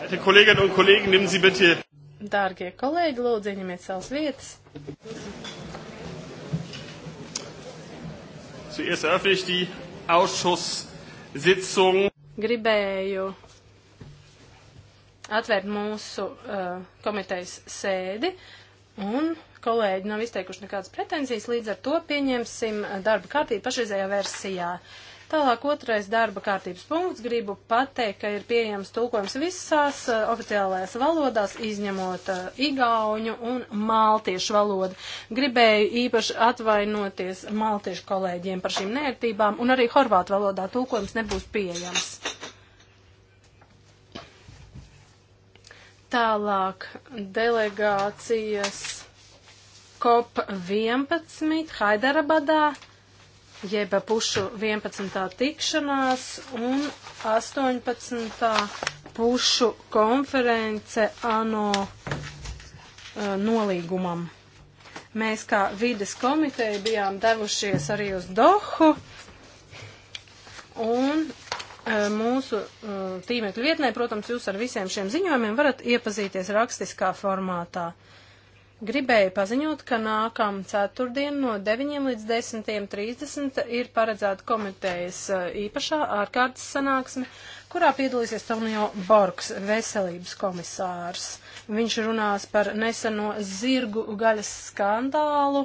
Werte Kolleginnen un Kollegen, nehmen Sie bitte. Dārgie kolēģi, lūdzu, ieņemiet savas vietas. Zuerst eröffne ich die Ausschusssitzung. Gribēju atvērt mūsu uh, komitejas sēdi un kolēģi nav izteikuši nekādas pretenzijas, līdz ar to pieņemsim darba kārtību pašreizējā versijā. Uh, Tālāk otrais darba kārtības punkts. Gribu pateikt, ka ir pieejams tulkojums visās uh, oficiālajās valodās, izņemot uh, igauņu un maltiešu valodu. Gribēju īpaši atvainoties maltiešu kolēģiem par šīm nērtībām, un arī horvātu valodā tulkojums nebūs pieejams. Tālāk delegācijas COP11 Haidarabadā jeb pušu 11. tikšanās un 18. pušu konference ANO eh, nolīgumam. Mēs kā vides komiteja bijām devušies arī uz Dohu un eh, mūsu eh, tīmekļa vietnē, protams, jūs ar visiem šiem ziņojumiem varat iepazīties rakstiskā formātā. Uh, Gribēju paziņot, ka nākam ceturtdien no 9 līdz 10.30 ir paredzēta komitejas eh, īpašā ārkārtas sanāksme, kurā piedalīsies Tonio Borgs, veselības komisārs. Viņš runās par neseno zirgu gaļas skandālu.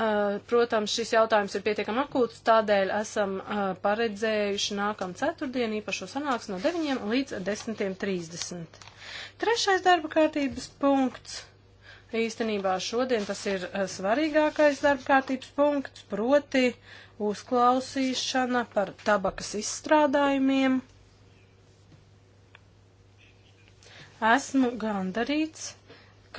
Eh, protams, šis jautājums ir pietiekami akūts, tādēļ esam eh, paredzējuši nākam ceturtdien īpašo sanāksmi no 9 līdz 10.30. Trešais darba kārtības punkts Īstenībā šodien tas ir eh, svarīgākais darbkārtības punkts, proti uzklausīšana par tabakas izstrādājumiem. Esmu gandarīts,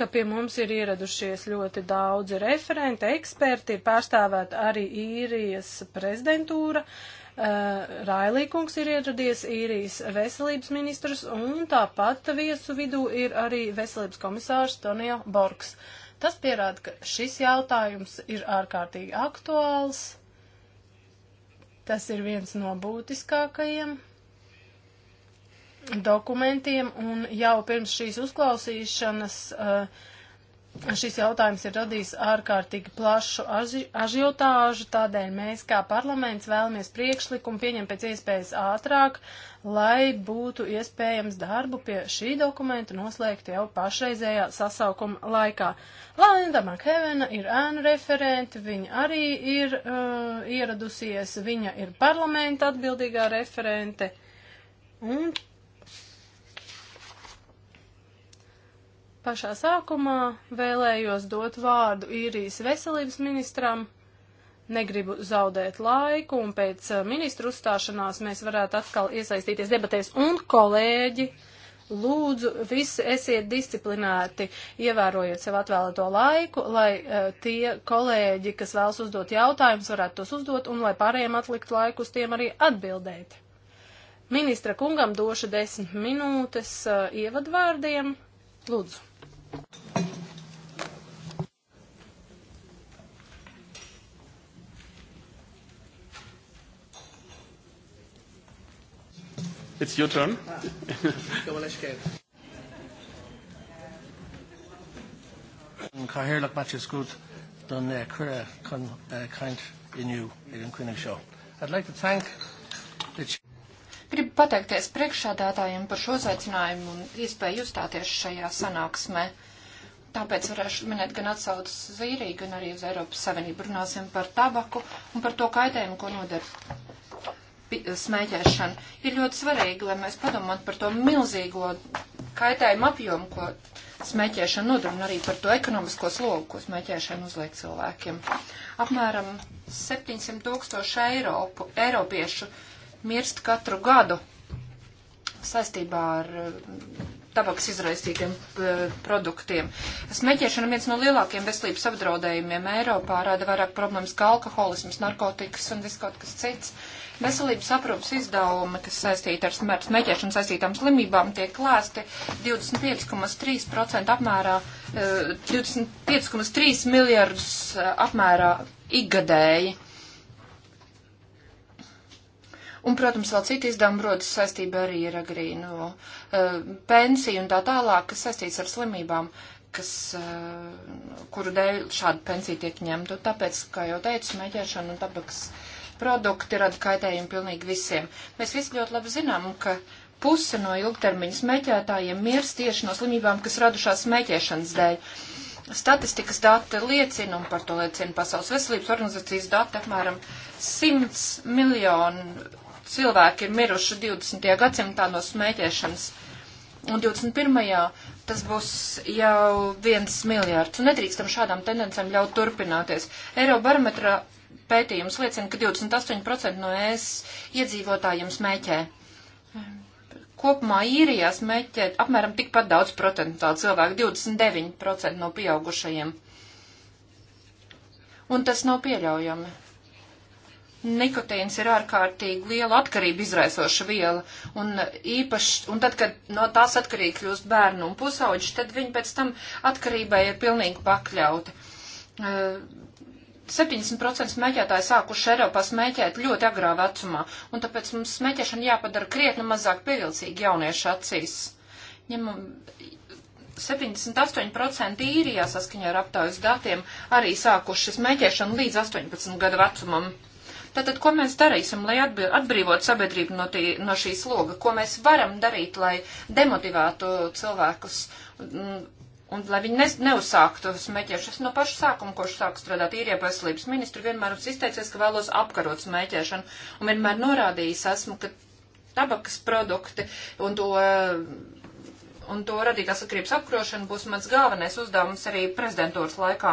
ka pie mums ir ieradušies ļoti daudzi referenti, eksperti, ir pārstāvēta arī īrijas prezidentūra. Uh, Eh, Railīkungs ir ieradies īrijas veselības ministrs un tāpat viesu vidū ir arī veselības komisārs Tonija Borgs. Tas pierāda, ka šis jautājums ir ārkārtīgi aktuāls. Tas ir viens no būtiskākajiem dokumentiem, un jau pirms šīs uzklausīšanas uh, šis jautājums ir radījis ārkārtīgi plašu aži, ažiotāžu, tādēļ mēs kā parlaments vēlamies priekšlikumu pieņemt pēc iespējas ātrāk, lai būtu iespējams darbu pie šī dokumenta noslēgt jau pašreizējā sasaukuma laikā. Linda Makevena ir ēnu referente, viņa arī ir uh, ieradusies, viņa ir parlamenta atbildīgā referente. Un Pašā sākumā vēlējos dot vārdu īrijas veselības ministram. Negribu zaudēt laiku, un pēc eh, ministru uzstāšanās mēs varētu atkal iesaistīties debatēs. Un, kolēģi, lūdzu, visi esiet disciplinēti, ievērojiet sev atvēlēto laiku, lai uh, tie kolēģi, kas vēlas uzdot jautājumus, varētu tos uzdot, un lai pārējiem atlikt laiku uz tiem arī atbildēt. Ministra kungam došu desmit minūtes uh, ievadvārdiem. Lūdzu. It's your turn. Ah, Cá hirirlach mat is good don uh, chure uh, chun uh, kaint inniu ag an cuiine seo. I'd like to thank the Gribu pateikties priekšādātājiem par šo zaicinājumu un iespēju uzstāties šajā sanāksmē. Tāpēc varēšu minēt gan atsaucas uz īriju, gan arī uz Eiropas Savienību. Runāsim par tabaku un par to kaitējumu, ko nodara smēķēšana. Ir ļoti svarīgi, lai mēs padomātu par to milzīgo kaitējumu apjomu, ko smēķēšana nodara, un arī par to ekonomisko slogu, ko smēķēšana uzliek cilvēkiem. Apmēram 700 tūkstoši Eiropu, eiropiešu mirst katru gadu saistībā ar eh, tabaks izraisītiem eh, produktiem. Smēķēšana nu, viens no lielākiem veselības apdraudējumiem Eiropā rada vairāk problēmas kā alkoholisms, narkotikas un viss kaut kas cits. Veselības aprūpas izdevumi, kas saistīti ar smēķēšanu saistītām slimībām, tiek klāsti 25,3% apmērā, 25,3 eh, miljardus apmērā ikgadēji. Un, protams, vēl citi izdevumi rodas saistībā arī ar agrīnu no, uh, eh, pensiju un tā tālāk, kas saistīts ar slimībām, kas, uh, kuru dēļ šāda pensija tiek ņemta. Tāpēc, kā jau teicu, smēķēšana un tabaks produkti rada kaitējumu pilnīgi visiem. Mēs visi ļoti labi zinām, ka puse no ilgtermiņa smēķētājiem mirst tieši no slimībām, kas radušās smēķēšanas dēļ. Statistikas dati liecina, un par to liecina Pasaules veselības organizācijas dati, apmēram 100 miljonu cilvēki ir miruši 20. gadsimtā no smēķēšanas. Un 21. tas būs jau viens miljārds. Un nedrīkstam šādām tendencēm ļaut turpināties. Eirobarometra pētījums liecina, ka 28% no ES iedzīvotājiem smēķē. Kopumā īrijā smēķē apmēram tikpat daudz procentu cilvēku, 29% no pieaugušajiem. Un tas nav pieļaujami Nikotīns ir ārkārtīgi liela atkarība izraisoša viela, un īpaši, un tad, kad no tās atkarīgi kļūst bērnu un pusauģi, tad viņi pēc tam atkarībai ir pilnīgi pakļauti. 70% e, smēķētāji sākuši Eiropā smēķēt ļoti agrā vecumā, un tāpēc mums smēķēšana jāpadara krietni mazāk pievilcīgi jauniešu acīs. Ņemam, 78% īrijā saskaņā ar aptaujas datiem arī sākuši smēķēšanu līdz 18 gadu vecumam. Tātad, ko mēs darīsim, lai atbrīvot sabiedrību no, tī, no šīs loga? Ko mēs varam darīt, lai demotivētu cilvēkus un, un lai viņi ne, neuzsāktu smēķēšanu? Es no paša sākuma, kurš sāku strādāt īrijā veselības ministru, vienmēr esmu izteicies, ka vēlos apkarot smēķēšanu un vienmēr norādījis esmu, ka tabakas produkti un to un to radītās atkarības apkrošana būs mans galvenais uzdevums arī prezidentūras laikā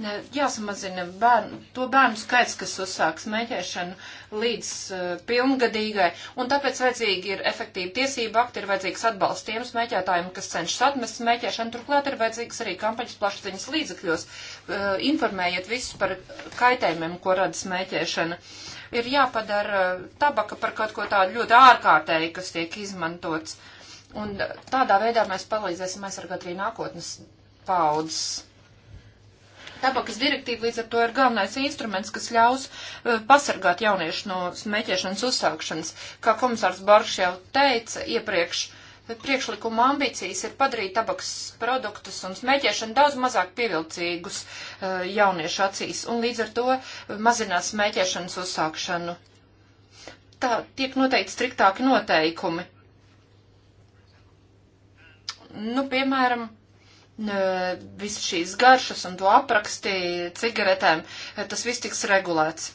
jāsamazina bērnu, to bērnu skaits, kas uzsāks meķēšanu līdz uh, pilngadīgai, un tāpēc vajadzīgi ir efektīvi tiesība akti, ir vajadzīgs atbalsts tiem smēķētājiem, kas cenšas atmest smēķēšanu, turklāt ir vajadzīgs arī kampaņas plašsaziņas līdzekļos, uh, informējiet visus par kaitējumiem, ko rada smēķēšana. Ir jāpadara tabaka par kaut ko tādu ļoti ārkārtēju, kas tiek izmantots, un eh, tādā veidā mēs palīdzēsim aizsargāt arī nākotnes paudzes. Tabakas direktīva līdz ar to ir galvenais instruments, kas ļaus eh, pasargāt jauniešu no smēķēšanas uzsākšanas. Kā komisārs Baršs jau teica iepriekš, eh, priekšlikuma ambīcijas ir padarīt tabaks produktus un smēķēšanu daudz mazāk pievilcīgus eh, jauniešu acīs un līdz ar to mazinās smēķēšanas uzsākšanu. Tā tiek noteikti striktāki noteikumi. Nu, piemēram, visas šīs garšas un to apraksti cigaretēm, e, tas viss tiks regulēts.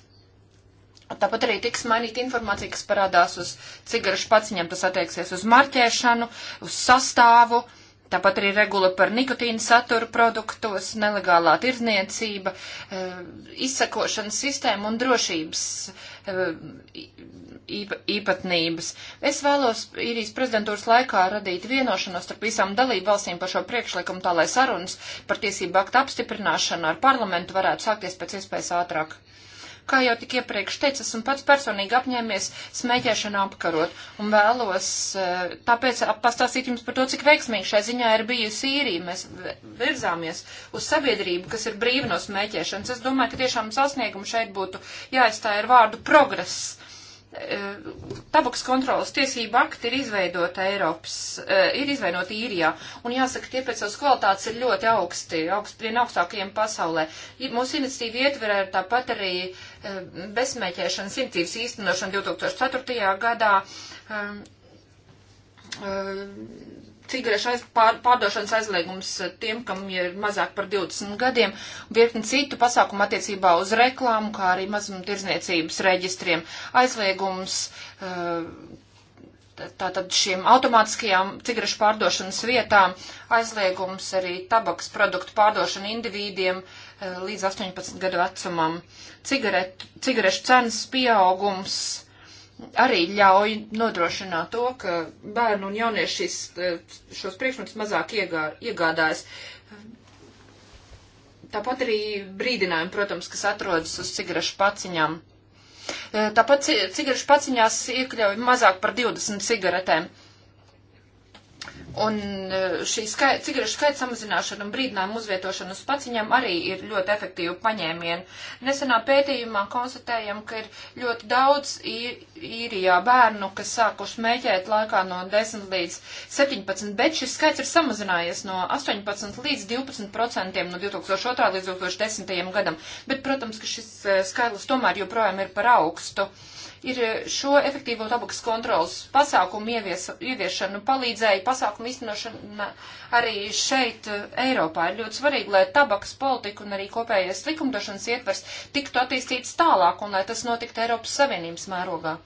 Tāpat arī tiks mainīta informācija, kas parādās uz cigarešu paciņiem. Tas attieksies uz marķēšanu, uz sastāvu, tāpat arī regula par nikotīnu saturu produktos, nelegālā tirzniecība, e, izsakošanas sistēma un drošības e, īpa, īpatnības. Es vēlos īrijas prezidentūras laikā radīt vienošanos starp visām dalību valstīm par šo priekšlikumu, tā lai sarunas par tiesību aktu apstiprināšanu ar parlamentu varētu sākties pēc iespējas ātrāk. Kā jau tik iepriekš teicu, esmu pats personīgi apņēmies smēķēšanu apkarot un vēlos eh, tāpēc pastāstīt jums par to, cik veiksmīgi šai ziņā ir bijusi īrija. Mēs virzāmies uz sabiedrību, kas ir brīva no smēķēšanas. Es domāju, ka tiešām sasniegumu šeit būtu jāizstāja ar vārdu progress tabaks kontrolas tiesība akti ir izveidota Eiropas, eh, ir izveidota īrijā, un jāsaka, tie pēc savas kvalitātes ir ļoti augsti, augst, vien augstākajiem pasaulē. Mūsu iniciatīva ietverē tāpat arī eh, besmēķēšanas iniciatīvas īstenošanu 2004. gadā ehm, ehm, cigarešu aiz, pār, pārdošanas aizliegums eh, tiem, kam ir mazāk par 20 gadiem, virkni citu pasākumu attiecībā uz reklāmu, kā arī mazumtirdzniecības reģistriem. Aizliegums eh, tātad šiem automātiskajām cigarešu pārdošanas vietām, aizliegums arī tabaks produktu pārdošana individiem eh, līdz 18 gadu vecumam, cigaretu, cigarešu cenas pieaugums arī ļauj nodrošināt to, ka bērnu un jaunieši šis, eh, šos priekšmetus mazāk iegā, iegādājas. Tāpat arī brīdinājumi, protams, kas atrodas uz cigarešu paciņām. Eh, tāpat cigarešu paciņās iekļauj mazāk par 20 cigaretēm. Un e, šī skait, cigarešu skaita samazināšana un brīdinājumu uzvietošana uz paciņām arī ir ļoti efektīva paņēmiena. Nesenā pētījumā konstatējam, ka ir ļoti daudz īrijā bērnu, kas sākuši mēķēt laikā no 10 līdz 17, bet šis skaits ir samazinājies no 18 līdz 12 procentiem no 2002 līdz 2010 gadam. Bet, protams, ka šis e, skaitlis tomēr joprojām ir par augstu. Uh, ir eh, šo efektīvo tabakas kontrolas pasākumu ievies, ieviešanu palīdzēja pasākumu iznošana arī šeit eh, Eiropā. Ir ļoti svarīgi, lai tabakas politika un arī kopējais likumdošanas ietvers tiktu attīstīts tālāk un lai tas notiktu Eiropas Savienības mērogā.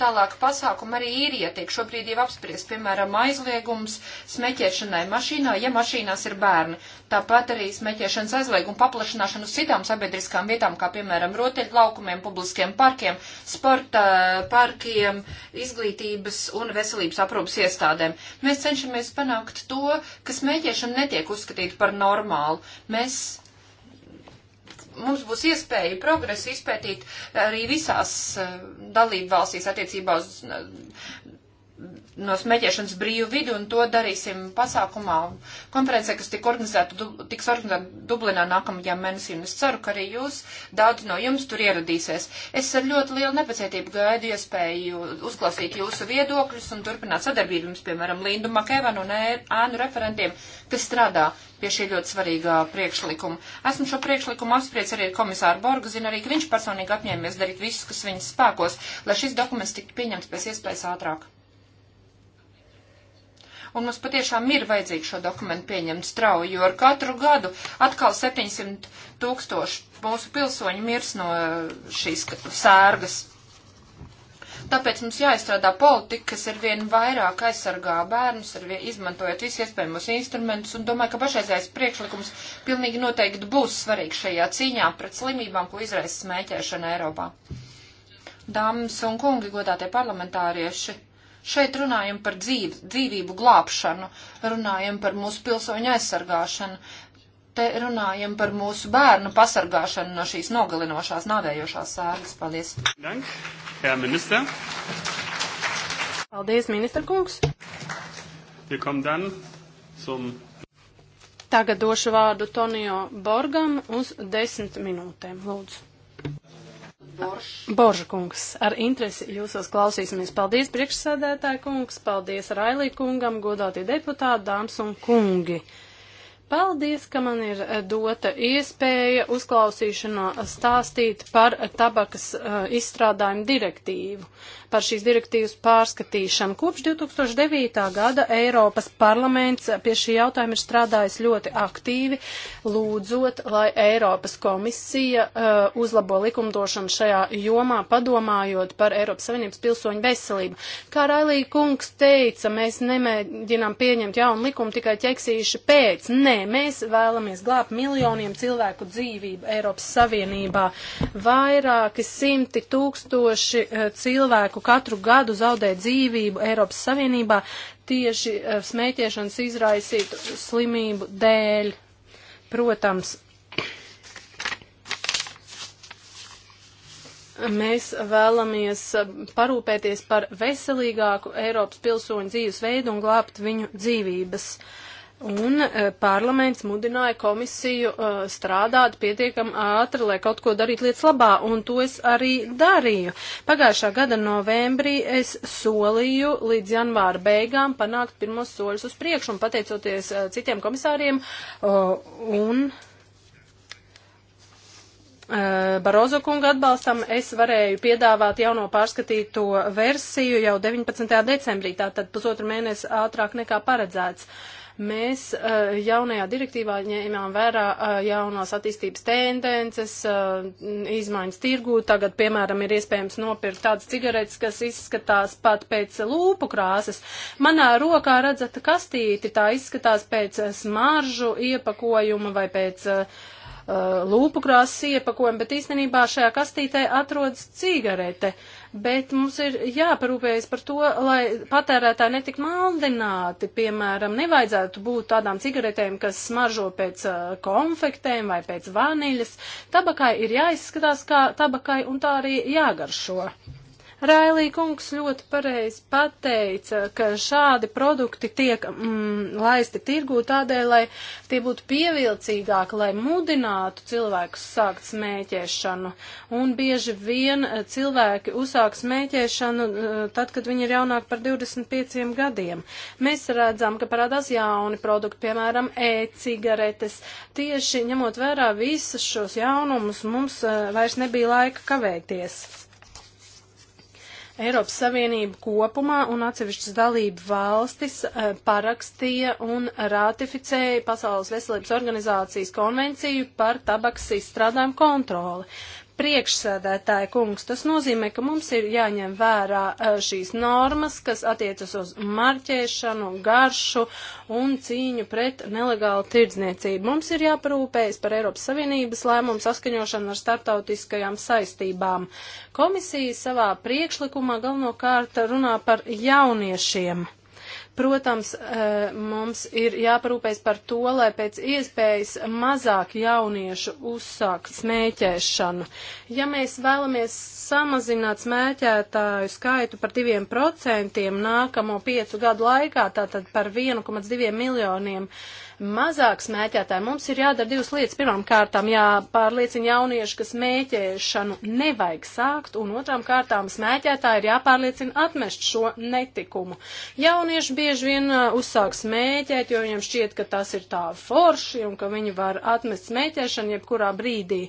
Tālāk pasākumi arī īrijā tiek šobrīd jau apspriest, piemēram, aizliegums smēķēšanai mašīnā, ja mašīnās ir bērni. Tāpat arī smēķēšanas aizliegumu paplašināšanu uz citām sabiedriskām vietām, kā piemēram rotaļlaukumiem, publiskiem parkiem, sporta eh, parkiem, izglītības un veselības aprūpas iestādēm. Mēs cenšamies panākt to, ka smēķēšana netiek uzskatīta par normālu. Mēs mums būs iespēja progresu izpētīt arī visās eh, dalību valstīs attiecībā uz eh, no smēķēšanas brīvu vidi, un to darīsim pasākumā konferencē, kas tik organizēta, du, tiks organizēta Dublinā nākamajā mēnesī, un es ceru, ka arī jūs, daudz no jums tur ieradīsies. Es ar ļoti lielu nepacietību gaidu iespēju uzklausīt jūsu viedokļus un turpināt sadarbību jums, piemēram, Lindu Makēvanu un ēnu referentiem, kas strādā pie šī ļoti svarīgā priekšlikuma. Esmu šo priekšlikumu apspriec arī ar komisāru Borgu, zinu arī, ka viņš personīgi apņēmies darīt visu, kas viņas spēkos, lai šis dokuments tiktu pieņemts pēc iespējas ātrāk un mums patiešām ir vajadzīgi šo dokumentu pieņemt strauji, jo ar katru gadu atkal 700 tūkstoši mūsu pilsoņi mirs no eh, šīs sērgas. Tāpēc mums jāizstrādā politika, kas ar vien vairāk aizsargā bērnus, ar vien izmantojot visu iespējamos instrumentus, un domāju, ka pašreizējais priekšlikums pilnīgi noteikti būs svarīgs šajā cīņā pret slimībām, ko izraisa smēķēšana Eiropā. Dāmas un kungi, godātie parlamentārieši, Šeit runājam par dzīv, dzīvību glābšanu, runājam par mūsu pilsoņu aizsargāšanu, te runājam par mūsu bērnu pasargāšanu no šīs nogalinošās, nāvējošās sērgas. Paldies. Dank, Herr Minister. Paldies, ministra kungs. Dan, zum... Tagad došu vārdu Tonio Borgam uz desmit minūtēm, lūdzu. Borš. Borža kungs, ar interesi jūsos klausīsimies. Paldies, priekšsēdētāja kungs, paldies Railī kungam, godātie deputāti, dāmas un kungi. Paldies, ka man ir eh, dota iespēja uzklausīšanā stāstīt par tabakas uh, izstrādājumu direktīvu par šīs direktīvas pārskatīšanu. Kopš 2009. gada Eiropas parlaments pie šī jautājuma ir strādājis ļoti aktīvi, lūdzot, lai Eiropas komisija uh, uzlabo likumdošanu šajā jomā, padomājot par Eiropas Savienības pilsoņu veselību. Kā Railī kungs teica, mēs nemēģinām pieņemt jaunu likumu tikai ķeksīši pēc. Nē, mēs vēlamies glābt miljoniem cilvēku dzīvību Eiropas Savienībā. Vairāki simti tūkstoši uh, cilvēku cilvēku katru gadu zaudē dzīvību Eiropas Savienībā tieši eh, smēķēšanas izraisītu slimību dēļ. Protams, mēs vēlamies eh, parūpēties par veselīgāku Eiropas pilsoņu dzīvesveidu un glābt viņu dzīvības. Uh, Un e, parlaments mudināja komisiju e, strādāt pietiekam ātri, lai kaut ko darītu lietas labā, un to es arī darīju. Pagājušā gada novembrī es solīju līdz janvāra beigām panākt pirmos soļus uz priekšu, un pateicoties e, citiem komisāriem un. E, Barozo kunga atbalstam es varēju piedāvāt jauno pārskatīto versiju jau 19. decembrī, tātad pusotru mēnesi ātrāk nekā paredzēts. Uh, Mēs eh, jaunajā direktīvā ņēmām vērā eh, jaunās attīstības tendences, eh, izmaiņas tirgū. Tagad, piemēram, ir iespējams nopirkt tādas cigaretes, kas izskatās pat pēc lūpu krāsas. Manā rokā redzat kastīti, tā izskatās pēc smaržu iepakojuma vai pēc uh, Uh, lūpu krāsas iepakojumu, bet īstenībā šajā kastītē atrodas cigarete. Bet mums ir jāparūpējas par to, lai patērētāji netik maldināti, piemēram, nevajadzētu būt tādām cigaretēm, kas smaržo pēc uh, konfektēm vai pēc vaniļas. Tabakai ir jāizskatās kā tabakai un tā arī jāgaršo. Railī kungs ļoti pareizi pateica, ka šādi produkti tiek mm, laisti tirgū tādēļ, lai tie būtu pievilcīgāki, lai mudinātu cilvēkus sākt smēķēšanu. Un bieži vien eh, cilvēki uzsāk smēķēšanu eh, tad, kad viņi ir jaunāki par 25 gadiem. Mēs redzam, ka parādās jauni produkti, piemēram, e-cigaretes. Tieši ņemot vērā visus šos jaunumus, mums eh, vairs nebija laika kavēties. Eiropas Savienība kopumā un atsevišķas dalību valstis eh, parakstīja un ratificēja Pasaules veselības organizācijas konvenciju par tabaks izstrādājumu kontroli. Priekšsēdētāja kungs, tas nozīmē, ka mums ir jāņem vērā šīs normas, kas attiecas uz marķēšanu, garšu un cīņu pret nelegālu tirdzniecību. Mums ir jāparūpējas par Eiropas Savienības lēmumu saskaņošanu ar starptautiskajām saistībām. Komisija savā priekšlikumā galvenokārt runā par jauniešiem. Protams, eh, mums ir jāparūpēs par to, lai pēc iespējas mazāk jauniešu uzsākt smēķēšanu. Ja mēs vēlamies samazināt smēķētāju skaitu par 2% nākamo piecu gadu laikā, tātad par 1,2 miljoniem, uh, mazāk smēķētāji. Mums ir jādara divas lietas. Pirmām kārtām jāpārliecina jaunieši, ka smēķēšanu nevajag sākt, un otrām kārtām smēķētāji ir jāpārliecina atmest šo netikumu. Jaunieši bieži vien uh, uzsāk smēķēt, jo viņiem šķiet, ka tas ir tā forši un ka viņi var atmest smēķēšanu jebkurā brīdī.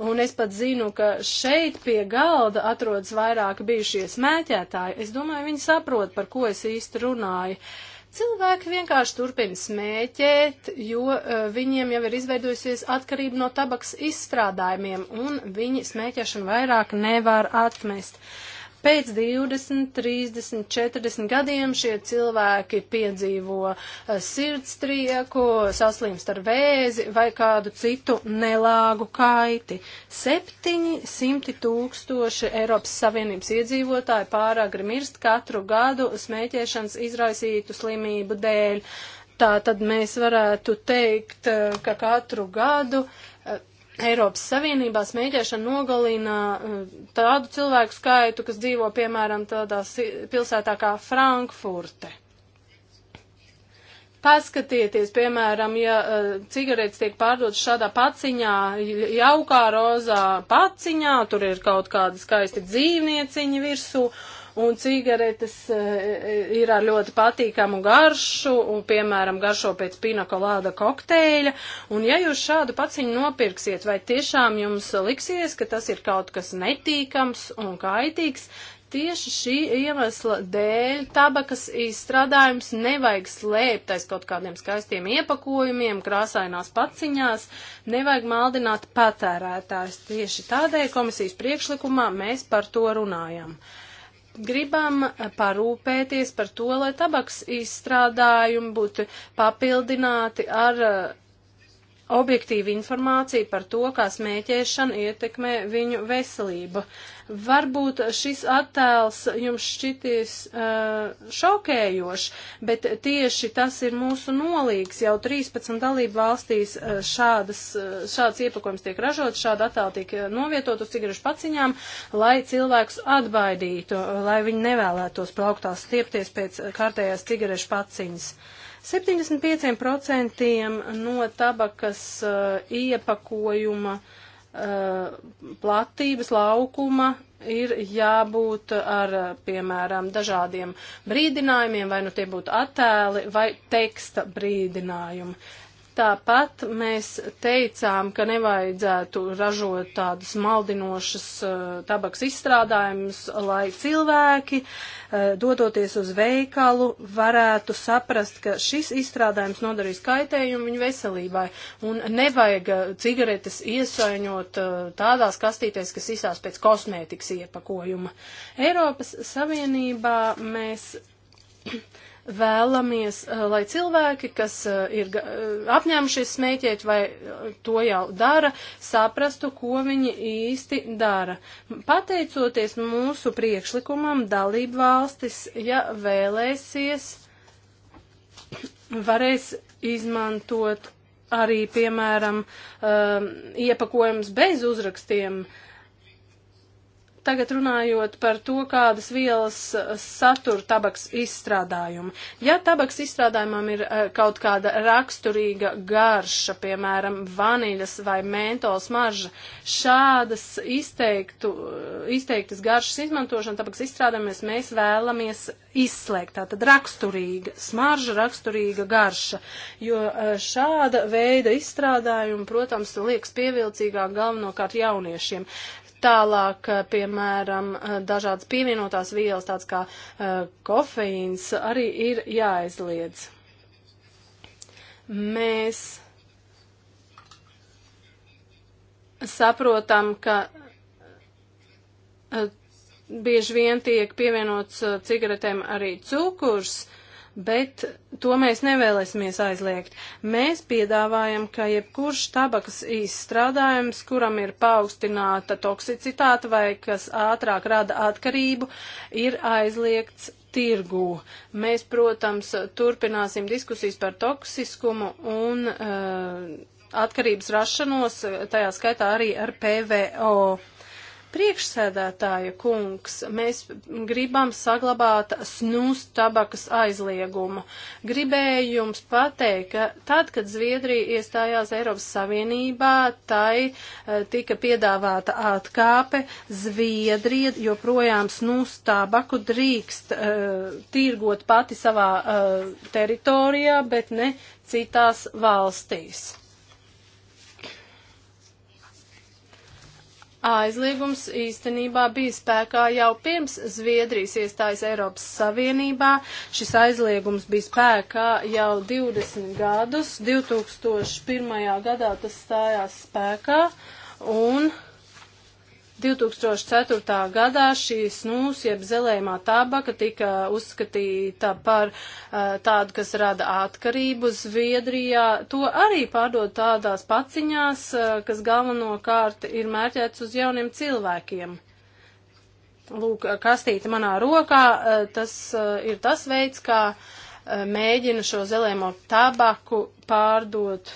Un es pat zinu, ka šeit pie galda atrodas vairāk bijušie smēķētāji. Es domāju, viņi saprot, par ko es īsti runāju. Uh, Cilvēki vienkārši turpina smēķēt, jo uh, viņiem jau ir izveidojusies atkarība no tabaks izstrādājumiem, un viņi smēķēšanu vairāk nevar atmest. Uh, Pēc 20, 30, 40 gadiem šie cilvēki piedzīvo uh, sirdstrieku, saslimst ar vēzi vai kādu citu nelāgu kaiti. 700 tūkstoši Eiropas Savienības iedzīvotāji pāragri mirst katru gadu smēķēšanas izraisītu slimību dēļ. Tā tad mēs varētu teikt, uh, ka katru gadu uh, Eiropas Savienībā smēķēšana nogalina uh, tādu cilvēku skaitu, kas dzīvo, piemēram, tādā pilsētā kā Frankfurte. Paskatieties, piemēram, ja uh, cigaretes tiek pārdotas šādā paciņā, jaukā rozā paciņā, tur ir kaut kāda skaista dzīvnieciņa virsū, un cigaretes eh, eh, ir ar ļoti patīkamu garšu, un, piemēram, garšo pēc pinakolāda kokteļa, un ja jūs šādu paciņu nopirksiet, vai tiešām jums liksies, ka tas ir kaut kas netīkams un kaitīgs, tieši šī iemesla dēļ tabakas izstrādājums nevajag slēpt aiz kaut kādiem skaistiem iepakojumiem, krāsainās paciņās, nevajag maldināt patērētājs. Tieši tādēļ komisijas priekšlikumā mēs par to runājam gribam parūpēties par to, lai tabaks izstrādājumi būtu papildināti ar objektīva informācija par to, kā smēķēšana ietekmē viņu veselību. Varbūt šis attēls jums šķitīs uh, šokējošs, bet tieši tas ir mūsu nolīgs. Jau 13 dalību valstīs uh, šādas, uh, šāds iepakojums tiek ražots, šāda attēla tiek uh, novietot uz cigarešu paciņām, lai cilvēkus atbaidītu, uh, lai viņi nevēlētos plauktās stiepties pēc uh, kārtējās cigarešu paciņas. Uh, 75% no tabakas uh, iepakojuma uh, platības laukuma ir jābūt ar, uh, piemēram, dažādiem brīdinājumiem, vai nu tie būtu attēli vai teksta brīdinājumi. Tāpat mēs teicām, ka nevajadzētu ražot tādas maldinošas uh, tabaks izstrādājumus, lai cilvēki, uh, dodoties uz veikalu, varētu saprast, ka šis izstrādājums nodarīs kaitējumu viņu veselībai. Un nevajag uh, cigaretes iesaiņot uh, tādās kastītēs, kas izsās pēc kosmētikas iepakojuma. Eiropas Savienībā mēs vēlamies, eh, lai cilvēki, kas eh, ir eh, apņēmušies smēķēt vai to jau dara, saprastu, ko viņi īsti dara. Pateicoties mūsu priekšlikumam, dalību valstis, ja vēlēsies, varēs izmantot arī, piemēram, iepakojums bez uzrakstiem, uh, Tagad runājot par to, kādas vielas eh, satura tabaks izstrādājumi. Ja tabaks izstrādājumam ir eh, kaut kāda raksturīga garša, piemēram, vaniļas vai mentols marža, šādas izteiktu, eh, izteiktas garšas izmantošana tabaks izstrādājumies mēs vēlamies izslēgt. Tātad raksturīga smarža, raksturīga garša, jo šāda veida izstrādājumi, protams, liekas pievilcīgāk galvenokārt jauniešiem. Tālāk, eh, piemēram, eh, dažādas pievienotās vielas, tāds kā uh, kofeīns, arī ir jāaizliedz. Mēs saprotam, ka uh, bieži vien tiek pievienots cigaretēm arī cukurs, uh, bet to mēs nevēlēsimies aizliegt. Mēs piedāvājam, ka jebkurš tabakas izstrādājums, kuram ir paaugstināta toksicitāte vai kas ātrāk rada atkarību, ir aizliegts tirgū. Mēs, protams, turpināsim diskusijas par toksiskumu un uh, atkarības rašanos, tajā skaitā arī ar PVO. Priekšsēdētāja kungs, mēs gribam saglabāt snus tabakas aizliegumu. Gribēju jums pateikt, ka tad, kad Zviedrija iestājās Eiropas Savienībā, tai eh, tika piedāvāta atkāpe, Zviedrija joprojām snus tabaku drīkst uh, tirgot pati savā uh, teritorijā, bet ne citās valstīs. aizliegums īstenībā bija spēkā jau pirms Zviedrijas iestājas Eiropas Savienībā. Šis aizliegums bija spēkā jau 20 gadus. 2001. gadā tas stājās spēkā un 2004. gadā šī snūs, jeb zelējumā tabaka, tika uzskatīta par uh, tādu, kas rada atkarību Zviedrijā. To arī pārdod tādās paciņās, uh, kas galvenokārt ir mērķēts uz jauniem cilvēkiem. Lūk, kastīte manā rokā, uh, tas ir tas veids, kā mēģina šo zelēmo tabaku pārdot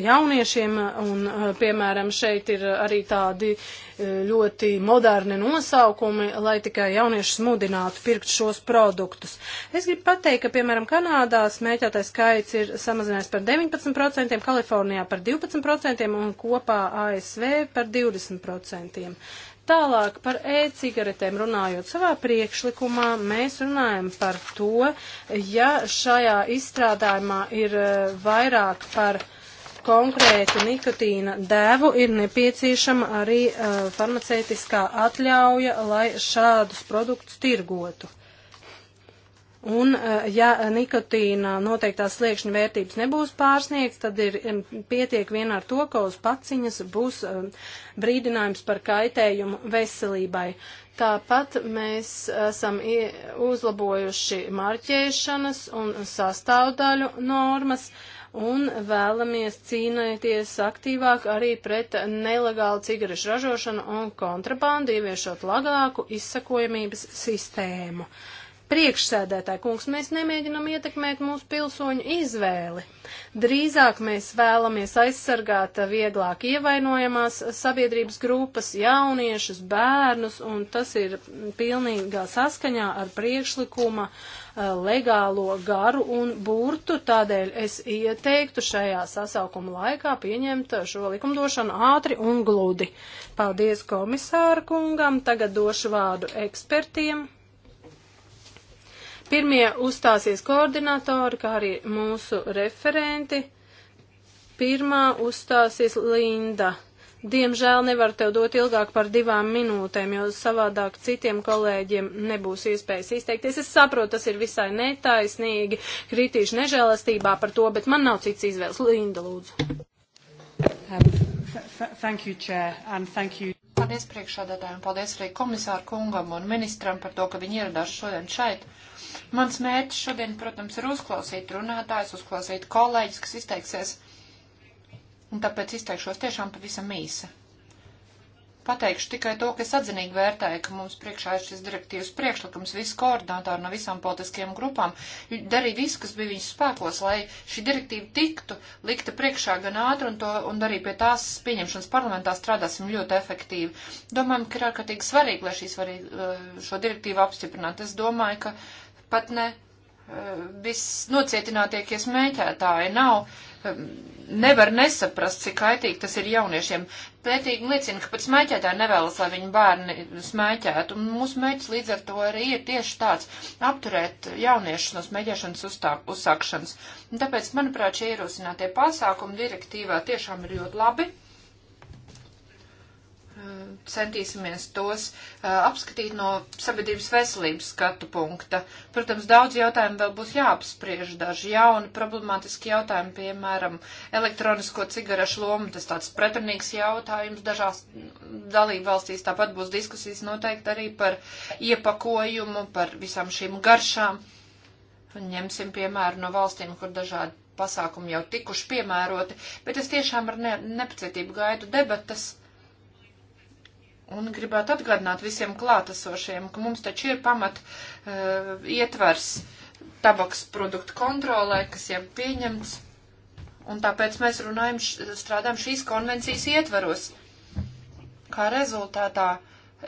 jauniešiem, un, eh, piemēram, šeit ir arī tādi eh, ļoti moderni nosaukumi, lai tikai jaunieši smudinātu pirkt šos produktus. Es gribu pateikt, ka, piemēram, Kanādā smēķētais skaits ir samazinājies par 19%, Kalifornijā par 12% un kopā ASV par 20%. Tālāk par e-cigaretēm runājot savā priekšlikumā, mēs runājam par to, ja šajā izstrādājumā ir eh, vairāk par uh, konkrētu nikotīna devu, ir nepieciešama arī uh, farmaceitiskā atļauja, lai šādus produktus tirgotu. Un, e, ja nikotīna noteiktās sliekšņa vērtības nebūs pārsniegts, tad ir pietiek vien ar to, ka uz paciņas būs e, brīdinājums par kaitējumu veselībai. Tāpat mēs esam uzlabojuši marķēšanas un sastāvdaļu normas. Uh, un vēlamies cīnēties aktīvāk arī pret nelegālu cigarešu ražošanu un kontrabandu, ieviešot lagāku izsakojamības sistēmu. Priekšsēdētāji kungs, mēs nemēģinam ietekmēt mūsu pilsoņu izvēli. Drīzāk mēs vēlamies aizsargāt vieglāk ievainojamās sabiedrības grupas, jauniešus, bērnus, un tas ir pilnīgā saskaņā ar priekšlikuma uh, Eh, legālo garu un burtu, tādēļ es ieteiktu šajā sasaukuma laikā pieņemt šo likumdošanu ātri un gludi. Paldies komisāra kungam, tagad došu vārdu ekspertiem. Pirmie uzstāsies koordinatori, kā arī mūsu referenti. Pirmā uzstāsies Linda. Diemžēl nevaru tev dot ilgāk par divām minūtēm, jo savādāk citiem kolēģiem nebūs iespējas izteikties. Es saprotu, tas ir visai netaisnīgi, kritīši nežēlastībā par to, bet man nav cits izvēles. Linda, lūdzu. Um, thank you, Chair, and thank you. Paldies priekšādātājiem, paldies arī komisāru kungam un ministram par to, ka viņi ieradās šodien šeit. Mans mērķis šodien, protams, ir uzklausīt runātājs, uzklausīt kolēģis, kas izteiksies un tāpēc izteikšos tiešām pavisam īsi. Pateikšu tikai to, ka es atzinīgi vērtēju, ka mums priekšā ir šis direktīvas priekšlikums, visi koordinātori no visām politiskajām grupām darīja visu, kas bija viņas spēkos, lai šī direktīva tiktu likta priekšā gan ātri un, to, un arī pie tās pieņemšanas parlamentā strādāsim ļoti efektīvi. Domājam, ka ir ārkārtīgi svarīgi, lai šīs varī, uh, šo direktīvu apstiprinātu. Es domāju, ka pat ne uh, visnocietinātiekie smēķētāji nav Um, nevar nesaprast, cik kaitīgi tas ir jauniešiem. Pētīgi liecina, ka pat smēķētāji nevēlas, lai viņu bērni smēķētu. Un mūsu mēģis līdz ar to arī ir tieši tāds - apturēt jauniešus no smēķēšanas uzstāk, uzsākšanas. Un tāpēc, manuprāt, šie ierosinātie pasākumi direktīvā tiešām ir ļoti labi centīsimies tos apskatīt no sabiedrības veselības skatu punkta. Protams, daudz jautājumu vēl būs jāapspriež, daži jauni problemātiski jautājumi, piemēram, elektronisko cigarešu loma, tas tāds pretrunīgs jautājums dažās dalību valstīs, tāpat būs diskusijas noteikti arī par iepakojumu, par visām šīm garšām. Un ņemsim piemēru no valstīm, kur dažādi pasākumi jau tikuši piemēroti, bet es tiešām ar ne, nepacietību gaidu debatas Un gribētu atgādināt visiem klātesošiem, ka mums taču ir pamat uh, ietvers tabaks produktu kontrolē, kas jau pieņemts. Un tāpēc mēs runājam, strādājam šīs konvencijas ietveros. Kā rezultātā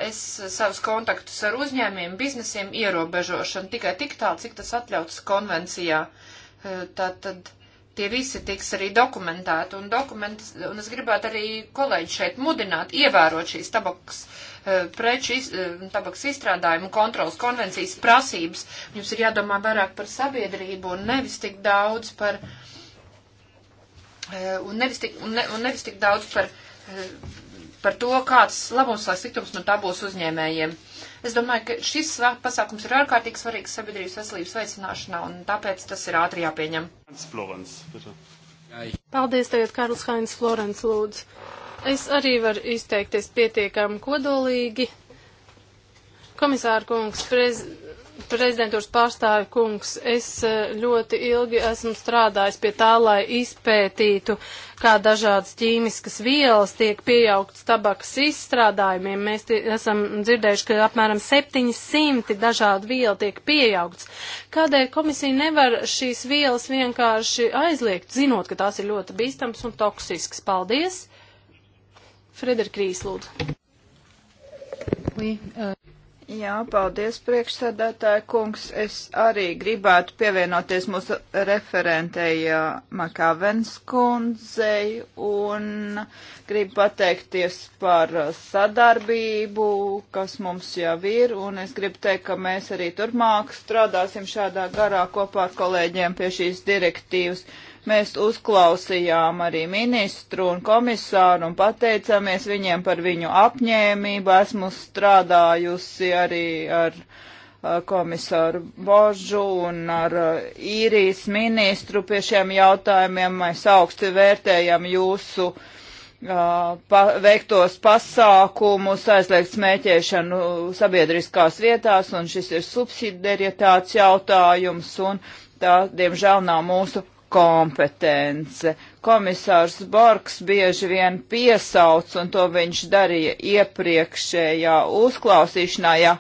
es savus kontaktus ar uzņēmiem, biznesiem ierobežošanu tikai tik tālu, cik tas atļauts konvencijā. Uh, tātad. Tā Tie visi tiks arī dokumentēti, un, dokument, un es gribētu arī kolēģi šeit mudināt, ievērot šīs tabaks eh, preču, iz, eh, tabaks izstrādājumu kontrolas konvencijas prasības. Jums ir jādomā vairāk par sabiedrību un nevis tik daudz par, eh, un nevis tik, un ne, un nevis tik daudz par par to, kāds labums vai sliktums no tā būs uzņēmējiem. Es domāju, ka šis pasākums ir ārkārtīgi svarīgs sabiedrības veselības veicināšanā, un tāpēc tas ir ātri jāpieņem. Florence, Paldies, tagad Karls Hainz Florence lūdzu. Es arī varu izteikties pietiekami kodolīgi. Komisāra kungs, prez, prezidentūras pārstāvi kungs, es e, ļoti ilgi esmu strādājis pie tā, lai izpētītu, kā dažādas ķīmiskas vielas tiek pieaugtas tabakas izstrādājumiem. Mēs esam dzirdējuši, ka apmēram 700 dažādu vielu tiek pieaugtas. Kādēļ komisija nevar šīs vielas vienkārši aizliegt, zinot, ka tās ir ļoti bīstams un toksisks? Paldies! Frederik Rīs, lūdzu. Oui, uh... Jā, paldies, priekšsēdētāja kungs. Es arī gribētu pievienoties mūsu referentei Makavens kundzei un gribu pateikties par sadarbību, kas mums jau ir, un es gribu teikt, ka mēs arī turpmāk strādāsim šādā garā kopā ar kolēģiem pie šīs direktīvas. Mēs uzklausījām arī ministru un komisāru un pateicamies viņiem par viņu apņēmību. Esmu strādājusi arī ar komisāru Božu un ar uh, īrijas ministru pie šiem jautājumiem. Mēs augsti vērtējam jūsu uh, pa, veiktos pasākumus, aizliegt smēķēšanu sabiedriskās vietās, un šis ir subsidiarietāts jautājums, un tā, diemžēl, nav mūsu kompetence. Komisārs Borgs bieži vien piesauc, un to viņš darīja iepriekšējā uzklausīšanā, ja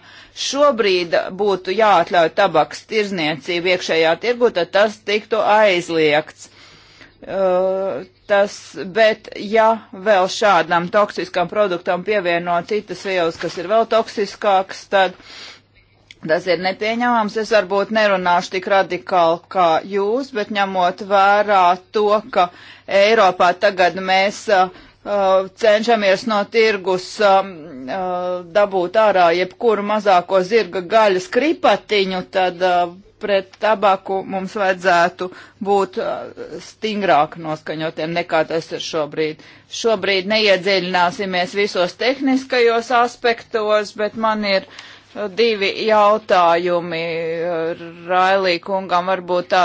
šobrīd būtu jāatļauj tabaks tirzniecību iekšējā tirgu, tad tas tiktu aizliegts. Uh, tas, bet ja vēl šādam toksiskam produktam pievieno citas vielas, kas ir vēl toksiskākas, tad uh, Tas ir nepieņemams. Es varbūt nerunāšu tik radikāli kā jūs, bet ņemot vērā to, ka Eiropā tagad mēs uh, uh cenšamies no tirgus um, uh, dabūt ārā jebkuru mazāko zirga gaļas kripatiņu, tad uh, pret tabaku mums vajadzētu būt uh, stingrāk noskaņotiem nekā tas ir šobrīd. Šobrīd neiedziļināsimies visos tehniskajos aspektos, bet man ir. Uh, divi jautājumi Railī kungam, varbūt tā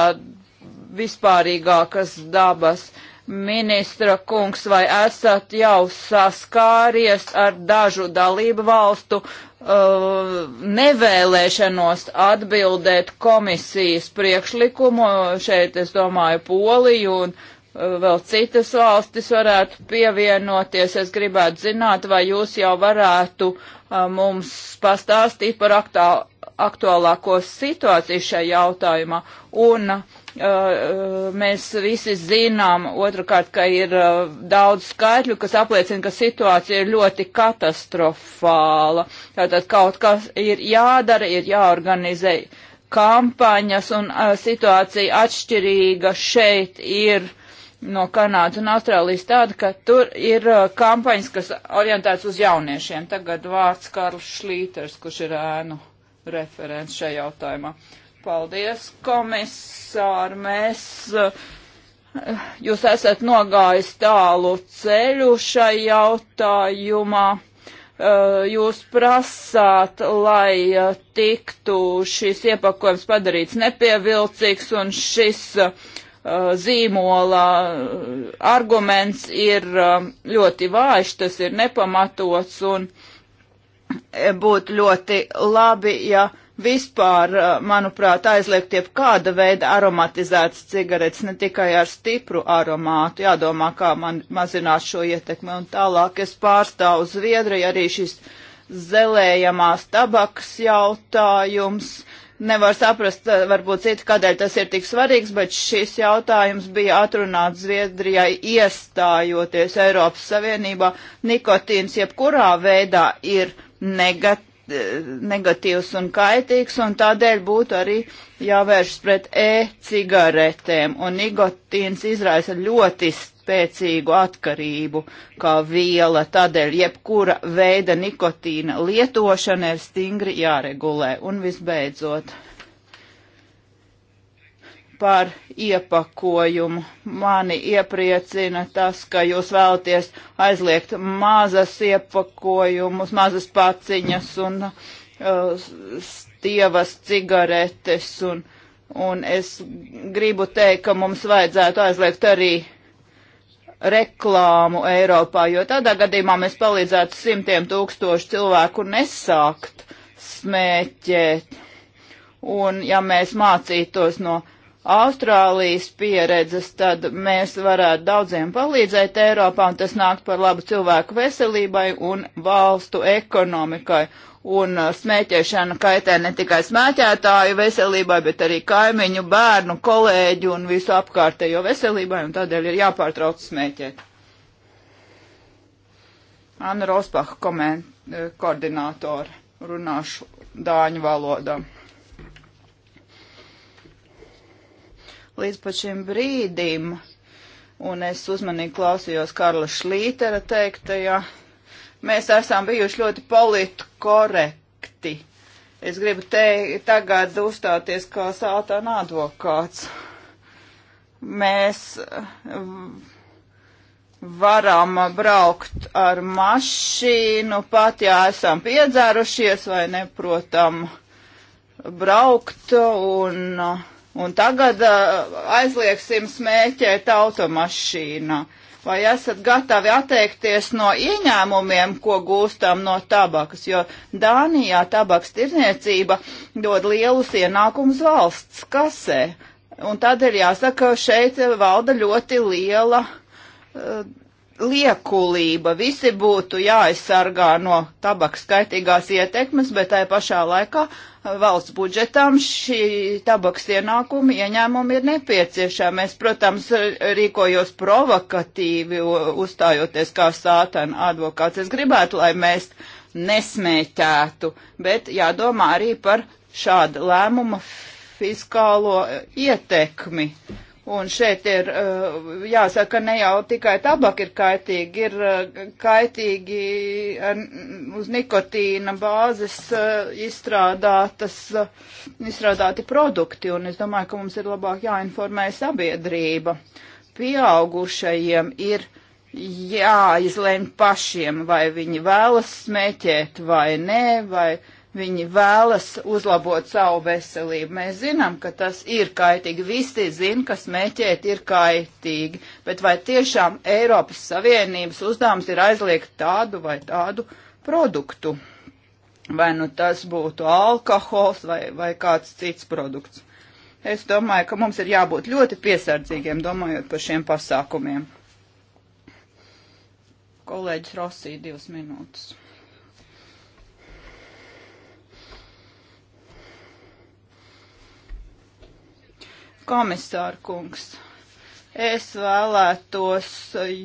vispārīgākas dabas. Ministra kungs, vai esat jau saskāries ar dažu dalību valstu uh, nevēlēšanos atbildēt komisijas priekšlikumu? Šeit es domāju Poliju un vēl citas valstis varētu pievienoties. Es gribētu zināt, vai jūs jau varētu uh, mums pastāstīt par aktuāl, aktuālāko situāciju šajā jautājumā. Un uh, uh, mēs visi zinām, otrkārt, ka ir uh, daudz skaitļu, kas apliecina, ka situācija ir ļoti katastrofāla. Tātad kaut kas ir jādara, ir jāorganizē kampaņas, un uh, situācija atšķirīga šeit ir no Kanādas un Austrālijas tāda, ka tur ir uh, kampaņas, kas orientēts uz jauniešiem. Tagad vārds Karls Šlīters, kurš ir ēnu referents šajā jautājumā. Paldies, komisār, mēs. Uh, jūs esat nogājis tālu ceļu šai jautājumā uh, jūs prasāt, lai tiktu šis iepakojums padarīts nepievilcīgs un šis Uh, zīmola uh, arguments ir uh, ļoti vājš, tas ir nepamatots un būtu ļoti labi, ja vispār, manuprāt, aizliegt jebkāda veida aromatizētas cigaretes, ne tikai ar stipru aromātu, jādomā, kā man mazināt šo ietekmi. Un tālāk es pārstāvu Zviedriju, arī šis zelējamās tabaks jautājums nevar saprast, eh, varbūt citu, kādēļ tas ir tik svarīgs, bet šis jautājums bija atrunāts Zviedrijai iestājoties Eiropas Savienībā. Nikotīns jebkurā veidā ir negat, eh, negatīvs un kaitīgs, un tādēļ būtu arī jāvēršas pret e-cigaretēm, un nikotīns izraisa ļoti spēcīgu atkarību kā viela, tādēļ jebkura veida nikotīna lietošana ir stingri jāregulē. Un visbeidzot, par iepakojumu. Mani iepriecina tas, ka jūs vēlaties aizliegt mazas iepakojumus, mazas paciņas un uh, stievas cigaretes. Un, un es gribu teikt, ka mums vajadzētu aizliegt arī uh, reklāmu Eiropā, jo tādā gadījumā mēs palīdzētu simtiem tūkstošu cilvēku nesākt smēķēt. Un ja mēs mācītos no Austrālijas pieredzes, tad mēs varētu daudziem palīdzēt Eiropā, un tas nāk par labu cilvēku veselībai un valstu ekonomikai un uh, smēķēšana kaitē ne tikai smēķētāju veselībai, bet arī kaimiņu, bērnu, kolēģu un visu apkārtējo veselībai, un tādēļ ir jāpārtrauc smēķēt. Anna Rospaha uh, koordinātora runāšu dāņu valodā. Līdz pat šim brīdim, un es uzmanīgi klausījos Karla Šlītera teiktajā, ja, mēs esam bijuši ļoti politkorekti. Es gribu te tagad uzstāties kā sātāna advokāts. Mēs eh, varam braukt ar mašīnu, pat ja esam piedzērušies vai neprotam braukt un, un tagad eh, aizliegsim smēķēt automašīnu. Vai esat gatavi atteikties no ieņēmumiem, ko gūstam no tabakas? Jo Dānijā tabaks tirniecība dod lielus ienākumus valsts kasē. Un tad ir jāsaka, šeit valda ļoti liela uh, liekulība. Visi būtu jāaizsargā no tabaks skaitīgās ietekmes, bet tai pašā laikā valsts budžetam šī tabaks ienākumi ieņēmumi ir nepieciešami. Es, protams, rīkojos provokatīvi, uzstājoties kā sātana advokāts. Es gribētu, lai mēs nesmēķētu, bet jādomā arī par šādu lēmumu fiskālo ietekmi. Uh, Un šeit ir uh, jāsaka, ne jau tikai tabaka ir kaitīgi, ir uh, kaitīgi uz nikotīna bāzes uh, izstrādātas, izstrādāti produkti, un es domāju, ka mums ir labāk jāinformē sabiedrība. Pieaugušajiem ir jāizlēm pašiem, vai viņi vēlas smēķēt vai nē, vai viņi vēlas uzlabot savu veselību. Mēs zinām, ka tas ir kaitīgi. Visi zina, ka smēķēt ir kaitīgi. Bet vai tiešām Eiropas Savienības uzdevums ir aizliegt tādu vai tādu produktu? Vai nu tas būtu alkohols vai, vai kāds cits produkts? Es domāju, ka mums ir jābūt ļoti piesardzīgiem domājot par šiem pasākumiem. Kolēģis Rosī, divas minūtes. Komisārkungs, es vēlētos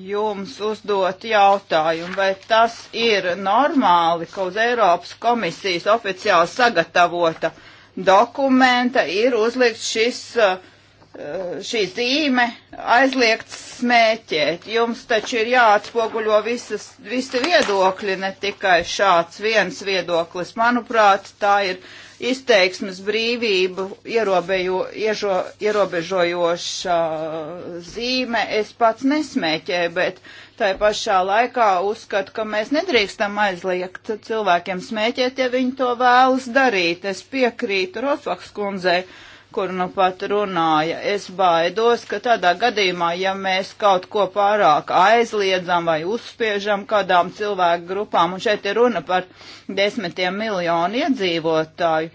jums uzdot jautājumu, vai tas ir normāli, ka uz Eiropas komisijas oficiāli sagatavota dokumenta ir uzlikts šis uh, šī zīme aizliegt smēķēt. Jums taču ir jāatspoguļo visas, visi viedokļi, ne tikai šāds viens viedoklis. Manuprāt, tā ir izteiksmes brīvību ierobežo, iežo, ierobežojoša zīme. Es pats nesmēķēju, bet tai pašā laikā uzskatu, ka mēs nedrīkstam aizliegt cilvēkiem smēķēt, ja viņi to vēlas darīt. Es piekrītu Rosvaks kundzei. Uh, kur nu pat runāja. Es baidos, ka tādā gadījumā, ja mēs kaut ko pārāk aizliedzam vai uzspiežam kādām cilvēku grupām, un šeit ir runa par desmitiem miljonu iedzīvotāju,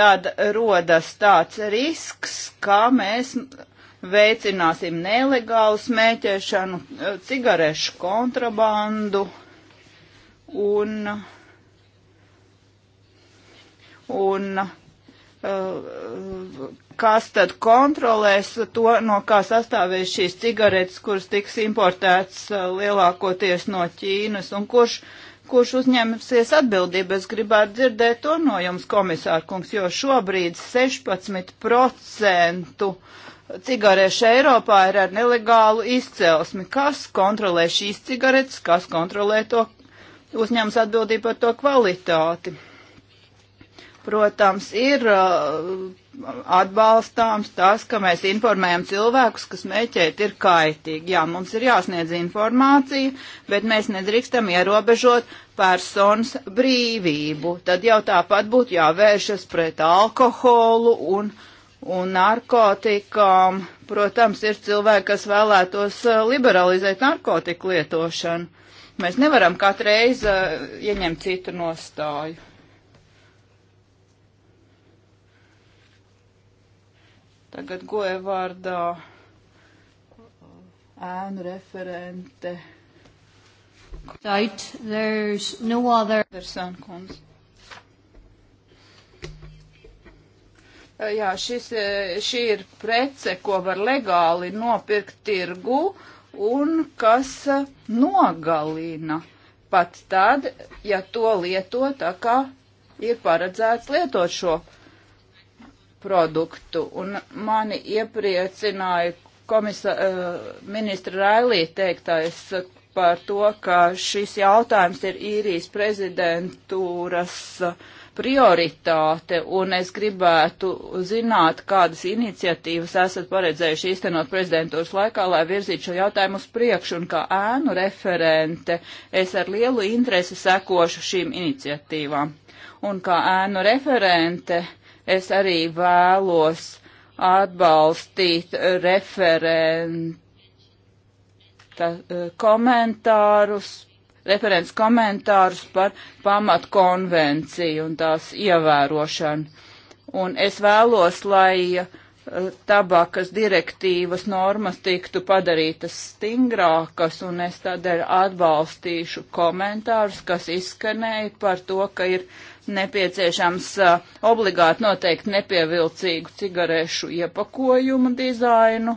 tad rodas tāds risks, ka mēs veicināsim nelegālu smēķēšanu, cigarešu kontrabandu un, un Uh, kas tad kontrolēs to, no kā sastāvēs šīs cigaretes, kuras tiks importētas uh, lielākoties no Ķīnas, un kurš, kurš uzņemsies atbildību. Es gribētu dzirdēt to no jums, komisārkungs, jo šobrīd 16% cigarešu Eiropā ir ar nelegālu izcelsmi. Kas kontrolē šīs cigaretes, kas kontrolē to, uzņems atbildību par to kvalitāti? Protams, ir uh, atbalstāms tas, ka mēs informējam cilvēkus, kas mēķēt ir kaitīgi. Jā, mums ir jāsniedz informācija, bet mēs nedrīkstam ierobežot personas brīvību. Tad jau tāpat būtu jāvēršas pret alkoholu un un narkotikām. Protams, ir cilvēki, kas vēlētos uh, liberalizēt narkotiku lietošanu. Mēs nevaram katru reizi uh, ieņemt citu nostāju. Tagad goja vārdā uh, ēnu referente. Right, there's no other. Anderson kundze. Uh, jā, šis, uh, šī ir prece, ko var legāli nopirkt tirgu un kas nogalina pat tad, ja to lieto tā kā ir paredzēts lietot šo preci produktu. Un mani iepriecināja komisa, eh, ministra Railī teiktais par to, ka šis jautājums ir īrijas prezidentūras prioritāte, un es gribētu zināt, kādas iniciatīvas esat paredzējuši īstenot prezidentūras laikā, lai virzītu šo jautājumu uz priekšu, un kā ēnu referente es ar lielu interesi sekošu šīm iniciatīvām. Un kā ēnu referente Es arī vēlos atbalstīt referenta eh, komentārus, referents komentārus par pamatkonvenciju un tās ievērošanu. Un es vēlos, lai eh, tabakas direktīvas normas tiktu padarītas stingrākas, un es tādēļ atbalstīšu komentārus, kas izskanēja par to, ka ir uh, nepieciešams uh, obligāti noteikti nepievilcīgu cigarešu iepakojumu dizainu,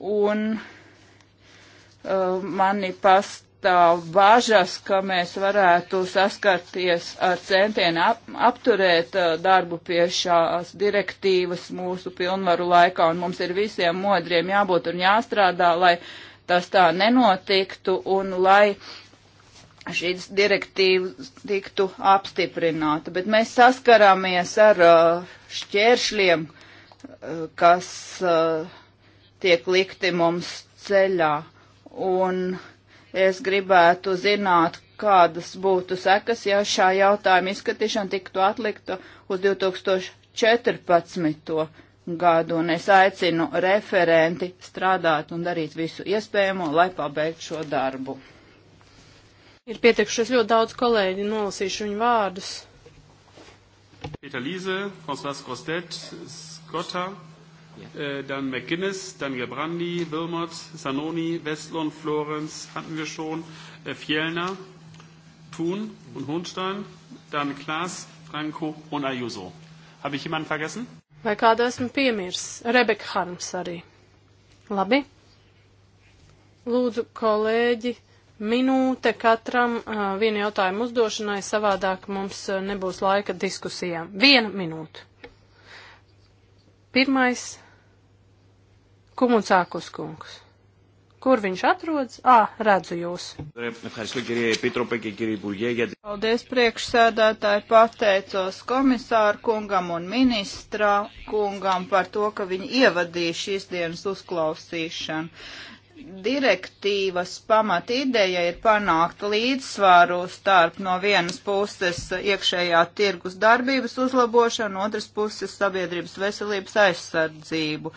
un uh, mani pastāv bažas, ka mēs varētu saskarties ar centienu ap apturēt uh, darbu pie šās direktīvas mūsu pilnvaru laikā, un mums ir visiem modriem jābūt un jāstrādā, lai tas tā nenotiktu, un lai uh, šīs direktīvas tiktu apstiprināta, bet mēs saskarāmies ar uh, šķēršļiem, uh, kas uh, tiek likti mums ceļā. Un es gribētu zināt, kādas būtu sekas, ja šā jautājuma izskatīšana tiktu atlikta uz 2014. gadu, un es aicinu referenti strādāt un darīt visu iespējamo, lai pabeigtu šo darbu. Ir pieteikušies ļoti daudz kolēģi, nolasīšu viņu vārdus. Peter Līze, François Grostet, Scotta, yeah. äh, dann McGuinness, dann Gebrandi, Wilmot, Sanoni, Westlund, Florenz hatten wir schon, äh, Fjellner, Thun und Hohenstein, dann Klaas, Franco und Ayuso. Habe ich jemanden vergessen? Vai kādu esmu piemirs? Rebeka Harms arī. Labi. Lūdzu, kolēģi minūte katram vienu jautājumu uzdošanai, savādāk mums nebūs laika diskusijām. Viena minūte. Pirmais - Kumucākus kungs. Kur viņš atrodas? Ā, redzu jūs. Paldies priekšsēdētāji, pateicos komisāru kungam un ministra kungam par to, ka viņi ievadīja šīs dienas uzklausīšanu direktīvas pamat ideja ir panākt līdzsvaru starp no vienas puses iekšējā tirgus darbības uzlabošanu, otras puses sabiedrības veselības aizsardzību.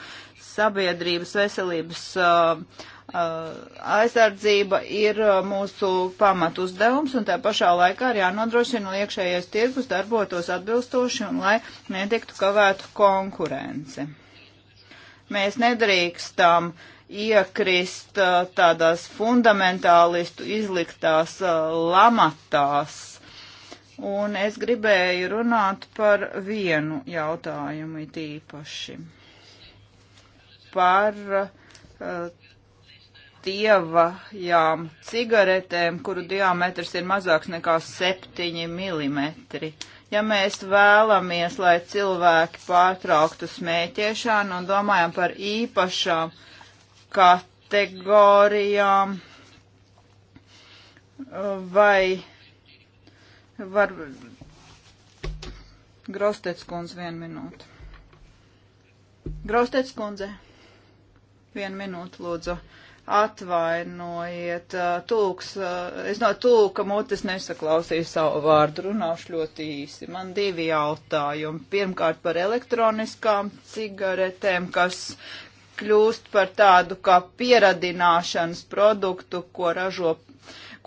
Sabiedrības veselības uh, uh, aizsardzība ir uh, mūsu pamat uzdevums, un tā pašā laikā ir jānodrošina, lai iekšējais tirgus darbotos atbilstoši un lai netiktu kavētu konkurence. Mēs nedrīkstam uh, iekrist uh, tādās fundamentālistu izliktās uh, lamatās. Un es gribēju runāt par vienu jautājumu it īpaši. Par uh, tievajām cigaretēm, kuru diametrs ir mazāks nekā 7 mm. Ja mēs vēlamies, lai cilvēki pārtrauktu smēķēšanu un domājam par īpašām uh, kategorijām vai var Grostec kundze vienu minūtu. Grostec kundze, vienu minūtu lūdzu. Atvainojiet, tūks, es no tūka mutes nesaklausīju savu vārdu, runāšu ļoti īsi. Man divi jautājumi. Pirmkārt par elektroniskām cigaretēm, kas kļūst par tādu kā pieradināšanas produktu, ko ražo,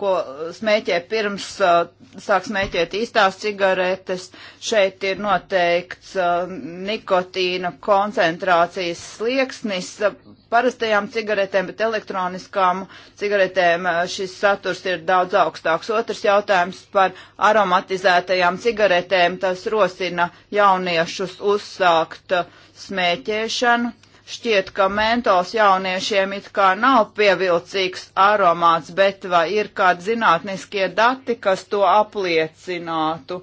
ko smēķē pirms uh, sāk smēķēt īstās cigaretes. Šeit ir noteikts uh, nikotīna koncentrācijas slieksnis uh, parastajām cigaretēm, bet elektroniskām cigaretēm uh, šis saturs ir daudz augstāks. Otrs jautājums par aromatizētajām cigaretēm. Tas rosina jauniešus uzsākt uh, smēķēšanu Šķiet, ka mentols jauniešiem it kā nav pievilcīgs aromāts, bet vai ir kādi zinātniskie dati, kas to apliecinātu?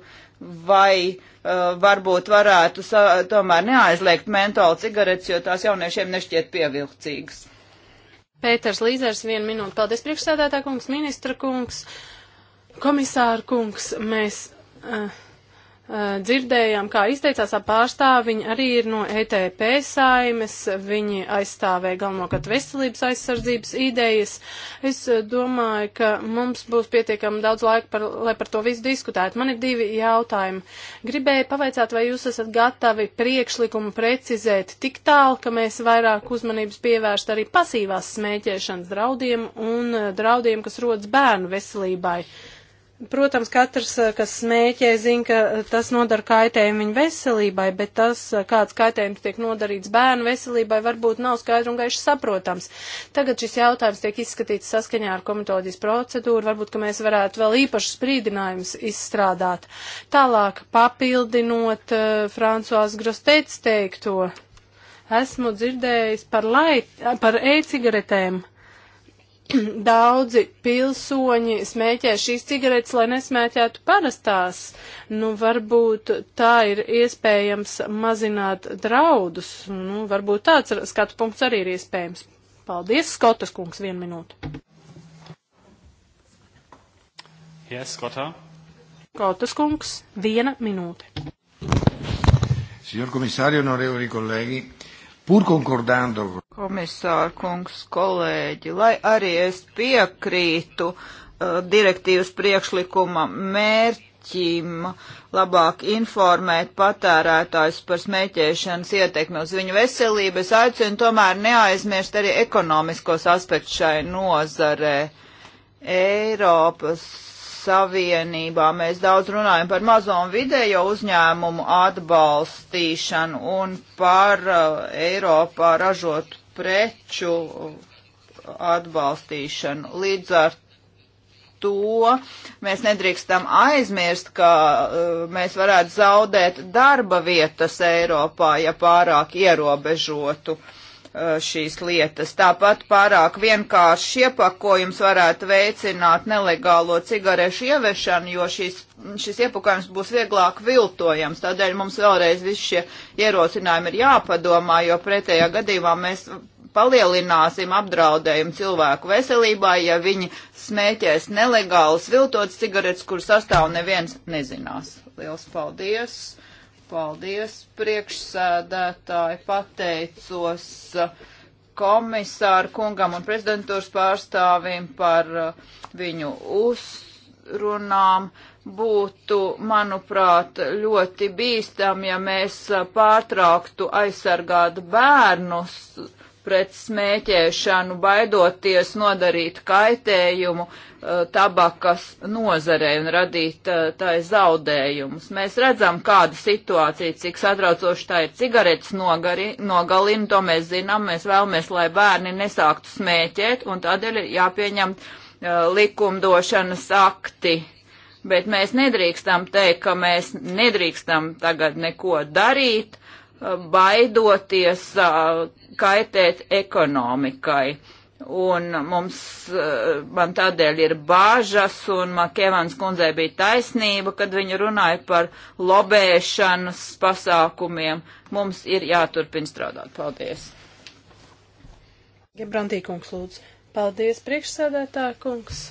Vai uh, varbūt varētu sa, tomēr neaizliegt mentola cigaretes, jo tās jauniešiem nešķiet pievilcīgas? Pēters Līzers, vienu minūti. Paldies, priekšsēdētā kungs, ministra kungs, komisāra kungs. Mēs. Uh, dzirdējām, kā izteicās ap pārstāvi, viņi arī ir no ETP saimes, viņi aizstāvēja galvenokārt veselības aizsardzības idejas. Es eh, domāju, ka mums būs pietiekami daudz laika, par, lai par to visu diskutētu. Man ir divi jautājumi. Gribēju pavaicāt, vai jūs esat gatavi priekšlikumu precizēt tik tālu, ka mēs vairāk uzmanības pievērst arī pasīvās smēķēšanas draudiem un eh, draudiem, kas rodas bērnu veselībai. Uh, Protams, katrs, eh, kas smēķē, zina, ka eh, tas nodara kaitējumu viņa veselībai, bet tas, eh, kāds kaitējums tiek nodarīts bērnu veselībai, varbūt nav skaidri un gaiši saprotams. Tagad šis jautājums tiek izskatīts saskaņā ar komitoloģijas procedūru, varbūt, ka mēs varētu vēl īpašus sprīdinājumus izstrādāt. Tālāk, papildinot uh, Francoās Grostēts teikto, esmu dzirdējis par, lai, par e-cigaretēm. Uh, daudzi pilsoņi smēķē šīs cigaretes, lai nesmēķētu parastās. Nu, varbūt tā ir iespējams mazināt draudus. Nu, varbūt tāds skatu punkts arī ir iespējams. Paldies, Skotas kungs, vienu minūtu. Yes, Skotā. Skotas kungs, viena minūte. Signor komisāri, onorevoli kolēģi pur concordando. Komisāra kungs, kolēģi, lai arī es piekrītu uh, direktīvas priekšlikuma mērķim labāk informēt patērētājus par smēķēšanas ietekmi uz viņu veselību, es aicinu tomēr neaizmirst arī ekonomiskos aspektus šai nozarē. Eiropas Savienībā. Mēs daudz runājam par mazo un vidējo uzņēmumu atbalstīšanu un par uh, Eiropā ražotu preču uh, atbalstīšanu. Līdz ar to mēs nedrīkstam aizmirst, ka uh, mēs varētu zaudēt darba vietas Eiropā, ja pārāk ierobežotu uh, Uh, šīs lietas. Tāpat pārāk vienkārši iepakojums varētu veicināt nelegālo cigarešu ievešanu, jo šīs, šis iepakojums būs vieglāk viltojams. Tādēļ mums vēlreiz visi šie ierosinājumi ir jāpadomā, jo pretējā gadījumā mēs palielināsim apdraudējumu cilvēku veselībai, ja viņi smēķēs nelegālas viltotas cigaretes, kur sastāv neviens nezinās. Liels paldies! Paldies, priekšsēdētāji, pateicos uh, komisāru kungam un prezidentūras pārstāvim par uh, viņu uzrunām. Būtu, manuprāt, ļoti bīstam, ja mēs uh, pārtrauktu aizsargāt bērnus pret smēķēšanu, baidoties nodarīt kaitējumu uh, tabakas nozarei un radīt uh, tai zaudējumus. Mēs redzam, kāda situācija, cik satraucoši tā ir cigaretes nogari, nogalina, to mēs zinām, mēs vēlamies, lai bērni nesāktu smēķēt, un tādēļ ir jāpieņem uh, likumdošanas akti. Bet mēs nedrīkstam teikt, ka mēs nedrīkstam tagad neko darīt, uh, baidoties kaitēt ekonomikai. Un mums, man tādēļ ir bāžas, un Makēvans kundzei bija taisnība, kad viņa runāja par lobēšanas pasākumiem. Mums ir jāturpin strādāt. Paldies. Gebrandī kungs lūdzu. Paldies priekšsēdētāja kungs.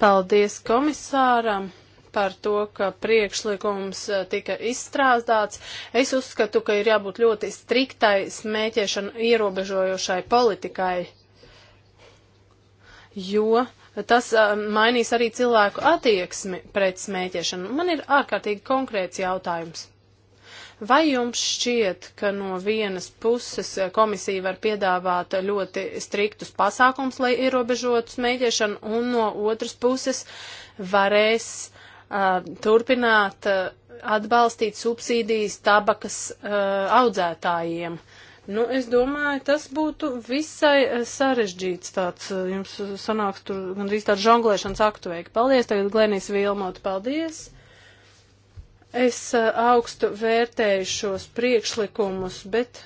Paldies komisāram par to, ka priekšlikums eh, tika izstrādāts. Es uzskatu, ka ir jābūt ļoti striktai smēķēšanu ierobežojošai politikai, jo tas eh, mainīs arī cilvēku attieksmi pret smēķēšanu. Man ir ārkārtīgi konkrēts jautājums. Vai jums šķiet, ka no vienas puses eh, komisija var piedāvāt ļoti striktus pasākums, lai ierobežotu smēķēšanu, un no otras puses varēs turpināt atbalstīt subsīdijas tabakas audzētājiem. Nu, es domāju, tas būtu visai sarežģīts tāds, jums sanāks tur gandrīz tāds žonglēšanas aktu veik. Paldies, tagad Glenijas Vilmot, paldies. Es augstu vērtēju šos priekšlikumus, bet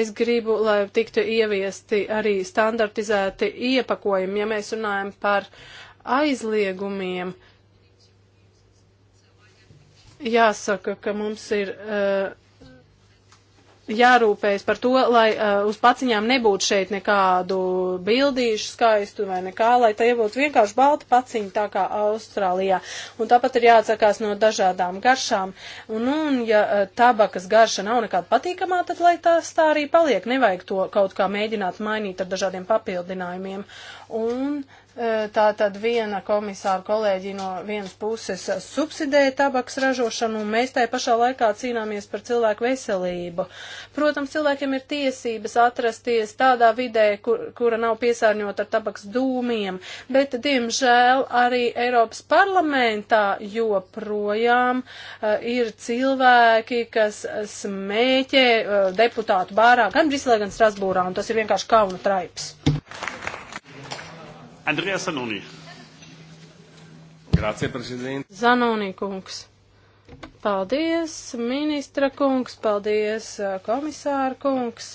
es gribu, lai tiktu ieviesti arī standartizēti iepakojumi, ja mēs runājam par aizliegumiem. Uh, jāsaka, ka mums ir uh, jārūpējas par to, lai uh, uz paciņām nebūtu šeit nekādu bildīšu skaistu vai nekā, lai tie būtu vienkārši balta paciņa, tā kā Austrālijā. Un tāpat ir jāatsakās no dažādām garšām. Un, nu, un ja uh, tabakas garša nav nekāda patīkamā, tad lai tās tā arī paliek. Nevajag to kaut kā mēģināt mainīt ar dažādiem papildinājumiem. Un, uh, Tā tad viena komisāra kolēģi no vienas puses subsidēja tabaks ražošanu, un mēs tai pašā laikā cīnāmies par cilvēku veselību. Protams, cilvēkiem ir tiesības atrasties tādā vidē, kur, kura nav piesārņota ar tabaks dūmiem, bet, diemžēl, arī Eiropas parlamentā joprojām uh, ir cilvēki, kas smēķē uh, deputātu bārā gan Briselē, gan Strasbūrā, un tas ir vienkārši kauna traips. Thank you. Andrija Sanonī. Grācie, prezident. Zanonī kungs. Paldies, ministra kungs, paldies, eh, komisāra kungs.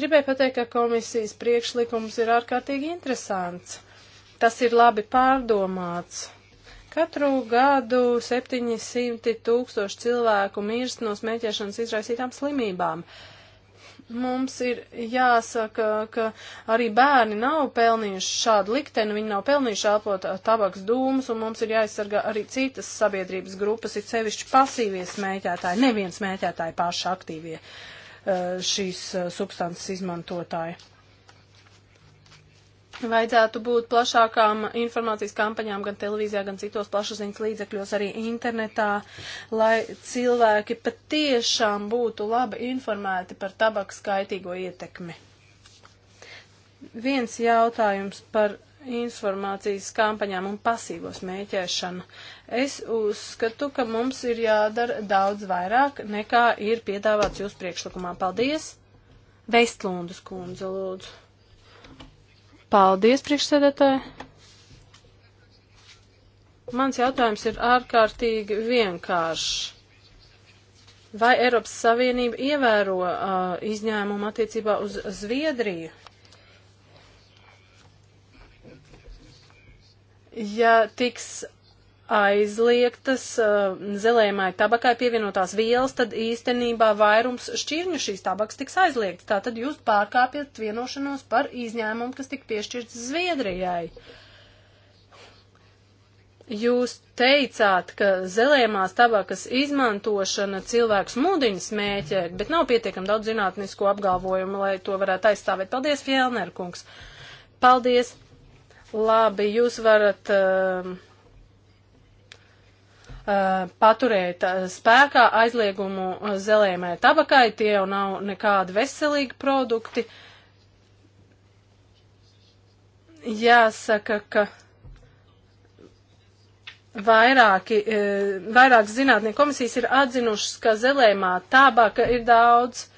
Gribēju pateikt, ka komisijas priekšlikums ir ārkārtīgi interesants. Tas ir labi pārdomāts. Katru gadu 700 tūkstoši cilvēku mirst no smēķēšanas izraisītām slimībām. Uh, Mums ir jāsaka, ka arī bērni nav pelnījuši šādu likteni, viņi nav pelnījuši elpot uh, tabaks dūmus, un mums ir jāaizsargā arī citas sabiedrības grupas, ir sevišķi pasīvie smēķētāji, neviens smēķētāji paši aktīvie uh, šīs uh, substances izmantotāji. Vajadzētu būt plašākām informācijas kampaņām gan televīzijā, gan citos plašsaziņas līdzekļos, arī internetā, lai cilvēki patiešām būtu labi informēti par tabakas kaitīgo ietekmi. Viens jautājums par informācijas kampaņām un pasīvo smēķēšanu. Es uzskatu, ka mums ir jādara daudz vairāk nekā ir piedāvāts jūsu priekšlikumā. Paldies! Veistlundas kundze, lūdzu. Paldies, priekšsēdētāji. Mans jautājums ir ārkārtīgi vienkāršs. Vai Eiropas Savienība ievēro uh, izņēmumu attiecībā uz Zviedriju? Ja tiks aizliegtas uh, eh, zelējumai tabakai pievienotās vielas, tad īstenībā vairums šķirņu šīs tabakas tiks aizliegts. Tātad jūs pārkāpjat vienošanos par izņēmumu, kas tika piešķirts Zviedrijai. Jūs teicāt, ka zelējumās tabakas izmantošana cilvēks mūdiņas mēķē, bet nav pietiekam daudz zinātnisko apgalvojumu, lai to varētu aizstāvēt. Paldies, Fjellner kungs! Paldies! Labi, jūs varat. Uh, Uh, paturēt uh, spēkā aizliegumu uh, zelēmai tabakai, tie jau nav nekādi veselīgi produkti. Jāsaka, ka vairāki, vairāk zinātnieku komisijas ir atzinušas, ka zelēmā tabaka ir daudz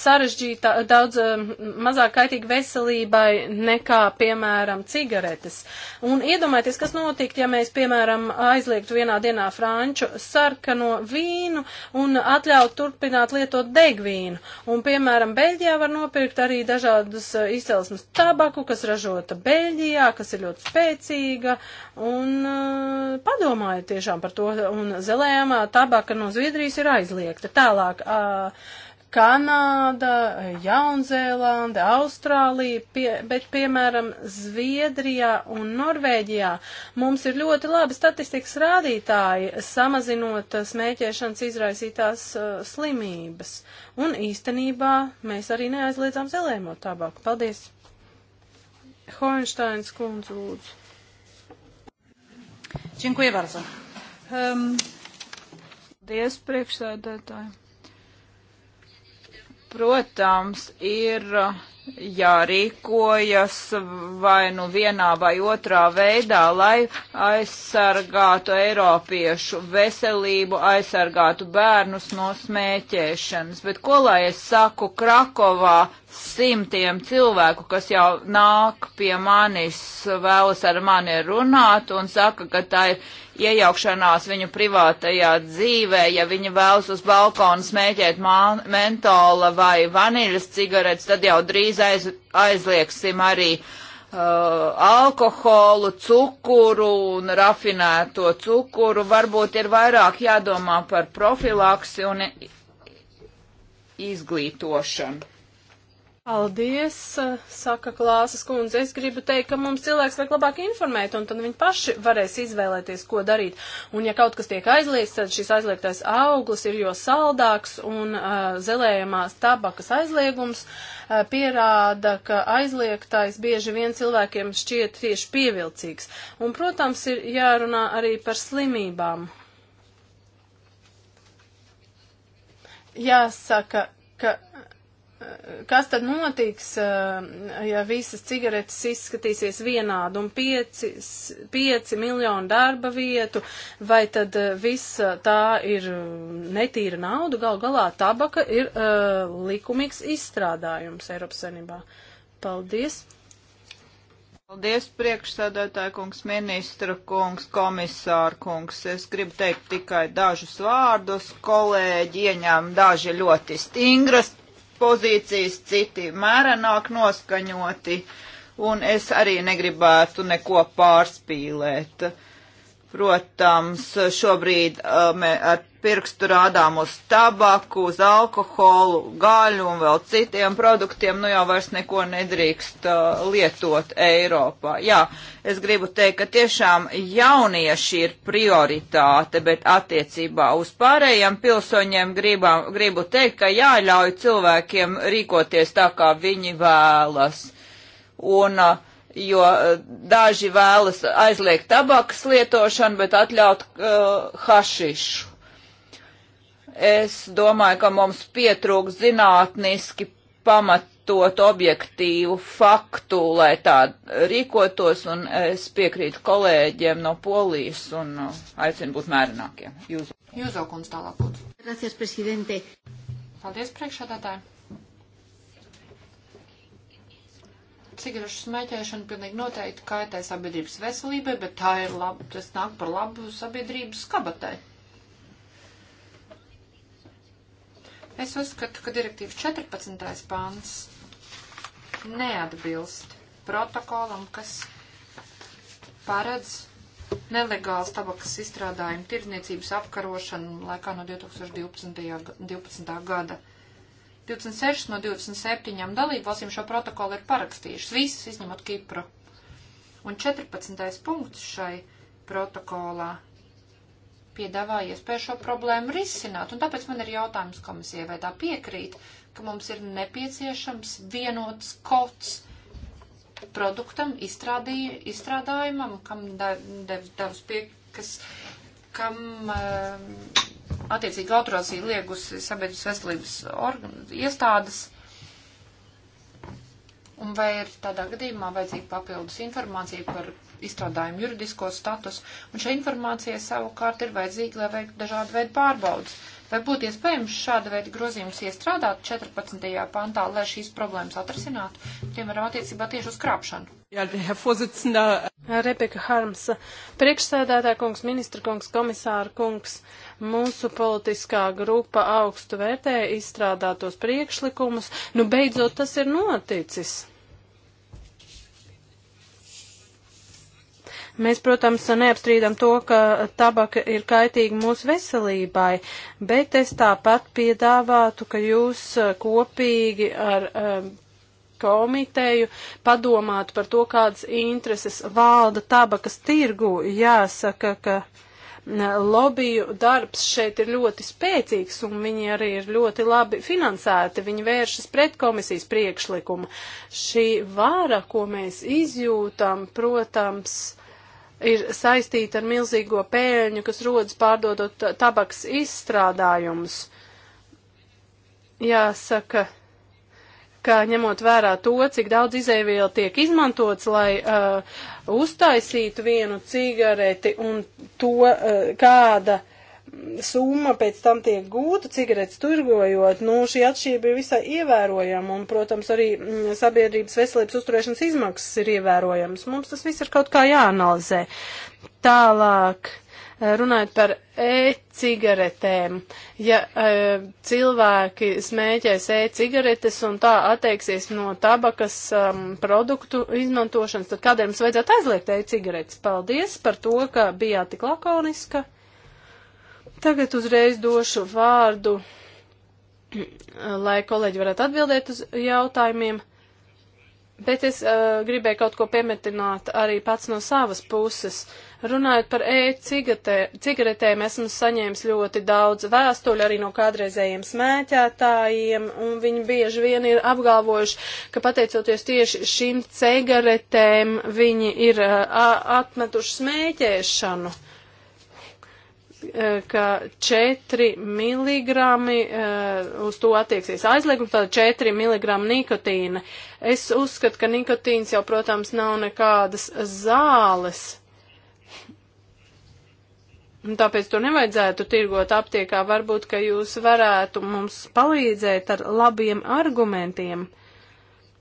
sarežģīta, daudz eh, mazāk kaitīga veselībai nekā, piemēram, cigaretes. Un iedomājieties, kas notiktu, ja mēs, piemēram, aizliegtu vienā dienā franču sarkano vīnu un atļautu turpināt lietot degvīnu. Un, piemēram, Beļģijā var nopirkt arī dažādas eh, izcelsmes tabaku, kas ražota Beļģijā, kas ir ļoti spēcīga. Un eh, padomājiet tiešām par to. Un zelējumā tabaka no Zviedrijas ir aizliegta. Tālāk. Uh, Kanāda, Jaunzēlanda, Austrālija, pie, bet, piemēram, Zviedrijā un Norvēģijā mums ir ļoti labi statistikas rādītāji, samazinot smēķēšanas izraisītās uh, slimības. Un īstenībā mēs arī neaizliedzām zelēmo tabaku. Paldies! Hoinsteins kundze lūdzu. Dziękuję bardzo. Um, Paldies, priekšsēdētāji protams, ir jārīkojas vai nu vienā vai otrā veidā, lai aizsargātu Eiropiešu veselību, aizsargātu bērnus no smēķēšanas. Bet ko lai es saku Krakovā simtiem cilvēku, kas jau nāk pie manis, vēlas ar mani runāt un saka, ka tā ir iejaukšanās viņu privātajā dzīvē, ja viņi vēlas uz balkonu smēķēt mentolu vai vaniļas cigaretes, tad jau drīz drīz aiz, aizliegsim arī uh, alkoholu, cukuru un rafinēto cukuru. Varbūt ir vairāk jādomā par profilaksi un izglītošanu. Paldies, saka Klāsas kundze. Es gribu teikt, ka mums cilvēks vajag labāk informēt, un tad viņi paši varēs izvēlēties, ko darīt. Un ja kaut kas tiek aizliegts, tad šis aizliegtais auglis ir jo saldāks, un uh, zelējamās tabakas aizliegums uh, pierāda, ka aizliegtais bieži vien cilvēkiem šķiet tieši pievilcīgs. Un, protams, ir jārunā arī par slimībām. Jāsaka, ka kas tad notiks, eh, ja visas cigaretes izskatīsies vienādi un 5, 5 miljonu darba vietu, vai tad eh, visa tā ir eh, netīra nauda, gal galā tabaka ir uh, likumīgs izstrādājums Eiropas Savienībā. Paldies! Paldies, priekšsēdētāji kungs, ministra kungs, komisāra kungs. Es gribu teikt tikai dažus vārdus. Kolēģi ieņēma daži ļoti stingras pozīcijas, citi mērenāk noskaņoti, un es arī negribētu neko pārspīlēt. Uh, Protams, šobrīd uh, mēs ar pirkstu rādām uz tabaku, uz alkoholu, gaļu un vēl citiem produktiem, nu jau vairs neko nedrīkst uh, lietot Eiropā. Jā, es gribu teikt, ka tiešām jaunieši ir prioritāte, bet attiecībā uz pārējiem pilsoņiem gribam, gribu teikt, ka jāļauj cilvēkiem rīkoties tā, kā viņi vēlas. Un, uh, jo eh, daži vēlas aizliegt tabakas lietošanu, bet atļaut uh, hašišu. Es domāju, ka mums pietrūks zinātniski pamatot objektīvu faktu, lai tā rīkotos, un es piekrītu kolēģiem no Polijas un uh, aicinu būt mērenākiem. Jūs. Jūzo kundz tālāk būtu. Paldies, priekšādātāji. cigarešu smēķēšana pilnīgi noteikti kaitē sabiedrības veselībai, bet tā ir labi, tas nāk par labu sabiedrības skabatai. Es uzskatu, ka direktīvas 14. pāns neatbilst protokolam, kas paredz nelegāls tabakas izstrādājumu tirdzniecības apkarošanu laikā no 2012. 12. gada 26 no 27 dalībvalstīm šo protokolu ir parakstījušas, visas izņemot Kipru. Un 14. punkts šai protokolā piedāvā iespēju šo problēmu risināt, un tāpēc man ir jautājums komisijai, vai tā piekrīt, ka mums ir nepieciešams vienots kods produktam, izstrādājumam, kam devs pie, kas, kam uh, attiecīgi autorācija liegusi sabiedrības veselības organ, iestādes. Un vai ir tādā gadījumā vajadzīga papildus informācija par izstrādājumu juridisko status, un šī informācija savukārt ir vajadzīga, lai veiktu dažādu veidu pārbaudas. Vai būtu iespējams šāda veida grozījums iestrādāt 14. pantā, lai šīs problēmas atrisinātu, piemēram, attiecībā tieši uz krāpšanu? Jā, Herr Vorsitzender. Rebeka Harms, priekšsēdētā kungs, ministra kungs, komisāra kungs, mūsu politiskā grupa augstu vērtē izstrādātos priekšlikumus. Nu, beidzot, tas ir noticis. Mēs, protams, neapstrīdam to, ka tabaka ir kaitīga mūsu veselībai, bet es tāpat piedāvātu, ka jūs eh, kopīgi ar eh, komiteju padomātu par to, kādas intereses valda tabakas tirgu. Jāsaka, ka lobiju darbs šeit ir ļoti spēcīgs un viņi arī ir ļoti labi finansēti. Viņi vēršas pret komisijas priekšlikumu. Šī vara, ko mēs izjūtam, protams, ir saistīta ar milzīgo pēļņu, kas rodas pārdodot tabaks izstrādājumus. Jāsaka, ka ņemot vērā to, cik daudz izēvielu tiek izmantots, lai uh, uztaisītu vienu cigareti un to, uh, kāda uh, summa pēc tam tiek gūta cigaretes turgojot, nu šī atšķība ir visai ievērojama un, protams, arī mm, sabiedrības veselības uzturēšanas izmaksas ir ievērojamas. Mums tas viss ir kaut kā jāanalizē. Tālāk eh, runājot par e-cigaretēm, ja e, cilvēki smēķēs e-cigaretes un tā atteiksies no tabakas um, produktu izmantošanas, tad kādēļ mums vajadzētu aizliegt e-cigaretes? Paldies par to, ka bijāt tik lakoniska. Tagad uzreiz došu vārdu, lai kolēģi varētu atbildēt uz jautājumiem. Bet es uh, gribēju kaut ko piemetināt arī pats no savas puses. Runājot par e-cigaretēm, esmu saņēmis ļoti daudz vēstuļu arī no kādreizējiem smēķētājiem, un viņi bieži vien ir apgalvojuši, ka pateicoties tieši šīm cigaretēm, viņi ir uh, atmetuši smēķēšanu. Uh, Eh, ka 4 mg eh, uz to attieksies aizliegums, tātad 4 mg nikotīna. Es uzskatu, ka nikotīns jau, protams, nav nekādas zāles. Un tāpēc to nevajadzētu tirgot aptiekā. Varbūt, ka jūs varētu mums palīdzēt ar labiem argumentiem.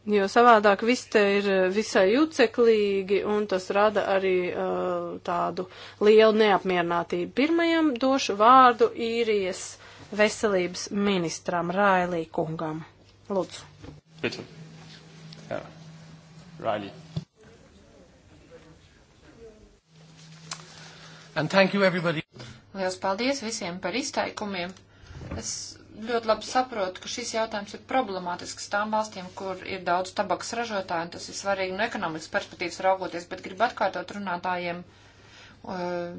Jo savādāk viss te ir eh, visai juceklīgi, un tas rada arī uh, tādu lielu neapmierinātību. Pirmajam došu vārdu īrijas veselības ministram Railī kungam. Lūdzu. Bitte. Jā. Railī. And thank you everybody. Lielas paldies visiem par izteikumiem. Es ļoti labi saprotu, ka šis jautājums ir problemātisks tām valstīm, kur ir daudz tabaks ražotāju, un tas ir svarīgi no ekonomikas perspektīvas raugoties, bet gribu atkārtot runātājiem. Uh,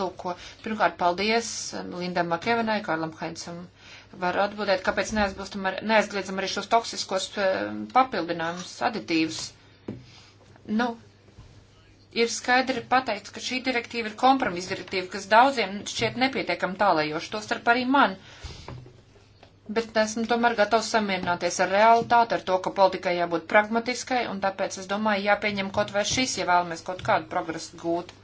lūk, pirmkārt, paldies um, Lindam Makevenai, Kārlam Heinzam var atbildēt, kāpēc neaizgliedzam ar, neaizgliedzam arī šos toksiskos uh, papildinājumus, aditīvus. Nu, ir skaidri pateikts, ka šī direktīva ir kompromisa direktīva, kas daudziem šķiet nepietiekam tālējoši, to starp arī man bet esmu tomēr gatavs samierināties ar realitāti, ar to, ka politikai jābūt pragmatiskai, un tāpēc es domāju, jāpieņem kaut vai šis, ja vēlamies kaut kādu progresu gūt.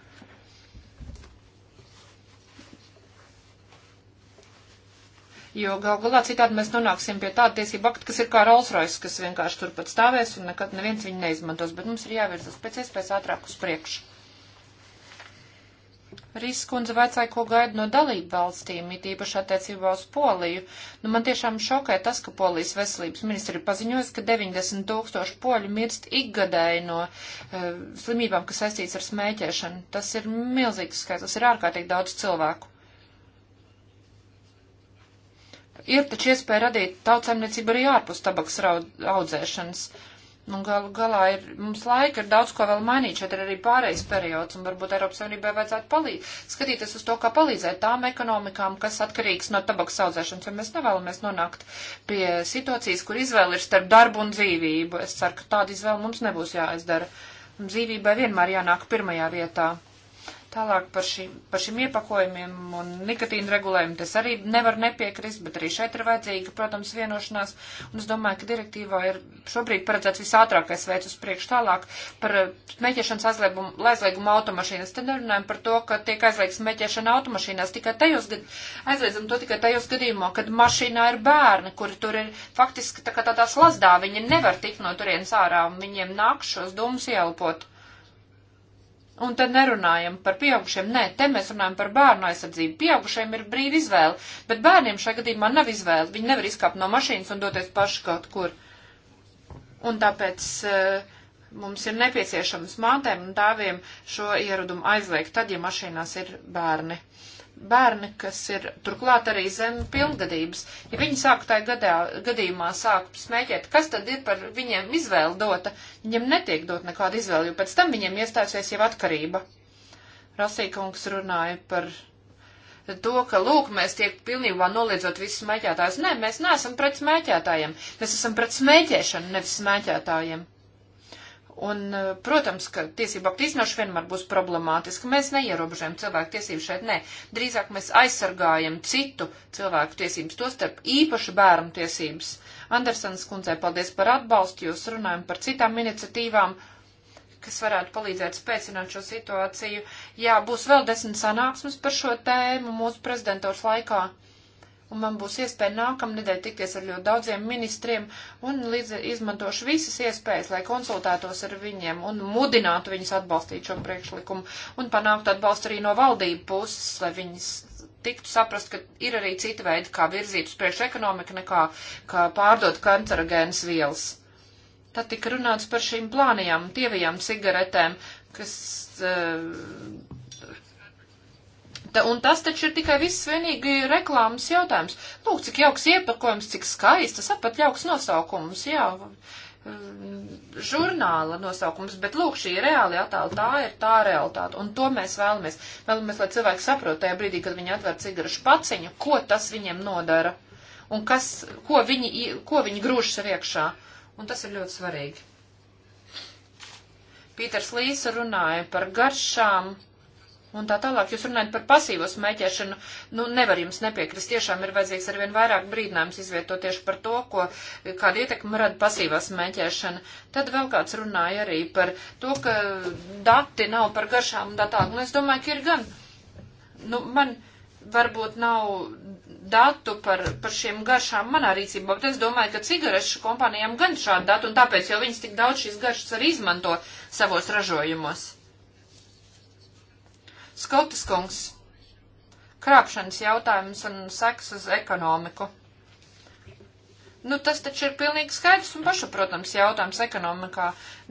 Jo gal galā citādi mēs nonāksim pie tāda tiesība akta, kas ir kā Rolls-Royce, kas vienkārši turpat stāvēs un nekad neviens viņu neizmantos, bet mums ir jāvirzas pēc iespējas ātrāk uz priekšu. Riskundze vaicāja, ko gaida no dalību valstīm, it īpaši attiecībā uz Poliju. Nu, man tiešām šokē tas, ka Polijas veselības ministri ir paziņojis, ka 90 tūkstoši poļu mirst ikgadēji no uh, slimībām, kas saistīts ar smēķēšanu. Tas ir milzīgs skaits, tas ir ārkārtīgi daudz cilvēku. Ir taču iespēja radīt tautsaimniecību arī ārpus tabaks audzēšanas. Uh, Un nu, galu galā ir, mums laika ir daudz ko vēl mainīt, šeit ir arī pārējais periods, un varbūt Eiropas Savienībai vajadzētu palīdz, skatīties uz to, kā palīdzēt tām ekonomikām, kas atkarīgs no tabaks audzēšanas, jo mēs nevēlamies nonākt pie situācijas, kur izvēle ir starp darbu un dzīvību. Es ceru, ka tāda izvēle mums nebūs jāizdara. Un dzīvībai vienmēr jānāk pirmajā vietā. Tālāk par šiem, par šiem iepakojumiem un nikotīnu regulējumu tas arī nevar nepiekrist, bet arī šeit ir vajadzīga, protams, vienošanās. Un es domāju, ka direktīvā ir šobrīd paredzēts visātrākais veids uz priekšu tālāk par smēķēšanas eh, aizliegumu, aizliegumu automašīnas. Te nerunājam par to, ka tiek aizliegts smēķēšana automašīnās tikai tajos, gad, aizliedzam to tikai tajos gadījumā, kad mašīnā ir bērni, kuri tur ir faktiski tā kā tādā slazdā, viņi nevar tikt no turienes ārā un viņiem nāk šos dūmus ielpot. Un tad nerunājam par pieaugušiem. Nē, te mēs runājam par bērnu aizsardzību. Pieaugušiem ir brīva izvēle, bet bērniem šajā gadījumā nav izvēle. Viņi nevar izkāpt no mašīnas un doties paši kaut kur. Un tāpēc uh, mums ir nepieciešams mātēm un tēviem šo ieradumu aizliegt tad, ja mašīnās ir bērni bērni, kas ir turklāt arī zem pilngadības, ja viņi sāk tā gadā, gadījumā sāk smēķēt, kas tad ir par viņiem izvēle dota, viņiem netiek dot nekāda izvēle, jo pēc tam viņiem iestāsies jau atkarība. Rasīkungs runāja par to, ka, lūk, mēs tiek pilnībā noliedzot visus smēķētājus. Nē, mēs neesam pret smēķētājiem, mēs esam pret smēķēšanu, nevis smēķētājiem. Un, eh, protams, ka tiesību aktu iznošana vienmēr būs problemātiska. Mēs neierobežojam cilvēku tiesību šeit, nē. Drīzāk mēs aizsargājam citu cilvēku tiesības, tostarp īpaši bērnu tiesības. Andersons kundzei paldies par atbalstu, jūs runājam par citām iniciatīvām, kas varētu palīdzēt spēcināt šo situāciju. Jā, būs vēl desmit sanāksmes par šo tēmu mūsu prezidentūras laikā un man būs iespēja nākamnedēļ tikties ar ļoti daudziem ministriem, un līdz izmantošu visas iespējas, lai konsultētos ar viņiem un mudinātu viņus atbalstīt šo priekšlikumu, un panākt atbalstu arī no valdību puses, lai viņas tiktu saprast, ka ir arī cita veida, kā virzīt uz priekšu ekonomiku, nekā kā pārdot kancerogēnas vielas. Tad tika runāts par šīm plānajām, tievajām cigaretēm, kas uh, Ta, un tas taču ir tikai viss vienīgi reklāmas jautājums. Lūk, cik jauks iepakojums, cik skaists, apat jauks nosaukums, jā, mm, žurnāla nosaukums, bet lūk, šī reāla attēla, tā ir tā realitāte, un to mēs vēlamies. Vēlamies, lai cilvēki saprot tajā brīdī, kad viņi atver cigarešu paciņu, ko tas viņiem nodara, un kas, ko viņi, ko viņi grūž sev iekšā, un tas ir ļoti svarīgi. Pīters Līsa runāja par garšām, un tā tālāk. Jūs runājat par pasīvo smēķēšanu, nu nevar jums nepiekrist, tiešām ir vajadzīgs arvien vairāk brīdinājums izvietot tieši par to, ko, kāda ietekma rada pasīvā smēķēšana. Tad vēl kāds runāja arī par to, ka dati nav par garšām un tā tālāk, un nu, es domāju, ka ir gan. Nu, man varbūt nav datu par, par šiem garšām manā rīcībā, bet es domāju, ka cigarešu kompānijām gan šādi dati, un tāpēc jau viņas tik daudz šīs garšas arī izmanto savos ražojumos. Skotas kungs. Krāpšanas jautājums un seks uz ekonomiku. Nu, tas taču ir pilnīgi skaidrs un pašaprotams jautājums ekonomikā.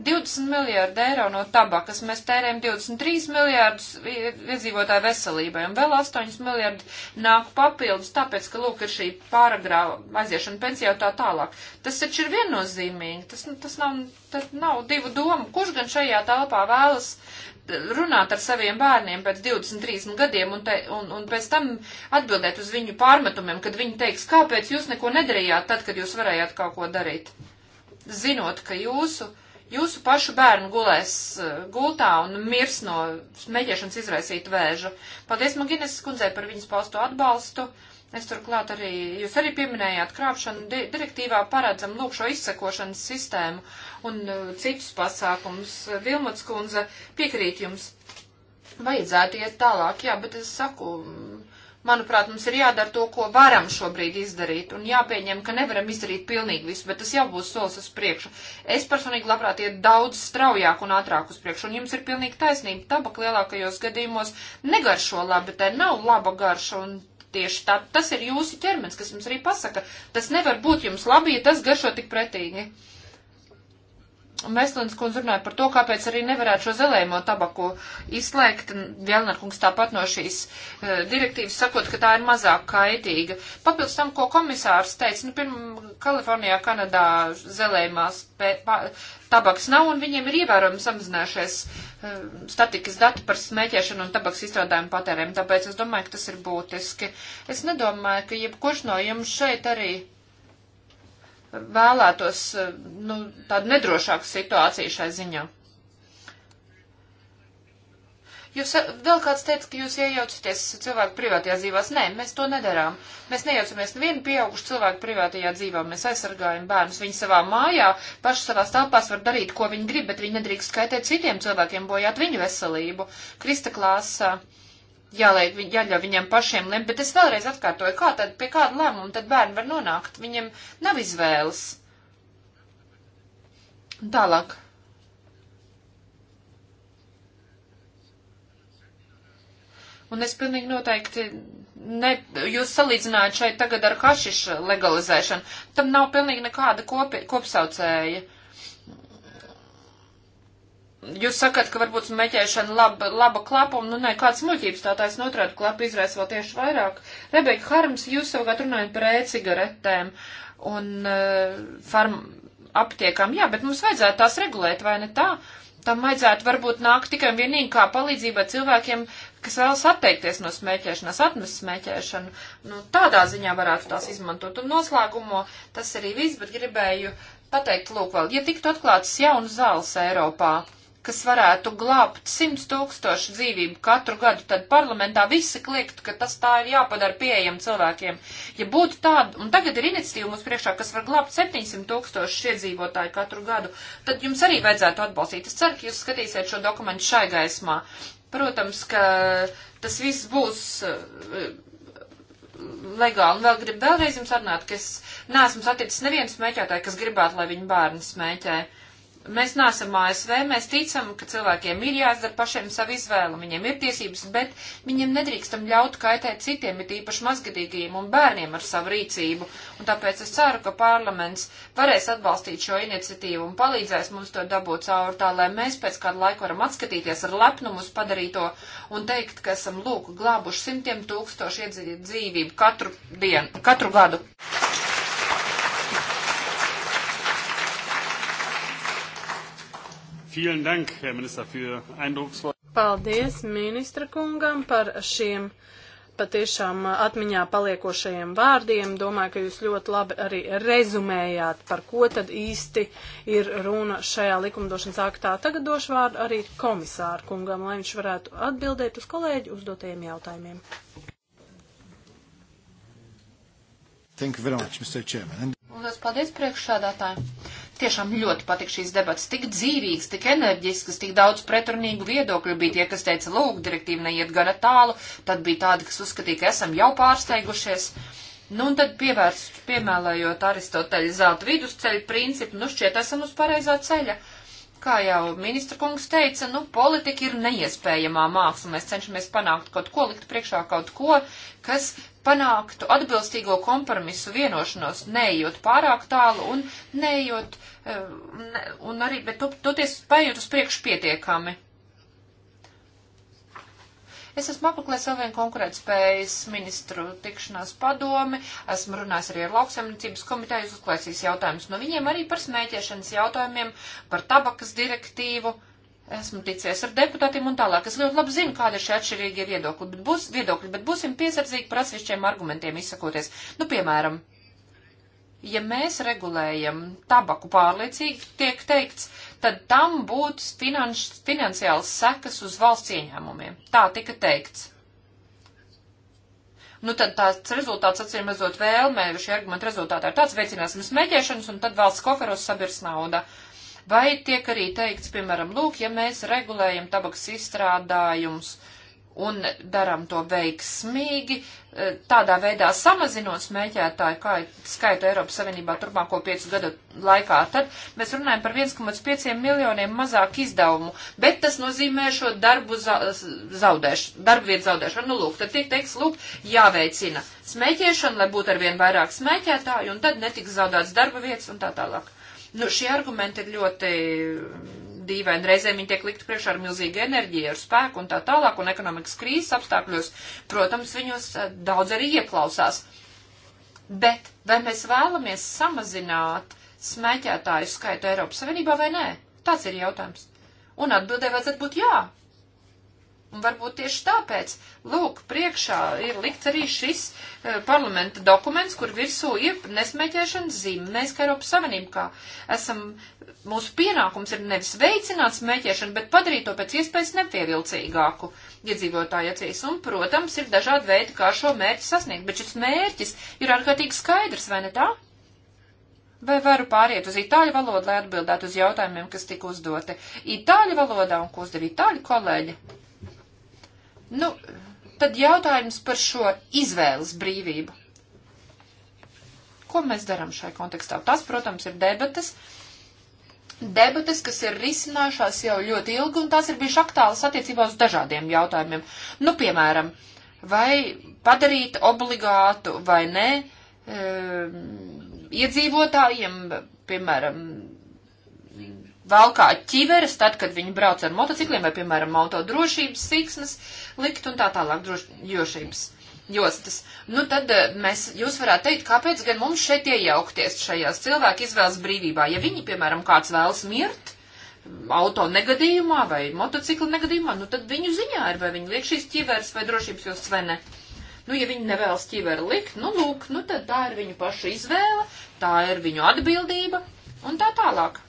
20 miljārdi eiro no tabakas mēs tērējam 23 miljārdus iedzīvotāju veselībai un vēl 8 miljārdi nāk papildus, tāpēc, ka, lūk, ir šī pāragrāva aiziešana pensijā tā tālāk. Tas taču ir viennozīmīgi, tas, nu, tas nav, tas nav divu domu, kurš gan šajā telpā vēlas runāt ar saviem bērniem pēc 20-30 gadiem un, te, un, un pēc tam atbildēt uz viņu pārmetumiem, kad viņi teiks, kāpēc jūs neko nedarījāt tad, kad jūs varējāt kaut ko darīt. Zinot, ka jūsu, jūsu pašu bērnu gulēs eh, gultā un mirs no smēķēšanas izraisīta vēža. Paldies Maginas skundzei par viņas pausto atbalstu. Uh, Es turklāt arī, jūs arī pieminējāt krāpšanu, di direktīvā paredzam lūk šo izsekošanas sistēmu un uh, citus pasākums. Vilmots kundze piekrīt jums, vajadzētu iet tālāk, jā, bet es saku, mm, manuprāt, mums ir jādara to, ko varam šobrīd izdarīt, un jāpieņem, ka nevaram izdarīt pilnīgi visu, bet tas jau būs solis uz priekšu. Es personīgi labprāt iet daudz straujāk un ātrāk uz priekšu, un jums ir pilnīgi taisnība. Tabak lielākajos gadījumos negaršo labi, tai nav laba garša, un Tieši tā, tas ir jūsu ķermenis, kas jums arī pasaka. Tas nevar būt jums labi, ja tas garšo tik pretīgi. Meslins kundze runāja par to, kāpēc arī nevarētu šo zelēmo tabaku izslēgt. Vielnarkungs tāpat no šīs uh, direktīvas sakot, ka tā ir mazāk kaitīga. Papildus tam, ko komisārs teica, nu, pirmā Kalifornijā, Kanadā zelēmās pē, pa, tabaks nav, un viņiem ir ievērojami samazinājušies uh, statikas dati par smēķēšanu un tabaks izstrādājumu patērēm, tāpēc es domāju, ka tas ir būtiski. Es nedomāju, ka jebkurš no jums šeit arī vēlētos uh, nu, tādu nedrošāku situāciju šai ziņā. Jūs eh, vēl kāds teica, ka jūs iejaucaties cilvēku privātajā dzīvās. Nē, mēs to nedarām. Mēs nejaucamies nevienu pieaugušu cilvēku privātajā dzīvā. Mēs aizsargājam bērnus. Viņi savā mājā, paši savā stāvpās var darīt, ko viņi grib, bet viņi nedrīkst skaitīt citiem cilvēkiem, bojāt viņu veselību. Krista klāsā. Jāliek, viņ, jāļauj viņiem pašiem lemt, bet es vēlreiz atkārtoju, kā tad, pie kāda lēmuma tad bērni var nonākt. Viņiem nav izvēles. Tālāk. Un es pilnīgi noteikti, ne, jūs salīdzinājāt šeit tagad ar hašišu legalizēšanu. Tam nav pilnīgi nekāda kopi, kopsaucēja. Jūs sakat, ka varbūt smēķēšana laba, laba klapuma, nu nē, kāds muļķības tā taisa notrāda klapu izraisa vēl tieši vairāk. Rebeka Harms, jūs savukārt runājat par e-cigaretēm un uh, farm aptiekām, jā, bet mums vajadzētu tās regulēt, vai ne tā? Uh, Tam vajadzētu varbūt nākt tikai un vienīgi kā palīdzība cilvēkiem, kas vēlas atteikties no smēķēšanas, atmest smēķēšanu. Nu, tādā ziņā varētu tās izmantot. Un noslēgumo tas arī viss, bet gribēju pateikt, lūk, vēl, ja tiktu atklātas jaunas zāles Eiropā, kas varētu glābt 100 tūkstošu dzīvību katru gadu, tad parlamentā visi kliektu, ka tas tā ir jāpadara pieejam cilvēkiem. Ja būtu tāda, un tagad ir iniciatīva mums priekšā, kas var glābt 700 tūkstošu iedzīvotāju katru gadu, tad jums arī vajadzētu atbalstīt. Es ceru, ka jūs skatīsiet šo dokumentu šai gaismā. Protams, ka tas viss būs uh, legāli. Un vēl gribu vēlreiz jums atnāt, ka es neesmu saticis nevienu smēķētāju, kas gribētu, lai viņu bērni smēķē. Uh, Mēs neesam ASV, mēs ticam, ka cilvēkiem ir jāizdara pašiem savu izvēlu, viņiem ir tiesības, bet viņiem nedrīkstam ļaut kaitēt citiem, it īpaši mazgadīgajiem un bērniem ar savu rīcību. Un tāpēc es ceru, ka parlaments varēs atbalstīt šo iniciatīvu un palīdzēs mums to dabūt cauri tā, lai mēs pēc kādu laiku varam atskatīties ar lepnumu uz padarīto un teikt, ka esam lūk glābuši simtiem tūkstošu iedzīvību katru dienu, katru gadu. Vielen Dank, Herr Minister, für eindrucksvoll. Paldies ministra kungam par šiem patiešām atmiņā paliekošajiem vārdiem. Domāju, ka jūs ļoti labi arī rezumējāt, par ko tad īsti ir runa šajā likumdošanas aktā. Tagad došu vārdu arī komisāru kungam, lai viņš varētu atbildēt uz kolēģi uzdotajiem jautājumiem. Thank you very much, Mr. Chairman. Un tas paldies priekšsādātāji. Tiešām ļoti patika šīs debatas. Tik dzīvīgas, tik enerģiskas, tik daudz pretrunīgu viedokļu bija tie, kas teica, lūk, direktīva neiet gana tālu. Tad bija tādi, kas uzskatīja, ka esam jau pārsteigušies. Nu, un tad pievērst, piemēlējot Aristoteļa zelta vidusceļa principu, nu šķiet esam uz pareizā ceļa. Kā jau ministra kungs teica, nu, politika ir neiespējamā māksla. Mēs cenšamies panākt kaut ko, likt priekšā kaut ko, kas panāktu atbilstīgo kompromisu vienošanos, neejot pārāk tālu un neejot uh, Ehm, un arī, bet to, toties paiet uz priekšu pietiekami. Es esmu apmeklējis vēl vienu konkurētspējas ministru tikšanās padomi, esmu runājis arī ar lauksaimniecības komiteju, uzklausījis jautājumus no viņiem arī par smēķēšanas jautājumiem, par tabakas direktīvu. Esmu ticies ar deputātiem un tālāk. Es ļoti labi zinu, kāda ir šie atšķirīgie viedokļi, bet, būs, viedokļi, bet būsim piesardzīgi par atsevišķiem argumentiem izsakoties. Nu, piemēram, ja mēs regulējam tabaku pārliecīgi, tiek teikts, tad tam būtu finanš, finansiāls sekas uz valsts ieņēmumiem. Tā tika teikts. Nu, tad tāds rezultāts, acīm redzot, vēlmē, šī argumenta rezultātā ir tāds, veicināsim smēķēšanas, un tad valsts koferos sabirs nauda. Vai tiek arī teikts, piemēram, lūk, ja mēs regulējam tabakas izstrādājumus, uh, un darām to veiksmīgi, e, tādā veidā samazinot smēķētāju skaitu Eiropas Savienībā turpmāko piecu gadu laikā. Tad mēs runājam par 1,5 miljoniem mazāk izdevumu, bet tas nozīmē šo darbu zaudēšanu, darbu vietu zaudēšanu. Nu, lūk, tad tiek teiks, lūk, jāveicina smēķēšana, lai būtu arvien vairāk smēķētāju, un tad netiks zaudēts darba vietas un tā tālāk. Nu, šie argumenti ir ļoti dīvaini. Reizēm viņi tiek likt priekšā ar milzīgu enerģiju, ar spēku un tā tālāk, un ekonomikas krīzes apstākļos, protams, viņus eh, daudz arī ieklausās. Bet vai mēs vēlamies samazināt smēķētāju skaitu Eiropas Savienībā vai nē? Tas ir jautājums. Un atbildē vajadzētu būt jā. Un varbūt tieši tāpēc, lūk, priekšā ir likts arī šis uh, parlamenta dokuments, kur virsū ir nesmēķēšanas zīme. Mēs, kā Eiropas Savienība, kā esam mūsu pienākums ir nevis veicināt smēķēšanu, bet padarīt to pēc iespējas nepievilcīgāku iedzīvotāju acīs. Un, protams, ir dažādi veidi, kā šo mērķi sasniegt, bet šis mērķis ir ārkārtīgi skaidrs, vai ne tā? Vai varu pāriet uz itāļu valodu, lai atbildētu uz jautājumiem, kas tika uzdoti itāļu valodā un ko uzdev itāļu kolēģi? Nu, tad jautājums par šo izvēles brīvību. Ko mēs darām šai kontekstā? Tas, protams, ir debatas, uh, debates, kas ir risinājušās jau ļoti ilgi, un tās ir bijušas aktuālas attiecībā uz dažādiem jautājumiem. Nu, piemēram, vai padarīt obligātu vai nē e, iedzīvotājiem, piemēram, valkā ķiveres, tad, kad viņi brauc ar motocikliem vai, piemēram, auto drošības siksnas likt un tā tālāk drošības. Droši jostas. Nu, tad eh, mēs, jūs varētu teikt, kāpēc gan mums šeit iejaukties šajās cilvēku izvēles brīvībā? Ja viņi, piemēram, kāds vēlas mirt mm, auto negadījumā vai motocikla negadījumā, nu tad viņu ziņā ir, vai viņi liek šīs ķiveres vai drošības jostas vai ne. Nu, ja viņi nevēlas ķiveru likt, nu, lūk, nu, tad tā ir viņu pašu izvēle, tā ir viņu atbildība un tā tālāk.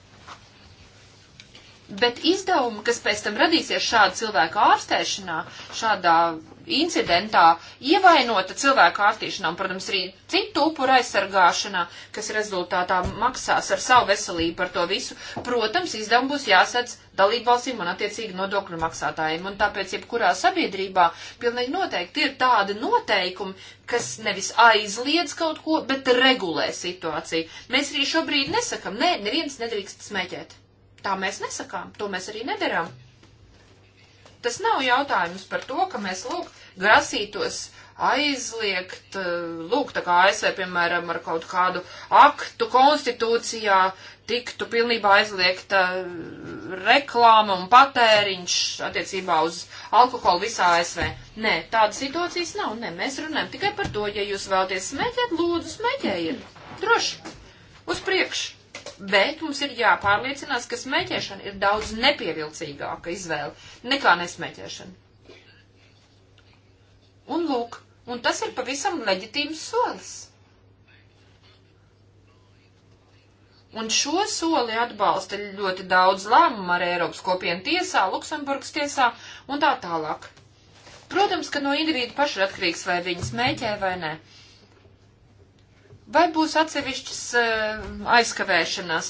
Bet izdevumi, kas pēc tam radīsies šāda cilvēka ārstēšanā, šādā incidentā ievainota cilvēka ārtīšanā un, protams, arī citu upuru aizsargāšanā, kas rezultātā maksās ar savu veselību par to visu, protams, izdevumu būs jāsadz dalībvalstīm un attiecīgi nodokļu maksātājiem. Un tāpēc, jebkurā sabiedrībā pilnīgi noteikti ir tādi noteikumi, kas nevis aizliedz kaut ko, bet regulē situāciju. Mēs arī šobrīd nesakam, nē, ne, neviens nedrīkst smēķēt. Tā mēs nesakām, to mēs arī nedarām. Tas nav jautājums par to, ka mēs, lūk, grasītos aizliegt, eh, lūk, tā kā ASV, piemēram, ar kaut kādu aktu konstitūcijā tiktu pilnībā aizliegta eh, reklāma un patēriņš attiecībā uz alkoholu visā ASV. Nē, tādas situācijas nav. Nē, mēs runājam tikai par to, ja jūs vēlaties smēķēt, lūdzu, smēķējiet. Droši. Uz priekšu bet mums ir jāpārliecinās, ka smēķēšana ir daudz nepievilcīgāka izvēle nekā nesmēķēšana. Un lūk, un tas ir pavisam leģitīms solis. Un šo soli atbalsta ļoti daudz lēmumu ar Eiropas kopienu tiesā, Luksemburgas tiesā un tā tālāk. Protams, ka no individu paši ir atkarīgs, vai viņi smēķē vai nē. Ne vai būs atsevišķas eh, aizkavēšanās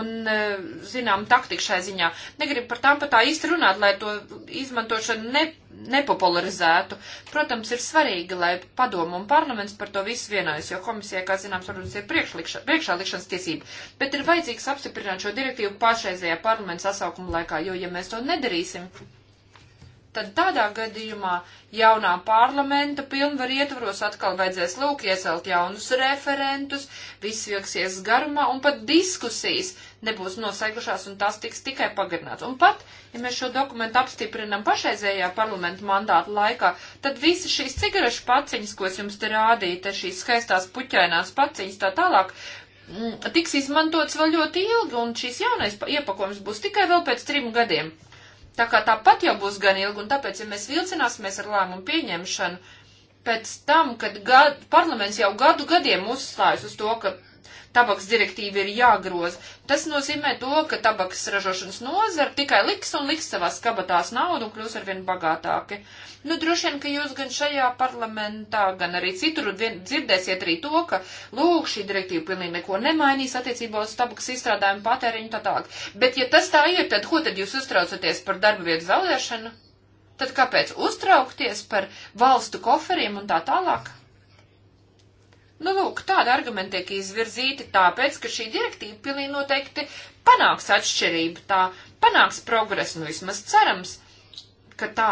un, eh, zinām, taktika šai ziņā. Negribu par tām pat tā īsti runāt, lai to izmantošanu ne, nepopularizētu. Protams, ir svarīgi, lai padomu un parlaments par to visu vienojas, jo komisijai, kā zināms, protams, ir priekšā likšanas tiesība. Bet ir vajadzīgs apstiprināt šo direktīvu pašreizējā parlamenta sasaukuma laikā, jo, ja mēs to nedarīsim, tad tādā gadījumā jaunā parlamenta pilnvar ietvaros atkal vajadzēs lūk iecelt jaunus referentus, viss vilksies garumā un pat diskusijas nebūs nosegušās un tās tiks tikai pagarināts. Un pat, ja mēs šo dokumentu apstiprinam pašreizējā parlamenta mandāta laikā, tad visas šīs cigarešu paciņas, ko es jums te rādīju, te šīs skaistās puķainās paciņas tā tālāk, mm, tiks izmantots vēl ļoti ilgi un šīs jaunais iepakojums būs tikai vēl pēc trim gadiem. Tā kā tāpat jau būs gan ilgi, un tāpēc, ja mēs vilcināsimies ar lēmumu pieņemšanu, pēc tam, kad gad, parlaments jau gadu gadiem uzstājas uz to, ka tabaks direktīva ir jāgroz. Tas nozīmē to, ka tabaks ražošanas nozara tikai liks un liks savās kabatās naudu un kļūs arvien bagātāki. Nu, droši vien, ka jūs gan šajā parlamentā, gan arī citur vien, dzirdēsiet arī to, ka, lūk, šī direktīva pilnīgi neko nemainīs attiecībā uz tabaks izstrādājumu patēriņu tā tālāk. Bet, ja tas tā ir, tad ko tad jūs uztraucaties par darba vietu zaudēšanu? Tad kāpēc uztraukties par valstu koferiem un tā tālāk? Nu, lūk, tāda argumenta tiek izvirzīti tāpēc, ka šī direktīva pilnīgi noteikti panāks atšķirību, tā panāks progresu, nu vismaz cerams, ka tā.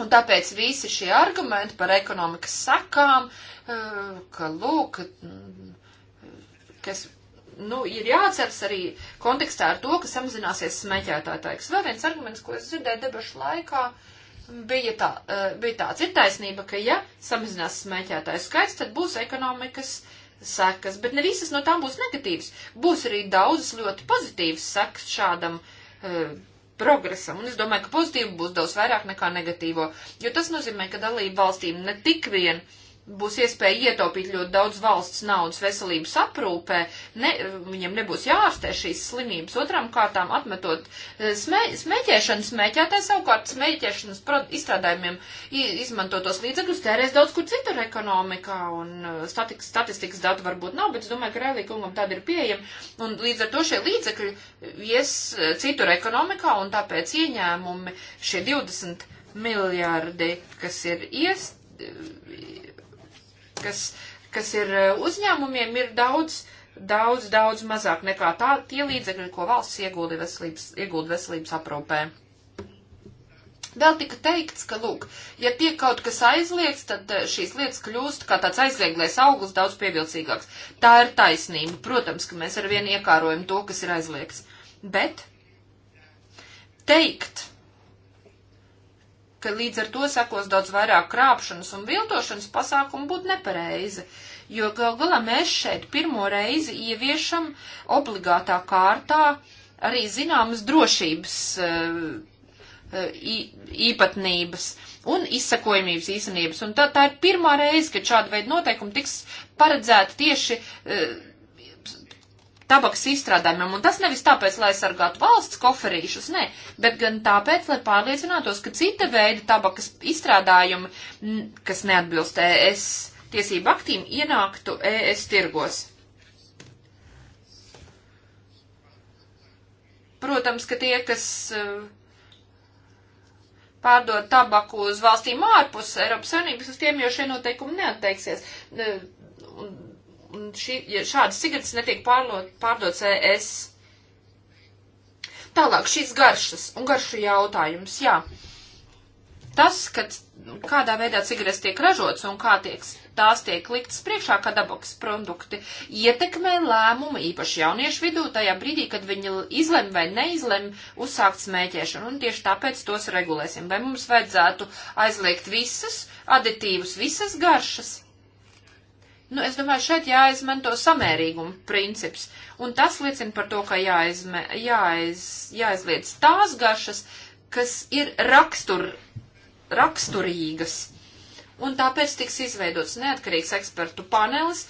Un tāpēc visi šie argumenti par ekonomikas sakām, eh, ka, lūk, kas, nu, ir jāatceras arī kontekstā ar to, ka samazināsies smēķētātājs. Vēl viens arguments, ko es dzirdēju debašu laikā, uh, bija, tā, e, bija tāds, ir taisnība, ka ja samazinās smēķētājs skaits, tad būs ekonomikas sekas, bet ne visas no tām būs negatīvas. Būs arī daudzas ļoti pozitīvas sekas šādam uh, progresam, un es domāju, ka pozitīvu būs daudz vairāk nekā negatīvo, jo tas nozīmē, ka dalība valstīm ne tik vien uh, būs iespēja ietaupīt ļoti daudz valsts naudas veselības aprūpē, ne, viņam nebūs jārastē šīs slimības. Otram kārtām atmetot eh, smē, smēķēšanu, smēķētē savukārt smēķēšanas izstrādājumiem izmantotos līdzekļus tērēs daudz kur citur ekonomikā un eh, statiks, statistikas datu varbūt nav, bet es domāju, ka Rēlī kungam tāda ir pieejama un līdz ar to šie līdzekļi ies eh, citur ekonomikā un tāpēc ieņēmumi šie 20 miljārdi, kas ir iest, kas, kas ir eh, uzņēmumiem, ir daudz, daudz, daudz mazāk nekā tā, tie līdzekļi, ko valsts iegulda veselības, iegulda veselības aprūpē. Vēl tika teikts, ka, lūk, ja tiek kaut kas aizliegts, tad eh, šīs lietas kļūst kā tāds aizlieglais augurs daudz pievilcīgāks. Tā ir taisnība. Protams, ka mēs arvien iekārojam to, kas ir aizliegts. Bet teikt, ka līdz ar to sekos daudz vairāk krāpšanas un viltošanas pasākumu būtu nepareizi, jo gal galā mēs šeit pirmo reizi ieviešam obligātā kārtā arī zināmas drošības eh, eh, īpatnības un izsakojamības īstenības. Un tā, tā ir pirmā reize, kad šāda veida noteikumi tiks paredzēti tieši eh, tabaks izstrādājumiem. Un tas nevis tāpēc, lai aizsargātu valsts koferīšus, nē, bet gan tāpēc, lai pārliecinātos, ka cita veida tabakas izstrādājumi, kas neatbilst ES tiesību aktīm, ienāktu ES tirgos. Protams, ka tie, kas eh, pārdod tabaku uz valstīm ārpus Eiropas Savienības, uz tiem jau šie noteikumi neatteiksies šī, ja šādas cigaretes netiek pārlot, pārdots ES. Tālāk šīs garšas un garšu jautājums, jā. Tas, kad kādā veidā cigaretes tiek ražots un kā tiek, tās tiek liktas priekšā kā dabaks produkti, ietekmē lēmumu īpaši jauniešu vidū tajā brīdī, kad viņi izlem vai neizlem uzsākt smēķēšanu. Un tieši tāpēc tos regulēsim. Vai mums vajadzētu aizliegt visas aditīvus, visas garšas? Nu, es domāju, šeit jāizmanto samērīguma princips, un tas liecina par to, ka jāizme, jāiz, jāizliedz tās garšas, kas ir rakstur, raksturīgas. Un tāpēc tiks izveidots neatkarīgs ekspertu panelis,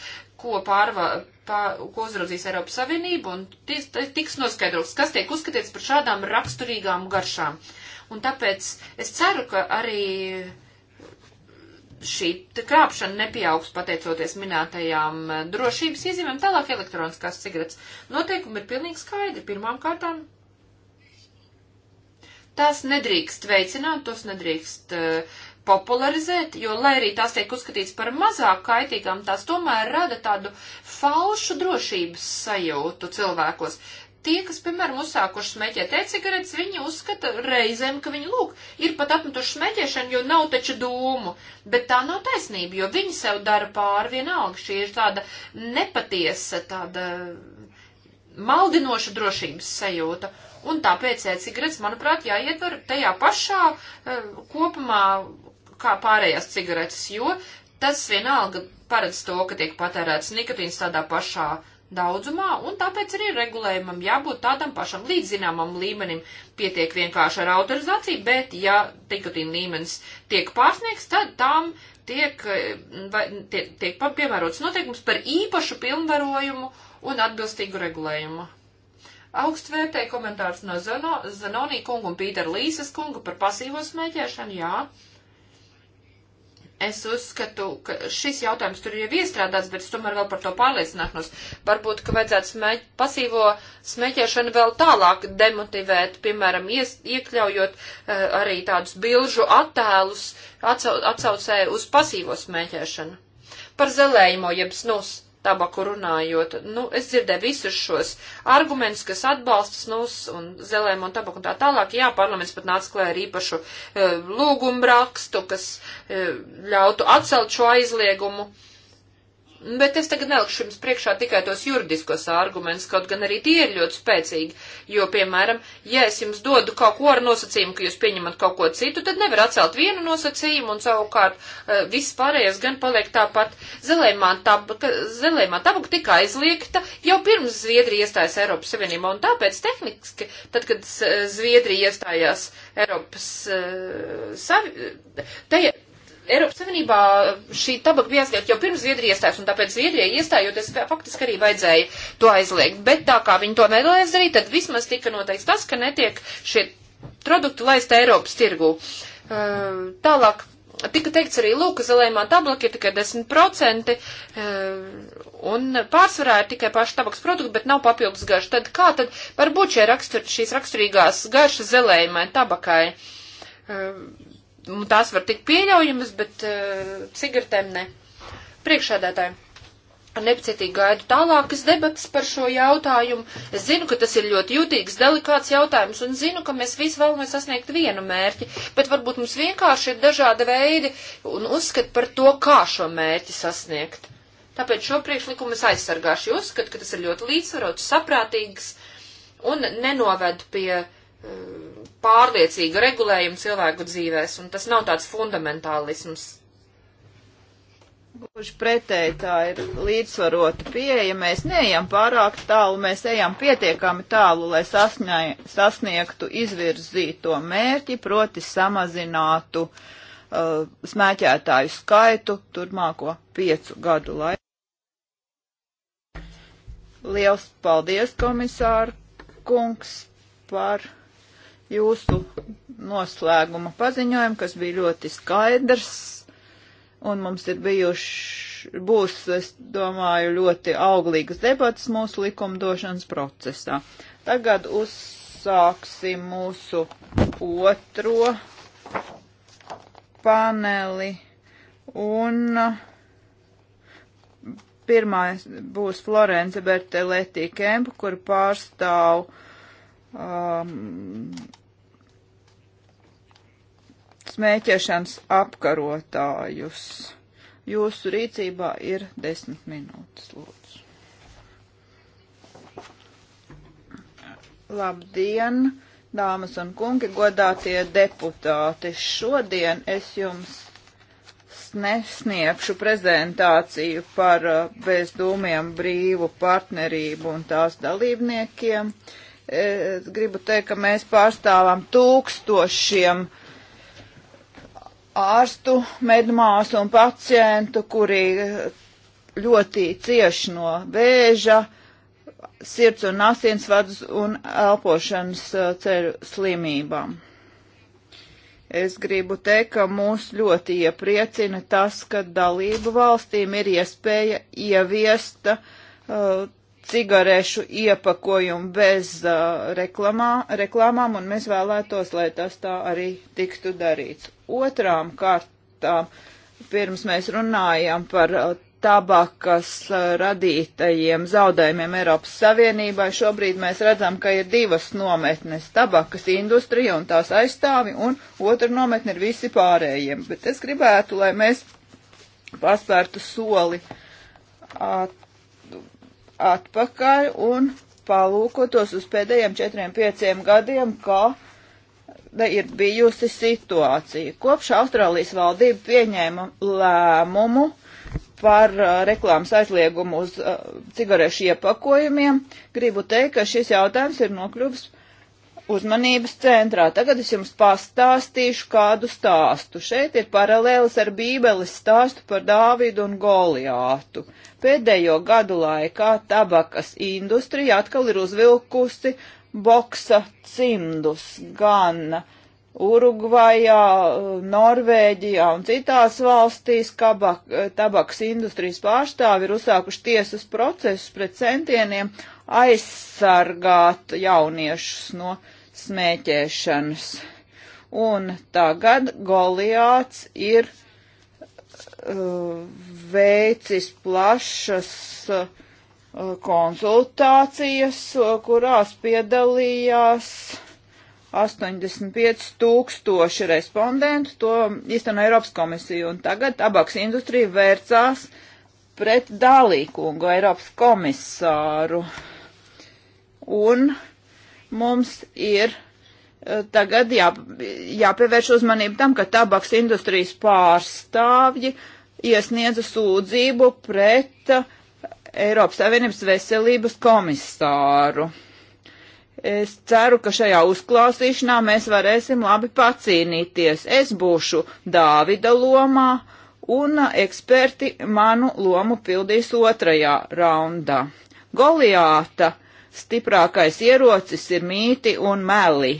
ko, pārva, pār, ko uzraudzīs Eiropas Savienība, un tiks, tiks noskaidrots, kas tiek uzskatīts par šādām raksturīgām garšām. Un tāpēc es ceru, ka arī šī krāpšana nepieaugs pateicoties minētajām eh, drošības iezīmēm, tālāk elektroniskās cigaretes. Noteikumi ir pilnīgi skaidri. Pirmām kārtām tās nedrīkst veicināt, tos nedrīkst uh, popularizēt, jo, lai arī tās tiek uzskatīts par mazāk kaitīgām, tās tomēr rada tādu falšu drošības sajūtu cilvēkos. Uh, tie, kas, piemēram, uzsākuši smēķēt e-cigaretes, viņi uzskata reizēm, ka viņi, lūk, ir pat apmetuši smēķēšanu, jo nav taču dūmu. Bet tā nav taisnība, jo viņi sev dara pāri vienalga. Šī ir tāda nepatiesa, tāda maldinoša drošības sajūta. Un tāpēc e-cigaretes, manuprāt, jāietver tajā pašā eh, kopumā kā pārējās cigaretes, jo tas vienalga paredz to, ka tiek patērēts nikotīns tādā pašā uh, daudzumā, un tāpēc arī regulējumam jābūt tādam pašam līdz zināmam līmenim. Pietiek vienkārši ar autorizāciju, bet ja nikotīna līmenis tiek pārsniegts, tad tām tiek, eh, vai, tiek, tiek piemērots noteikums par īpašu pilnvarojumu un atbilstīgu regulējumu. Augstvērtēja komentārs no Zanonī kunga un Pītera Līsas kunga par pasīvo smēķēšanu, jā. Es uzskatu, ka šis jautājums tur ir jau iestrādāts, bet es tomēr vēl par to pārliecināšanos. Varbūt, ka vajadzētu smēķ, pasīvo smēķēšanu vēl tālāk demotivēt, piemēram, ies, iekļaujot uh, arī tādus bilžu attēlus atsau, atsaucē uz pasīvo smēķēšanu. Par zelējumu, jeb snus tabaku runājot. Nu, es dzirdēju visus šos argumentus, kas atbalsta snus un zelēm un tabaku un tā tālāk. Jā, parlaments pat nāca klē ar īpašu e, eh, lūgumu rakstu, kas e, ļautu atcelt šo aizliegumu. E, Bet es tagad nelikšu jums priekšā tikai tos juridiskos argumentus, kaut gan arī tie ir ļoti spēcīgi, jo, piemēram, ja es jums dodu kaut ko ar nosacījumu, ka jūs pieņemat kaut ko citu, tad nevar atcelt vienu nosacījumu un savukārt eh, viss pārējais gan paliek tāpat. Zelēmā tabaka, zelēmā tabaka tika aizliegta jau pirms Zviedrija iestājas Eiropas Savienībā, un tāpēc tehniski, tad, kad eh, Zviedrija iestājās Eiropas uh, eh, Savienībā, Eiropas Savienībā šī tabaka bija aizliegta jau pirms Zviedrija iestājās, un tāpēc Zviedrijai iestājoties faktiski arī vajadzēja to aizliegt. Bet tā kā viņi to nevēlēja darīt, tad vismaz tika noteikts tas, ka netiek šie produkti laist Eiropas tirgū. Uh, tālāk tika teikts arī, lūk, zelējumā tablaka ir tikai 10%, uh, un pārsvarā ir tikai paši tabaks produkti, bet nav papildus garša. Tad kā tad var būt šie rakstur, šīs raksturīgās garšas zelējumai tabakai? Uh, Nu, tās var tikt pieļaujamas, bet uh, cigaretēm ne. Priekšādātāji. Ar nepacietīgi gaidu tālākas debatas par šo jautājumu. Es zinu, ka tas ir ļoti jūtīgs, delikāts jautājums, un zinu, ka mēs visi vēlamies sasniegt vienu mērķi, bet varbūt mums vienkārši ir dažādi veidi un uzskat par to, kā šo mērķi sasniegt. Tāpēc šo priekšlikumu es aizsargāšu. Jūs uzskat, ka tas ir ļoti līdzsvarots, saprātīgs un nenoved pie uh, pārliecīga regulējuma cilvēku dzīvēs, un tas nav tāds fundamentālisms. Gluži pretēji tā ir līdzsvarota pieeja. Mēs neejam pārāk tālu, mēs ejam pietiekami tālu, lai sasņai, sasniegtu izvirzīto mērķi, proti samazinātu uh, smēķētāju skaitu turmāko piecu gadu laiku. Liels paldies, komisāra kungs, par jūsu noslēguma paziņojumu, kas bija ļoti skaidrs, un mums ir bijuši, būs, es domāju, ļoti auglīgas debatas mūsu likumdošanas procesā. Tagad uzsāksim mūsu otro paneli, un pirmais būs Florence Berteletti Kemp, kur pārstāv um, smēķēšanas apkarotājus. Jūsu rīcībā ir desmit minūtes, lūdzu. Labdien, dāmas un kungi, godātie deputāti! Šodien es jums nesniegšu prezentāciju par uh, bezdūmiem brīvu partnerību un tās dalībniekiem. Uh, E, gribu teikt, ka mēs pārstāvam tūkstošiem ārstu, medmāsu un pacientu, kuri ļoti cieši no vēža, sirds un asinsvads un elpošanas e, ceļu slimībām. Es gribu teikt, ka mūs ļoti iepriecina tas, ka dalību valstīm ir iespēja ieviest uh, cigarešu iepakojumu bez uh, reklamā, reklāmām, un mēs vēlētos, lai tas tā arī tiktu darīts. Otrām kārtām, pirms mēs runājam par uh, tabakas uh, radītajiem zaudējumiem Eiropas Savienībai. Šobrīd mēs redzam, ka ir divas nometnes - tabakas industrija un tās aizstāvi, un otra nometne ir visi pārējiem. Bet es gribētu, lai mēs paspērtu soli at, atpakaļ un palūkotos uz pēdējiem 4-5 gadiem, kāda ir bijusi situācija. Kopš Austrālijas valdība pieņēma lēmumu par uh, reklāmas aizliegumu uz uh, cigarešu iepakojumiem, gribu teikt, ka šis jautājums ir nokļuvis uzmanības centrā. Tagad es jums pastāstīšu kādu stāstu. Šeit ir paralēlis ar Bībeles stāstu par Dāvidu un Goliātu. Pēdējo gadu laikā tabakas industrija atkal ir uzvilkusi boksa cimdus gan Urugvajā, Norvēģijā un citās valstīs kabak, tabaks industrijas pārstāvi ir uzsākuši tiesas procesus pret centieniem aizsargāt jauniešus no smēķēšanas. Un tagad Goliāts ir uh, veicis plašas uh, konsultācijas, uh, kurās piedalījās 85 tūkstoši respondentu, to īstenībā Eiropas komisija, un tagad tabaks industrija vērcās pret Dālīkungu, Eiropas komisāru. Un mums ir uh, tagad jā, jāpievērš uzmanību tam, ka tabaks industrijas pārstāvji iesniedza sūdzību pret uh, Eiropas Savienības veselības komisāru. Es ceru, ka šajā uzklausīšanā mēs varēsim labi pacīnīties. Es būšu Dāvida lomā un uh, eksperti manu lomu pildīs otrajā raundā. Goliāta stiprākais ierocis ir mīti un meli.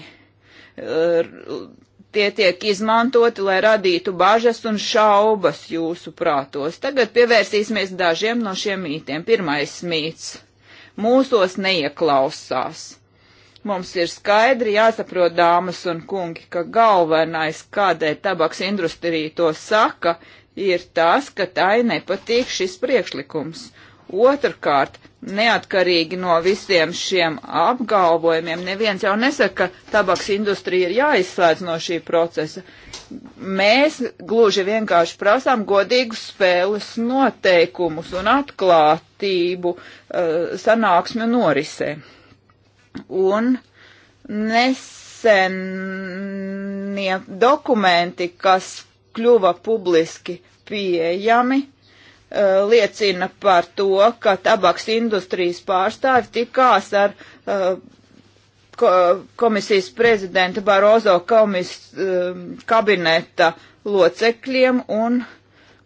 Uh, tie tiek izmantoti, lai radītu bažas un šaubas jūsu prātos. Tagad pievērsīsimies dažiem no šiem mītiem. Pirmais mīts - mūsos neieklausās. Mums ir skaidri jāsaprot, dāmas un kungi, ka galvenais, kādēļ tabaks industrija to saka, ir tas, ka tai nepatīk šis priekšlikums. Otrkārt, neatkarīgi no visiem šiem apgalvojumiem, neviens jau nesaka, ka tabaks industrija ir jāizslēdz no šī procesa. Mēs gluži vienkārši prasām godīgus spēles noteikumus un atklātību uh, sanāksmju norisē. Un nesenie dokumenti, kas kļuva publiski pieejami, uh, liecina par to, ka tabaks industrijas pārstāvi tikās ar uh, ko, komisijas prezidenta Barozo komis, uh, kabineta locekļiem un,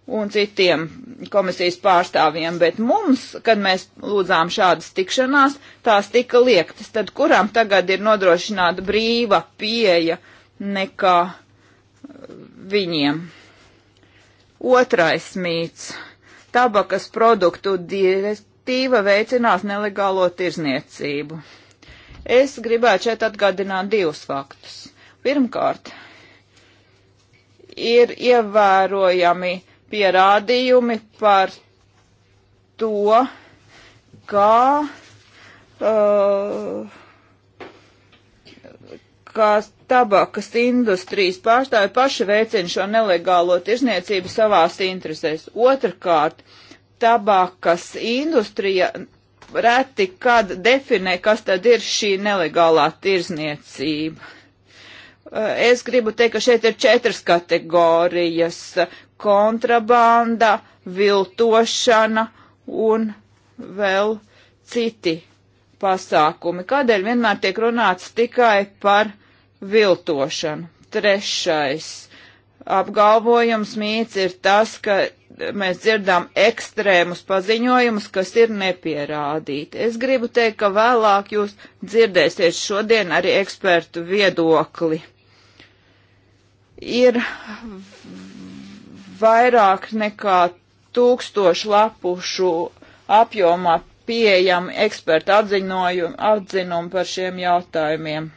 un citiem komisijas pārstāvjiem, bet mums, kad mēs lūdzām šādas tikšanās, tās tika liektas, tad kuram tagad ir nodrošināta brīva pieeja nekā viņiem. Otrais mīts tabakas produktu direktīva veicinās nelegālo tirzniecību. Es gribētu šeit atgādināt divus faktus. Pirmkārt, ir ievērojami pierādījumi par to, kā uh, starptautiskās tabakas industrijas pārstāvi paši veicina šo nelegālo tirzniecību savās interesēs. Otrkārt, tabakas industrija reti kad definē, kas tad ir šī nelegālā tirzniecība. Eh, es gribu teikt, ka šeit ir četras kategorijas - kontrabanda, viltošana un vēl citi pasākumi. Kādēļ vienmēr tiek runāts tikai par viltošanu. Trešais apgalvojums mīts ir tas, ka mēs dzirdām ekstrēmus paziņojumus, kas ir nepierādīti. Es gribu teikt, ka vēlāk jūs dzirdēsiet šodien arī ekspertu viedokli. Ir vairāk nekā tūkstošu lapušu apjomā pieejami eksperta atzinumi par šiem jautājumiem.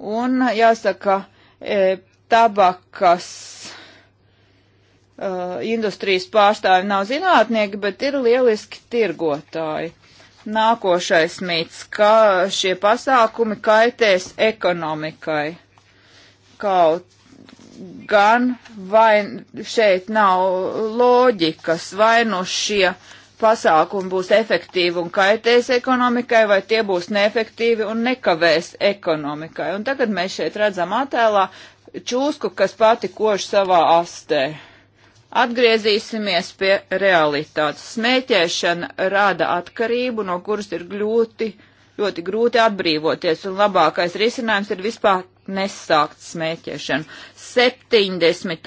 Un jāsaka, e, tabakas e, industrijas pārstāvi nav zinātnieki, bet ir lieliski tirgotāji. Nākošais mīts, ka šie pasākumi kaitēs ekonomikai. Kaut gan vai šeit nav loģikas, vai nu šie uh, pasākumi būs efektīvi un kaitēs ekonomikai, vai tie būs neefektīvi un nekavēs ekonomikai. Un tagad mēs šeit redzam attēlā čūsku, kas pati kož savā astē. Atgriezīsimies pie realitātes. Smēķēšana rada atkarību, no kuras ir gļūti, ļoti grūti atbrīvoties, un labākais risinājums ir vispār nesākt smēķēšanu. 78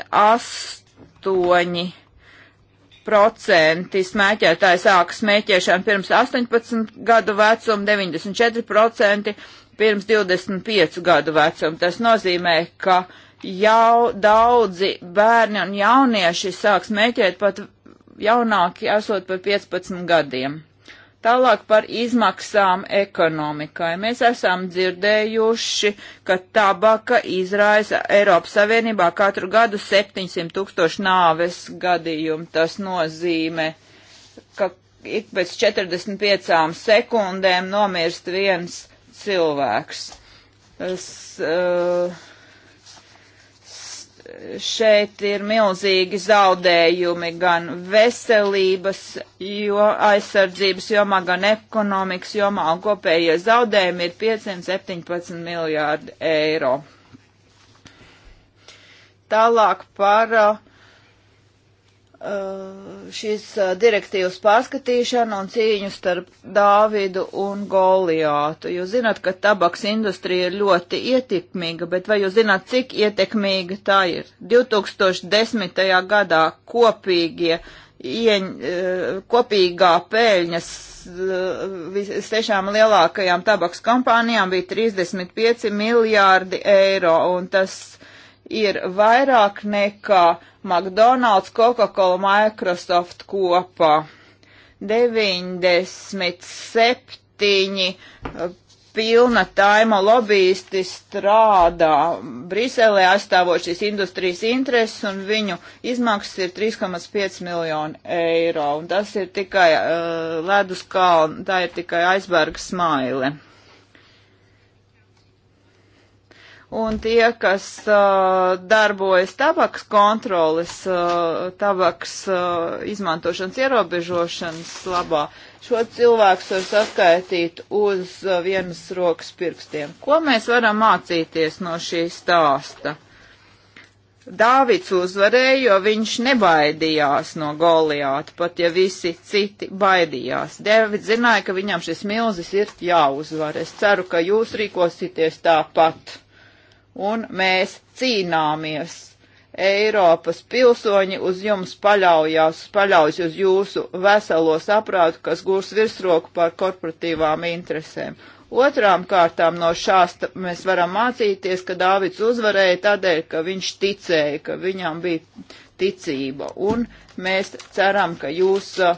procenti smēķētāji sāka smēķēšanu pirms 18 gadu vecuma, 94 procenti pirms 25 gadu vecuma. Tas nozīmē, ka jau daudzi bērni un jaunieši sāk smēķēt pat jaunāki esot par 15 gadiem. Tālāk par izmaksām ekonomikai. Mēs esam dzirdējuši, ka tabaka izraisa Eiropas Savienībā katru gadu 700 tūkstoši nāves gadījumu. Tas nozīmē, ka ik pēc 45 sekundēm nomirst viens cilvēks. Tas, uh, šeit ir milzīgi zaudējumi gan veselības jo, aizsardzības jomā, gan ekonomikas jomā, un kopējie zaudējumi ir 517 miljārdi eiro. Tālāk par uh, Uh, šīs uh, direktīvas pārskatīšanu un cīņu starp Dāvidu un Goliātu. Jūs zināt, ka tabaks industrija ir ļoti ietekmīga, bet vai jūs zināt, cik ietekmīga tā ir? 2010. gadā kopīgie ieņ, uh, kopīgā peļņas sešām lielākajām tabaks kompānijām bija 35 miljārdi eiro, un tas uh, ir vairāk nekā McDonald's, Coca-Cola, Microsoft kopā. 97 eh, pilna taima lobbyisti strādā Briselē aizstāvot šīs industrijas intereses un viņu izmaksas ir 3,5 miljoni eiro. Un tas ir tikai uh, ledus kalns, tā ir tikai aizberga smaile. un tie, kas uh, darbojas tabaks kontroles, uh, tabaks uh, izmantošanas ierobežošanas labā, šo cilvēku var saskaitīt uz uh, vienas rokas pirkstiem. Ko mēs varam mācīties no šī stāsta? Dāvids uzvarēja, jo viņš nebaidījās no Goliāta, pat ja visi citi baidījās. Dāvids zināja, ka viņam šis milzis ir jāuzvar. Es ceru, ka jūs rīkosieties tāpat un mēs cīnāmies. Eiropas pilsoņi uz jums paļaujās, paļaujas uz jūsu veselo saprātu, kas gūs virsroku par korporatīvām interesēm. Otrām kārtām no šāsta mēs varam mācīties, ka Dāvids uzvarēja tādēļ, ka viņš ticēja, ka viņam bija ticība. Un mēs ceram, ka jūs uh,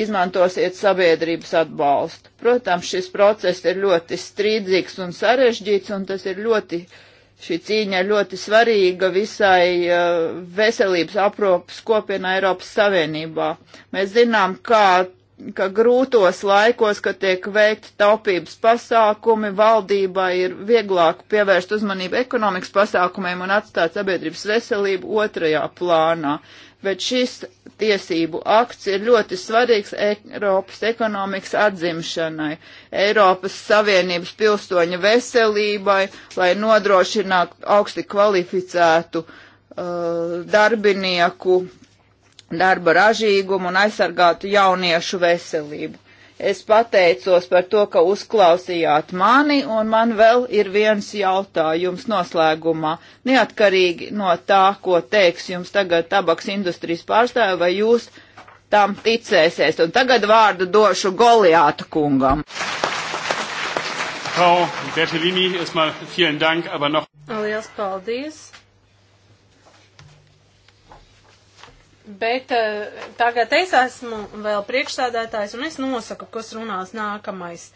izmantosiet sabiedrības atbalstu. Protams, šis process ir ļoti strīdzīgs un sarežģīts, un tas ir ļoti, šī cīņa ir ļoti svarīga visai uh, veselības aprūpas kopienā Eiropas Savienībā. Mēs zinām, kā, ka grūtos laikos, kad tiek veikti taupības pasākumi, valdībā ir vieglāk pievērst uzmanību ekonomikas pasākumiem un atstāt sabiedrības veselību otrajā plānā. Uh, bet šis tiesību akts ir ļoti svarīgs Eiropas ekonomikas atzimšanai, Eiropas Savienības pilsoņu veselībai, lai nodrošinātu augsti kvalificētu uh, darbinieku darba ražīgumu un aizsargātu jauniešu veselību. Es pateicos par to, ka uzklausījāt mani, un man vēl ir viens jautājums noslēgumā. Neatkarīgi no tā, ko teiks jums tagad tabaks industrijas pārstāvi, vai jūs tam ticēsiet. Un tagad vārdu došu Goliāta kungam. Frau Bertolini, erstmal vielen Dank, aber noch. Liels paldies! Bet uh, tagad es esmu vēl priekšsādātājs un es nosaku, kas runās nākamais.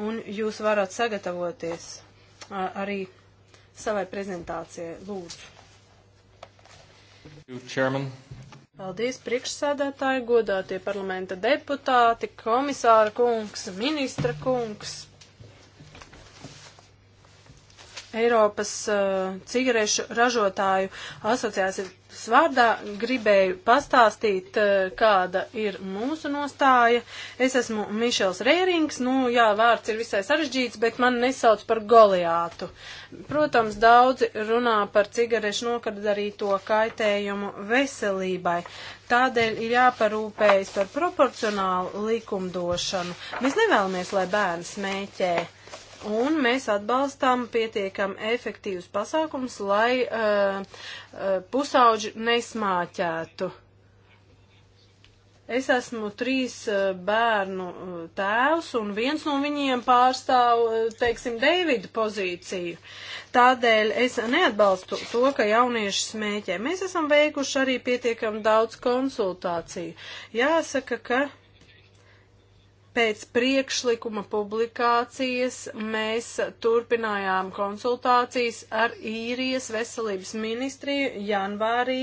Un jūs varat sagatavoties uh, arī savai prezentācijai. Lūdzu. Paldies, priekšsēdētāji, godātie parlamenta deputāti, komisāra kungs, ministra kungs. Eiropas uh, cigarešu ražotāju asociācijas vārdā gribēju pastāstīt, uh, kāda ir mūsu nostāja. Es esmu Mišels Rērings, nu jā, vārds ir visai sarežģīts, bet man nesauc par Goliātu. Protams, daudzi runā par cigarešu nokardarīto kaitējumu veselībai. Tādēļ ir jāparūpējas par proporcionālu likumdošanu. Mēs nevēlamies, lai bērns mēķē un mēs atbalstām pietiekam efektīvus pasākums, lai uh, uh, pusauģi nesmāķētu. Es esmu trīs uh, bērnu uh, tēvs, un viens no viņiem pārstāv, uh, teiksim, Deivida pozīciju. Tādēļ es neatbalstu to, ka jaunieši smēķē. Mēs esam veikuši arī pietiekami daudz konsultāciju. Jāsaka, ka Pēc priekšlikuma publikācijas mēs turpinājām konsultācijas ar īrijas veselības ministriju janvārī,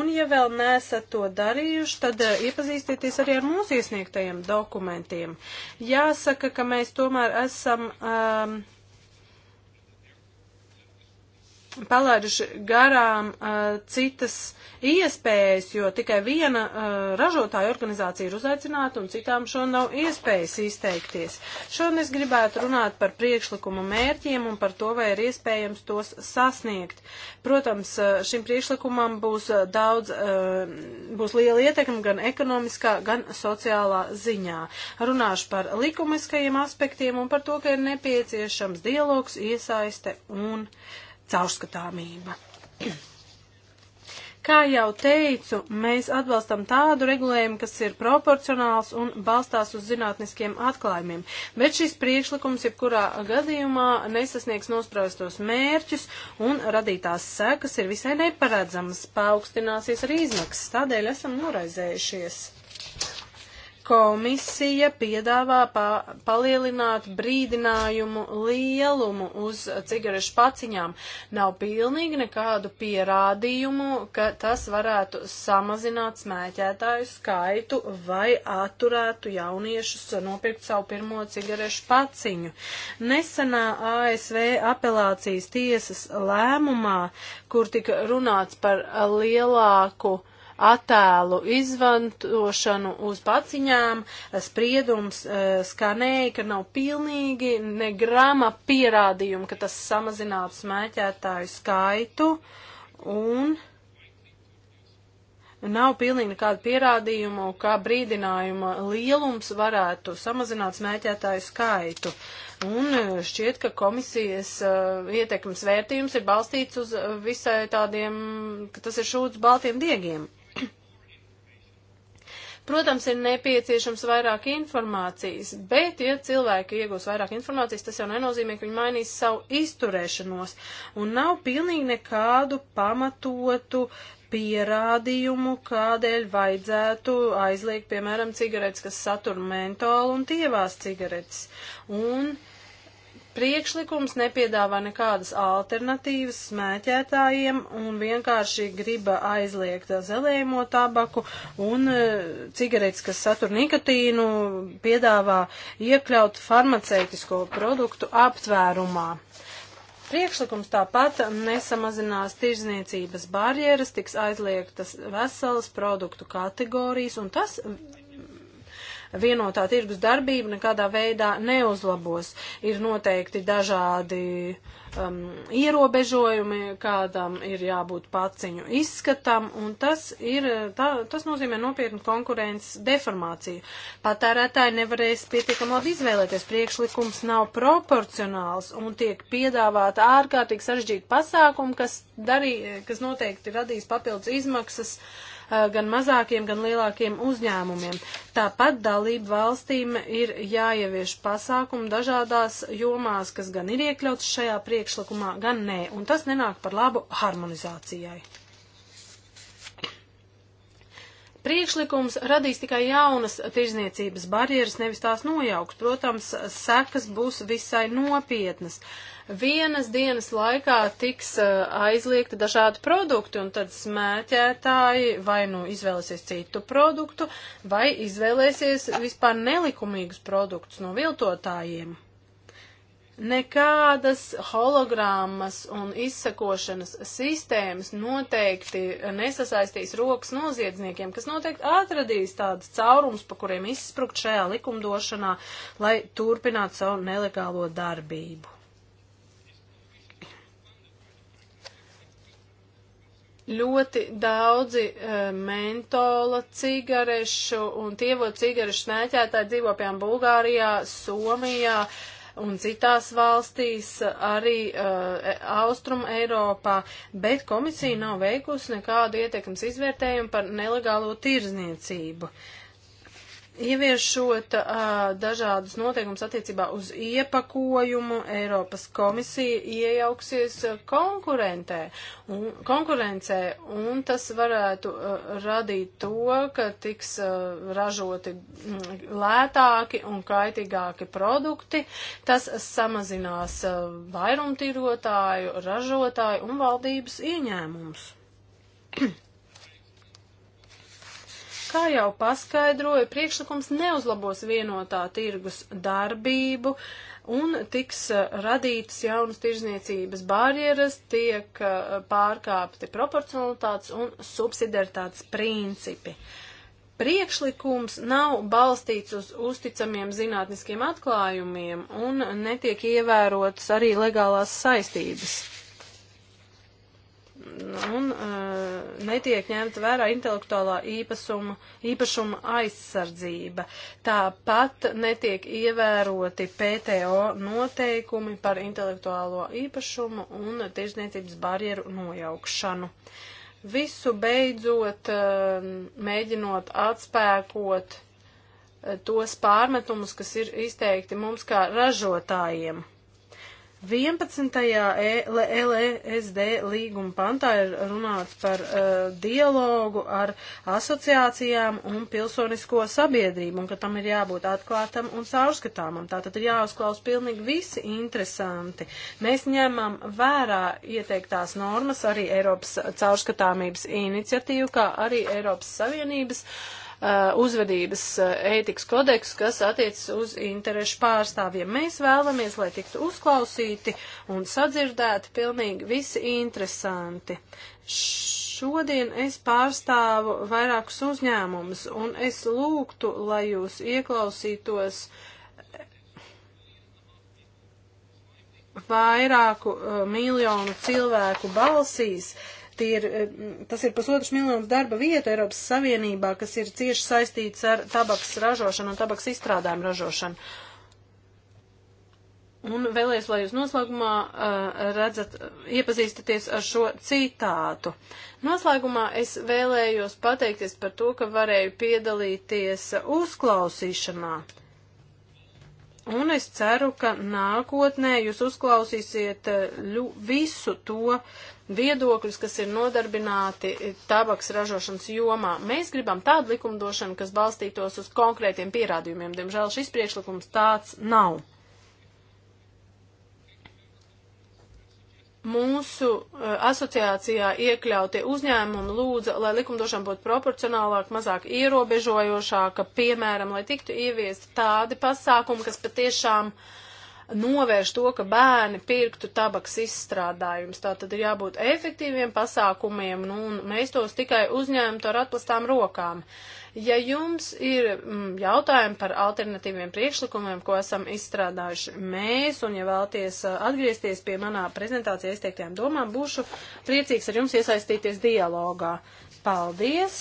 un ja vēl nesat to darījuši, tad eh, iepazīstieties arī ar mūsu iesniegtajiem dokumentiem. Jāsaka, ka mēs tomēr esam. Um, palaiduši garām uh, citas iespējas, jo tikai viena uh, ražotāja organizācija ir uzaicināta un citām šo nav iespējas izteikties. Šodien es gribētu runāt par priekšlikumu mērķiem un par to, vai ir iespējams tos sasniegt. Protams, uh, šim priekšlikumam būs uh, daudz, uh, būs liela ietekme gan ekonomiskā, gan sociālā ziņā. Runāšu par likumiskajiem aspektiem un par to, ka ir nepieciešams dialogs, iesaiste un. Uh, caurskatāmība. Kā jau teicu, mēs atbalstam tādu regulējumu, kas ir proporcionāls un balstās uz zinātniskiem atklājumiem, bet šis priekšlikums jebkurā gadījumā nesasniegs nospraustos mērķus un radītās sekas ir visai neparedzamas, paaugstināsies arī izmaksas, tādēļ esam noraizējušies komisija piedāvā pa palielināt brīdinājumu lielumu uz cigarešu paciņām. Nav pilnīgi nekādu pierādījumu, ka tas varētu samazināt smēķētāju skaitu vai atturētu jauniešus nopirkt savu pirmo cigarešu paciņu. Nesenā ASV apelācijas tiesas lēmumā, kur tika runāts par lielāku attēlu izvantošanu uz paciņām, spriedums e, skanēja, ka nav pilnīgi ne grama pierādījumu, ka tas samazinātu smēķētāju skaitu un nav pilnīgi nekādu pierādījumu, kā brīdinājuma lielums varētu samazināt smēķētāju skaitu. Un e, šķiet, ka komisijas uh, ietekmes vērtījums ir balstīts uz visai tādiem, ka tas ir šūts baltiem diegiem. Protams, ir nepieciešams vairāk informācijas, bet, ja cilvēki iegūs vairāk informācijas, tas jau nenozīmē, ka viņi mainīs savu izturēšanos. Un nav pilnīgi nekādu pamatotu pierādījumu, kādēļ vajadzētu aizliegt, piemēram, cigaretes, kas satur mentolu un tievās cigaretes. Un, uh, Priekšlikums nepiedāvā nekādas alternatīvas smēķētājiem un vienkārši griba aizliegt zelēmo tabaku un e, cigaretes, kas satur nikotīnu, piedāvā iekļaut farmaceitisko produktu aptvērumā. Priekšlikums tāpat nesamazinās tirzniecības barjeras, tiks aizliegtas veselas produktu kategorijas, un tas vienotā tirgus darbība nekādā veidā neuzlabos. Ir noteikti dažādi um, ierobežojumi, kādam ir jābūt paciņu izskatam, un tas, ir, tā, tas nozīmē nopietnu konkurences deformāciju. Patērētāji nevarēs pietiekami labi izvēlēties, priekšlikums nav proporcionāls un tiek piedāvāta ārkārtīgi sarežģīta pasākuma, kas, darī, kas noteikti radīs papildus izmaksas uh, gan mazākiem, gan lielākiem uzņēmumiem. Tāpat dalību valstīm ir jāievieš pasākumi dažādās jomās, kas gan ir iekļauts šajā priekšlikumā, gan nē, un tas nenāk par labu harmonizācijai priekšlikums radīs tikai jaunas tirzniecības barjeras, nevis tās nojauks. Protams, sekas būs visai nopietnas. Vienas dienas laikā tiks eh, aizliegta dažādi produkti, un tad smēķētāji vai nu izvēlēsies citu produktu, vai izvēlēsies vispār nelikumīgus produktus no viltotājiem. Nekādas hologrammas un izsakošanas sistēmas noteikti nesasaistīs rokas noziedzniekiem, kas noteikti atradīs tādas caurums, pa kuriem izsprukt šajā likumdošanā, lai turpinātu savu nelegālo darbību. ļoti daudzi uh, mentola cigarešu un tievo cigarešu smēķētāji dzīvo piemēram Bulgārijā, Somijā, un citās valstīs, arī uh, Austrum Eiropā, bet komisija nav veikusi nekādu ietekmes izvērtējumu par nelegālo tirzniecību. Uh, Ieviešot uh, dažādus noteikumus attiecībā uz iepakojumu, Eiropas komisija iejauksies konkurentē un, konkurencē, un tas varētu uh, radīt to, ka tiks uh, ražoti mm, lētāki un kaitīgāki produkti. Tas samazinās uh, vairumtirotāju, ražotāju un valdības ieņēmumus. Kā jau paskaidroju, priekšlikums neuzlabos vienotā tirgus darbību un tiks uh, radītas jaunas tirzniecības barjeras, tiek uh, pārkāpti proporcionalitātes un subsidiaritātes principi. Priekšlikums nav balstīts uz uzticamiem zinātniskiem atklājumiem un netiek ievērotas arī legālās saistības un uh, netiek ņemta vērā intelektuālā īpašuma, īpašuma aizsardzība. Tāpat netiek ievēroti PTO noteikumi par intelektuālo īpašumu un tirzniecības barjeru nojaukšanu. Visu beidzot, uh, mēģinot atspēkot uh, tos pārmetumus, kas ir izteikti mums kā ražotājiem. 11. E, LSD e līguma pantā ir runāts par uh, dialogu ar asociācijām un pilsonisko sabiedrību, un ka tam ir jābūt atklātam un caurskatāmam. Tātad ir jāuzklaus pilnīgi visi interesanti. Mēs ņemam vērā ieteiktās normas arī Eiropas caurskatāmības iniciatīvu, kā arī Eiropas Savienības uh, Uh, uzvedības uh, ētikas kodeks, kas attiecas uz interešu pārstāvjiem. Mēs vēlamies, lai tiktu uzklausīti un sadzirdēti pilnīgi visi interesanti. Šodien es pārstāvu vairākus uzņēmumus un es lūgtu, lai jūs ieklausītos vairāku uh, miljonu cilvēku balsīs, uh, ir, eh, tas ir pusotrs miljonus darba vietu Eiropas Savienībā, kas ir cieši saistīts ar tabaks ražošanu un tabaks izstrādājumu ražošanu. Un vēlēs, lai jūs noslēgumā uh, redzat, iepazīstaties ar šo citātu. Noslēgumā es vēlējos pateikties par to, ka varēju piedalīties uzklausīšanā. Uh, Un es ceru, ka nākotnē jūs uzklausīsiet eh, ļu, visu to viedokļus, kas ir nodarbināti eh, tabaks ražošanas jomā. Mēs gribam tādu likumdošanu, kas balstītos uz konkrētiem pierādījumiem. Diemžēl šis priekšlikums tāds nav. mūsu uh, asociācijā iekļautie uzņēmumi lūdza, lai likumdošana būtu proporcionālāk, mazāk ierobežojošāka, piemēram, lai tiktu ieviesti tādi pasākumi, kas patiešām novērš to, ka bērni pirktu tabaks izstrādājumus. Tā tad ir jābūt efektīviem pasākumiem, nu, un mēs tos tikai uzņēmtu ar atplastām rokām. Uh, Ja jums ir mm, jautājumi par alternatīviem priekšlikumiem, ko esam izstrādājuši mēs, un ja vēlties uh, atgriezties pie manā prezentācijā izteiktajām domām, būšu priecīgs ar jums iesaistīties dialogā. Paldies!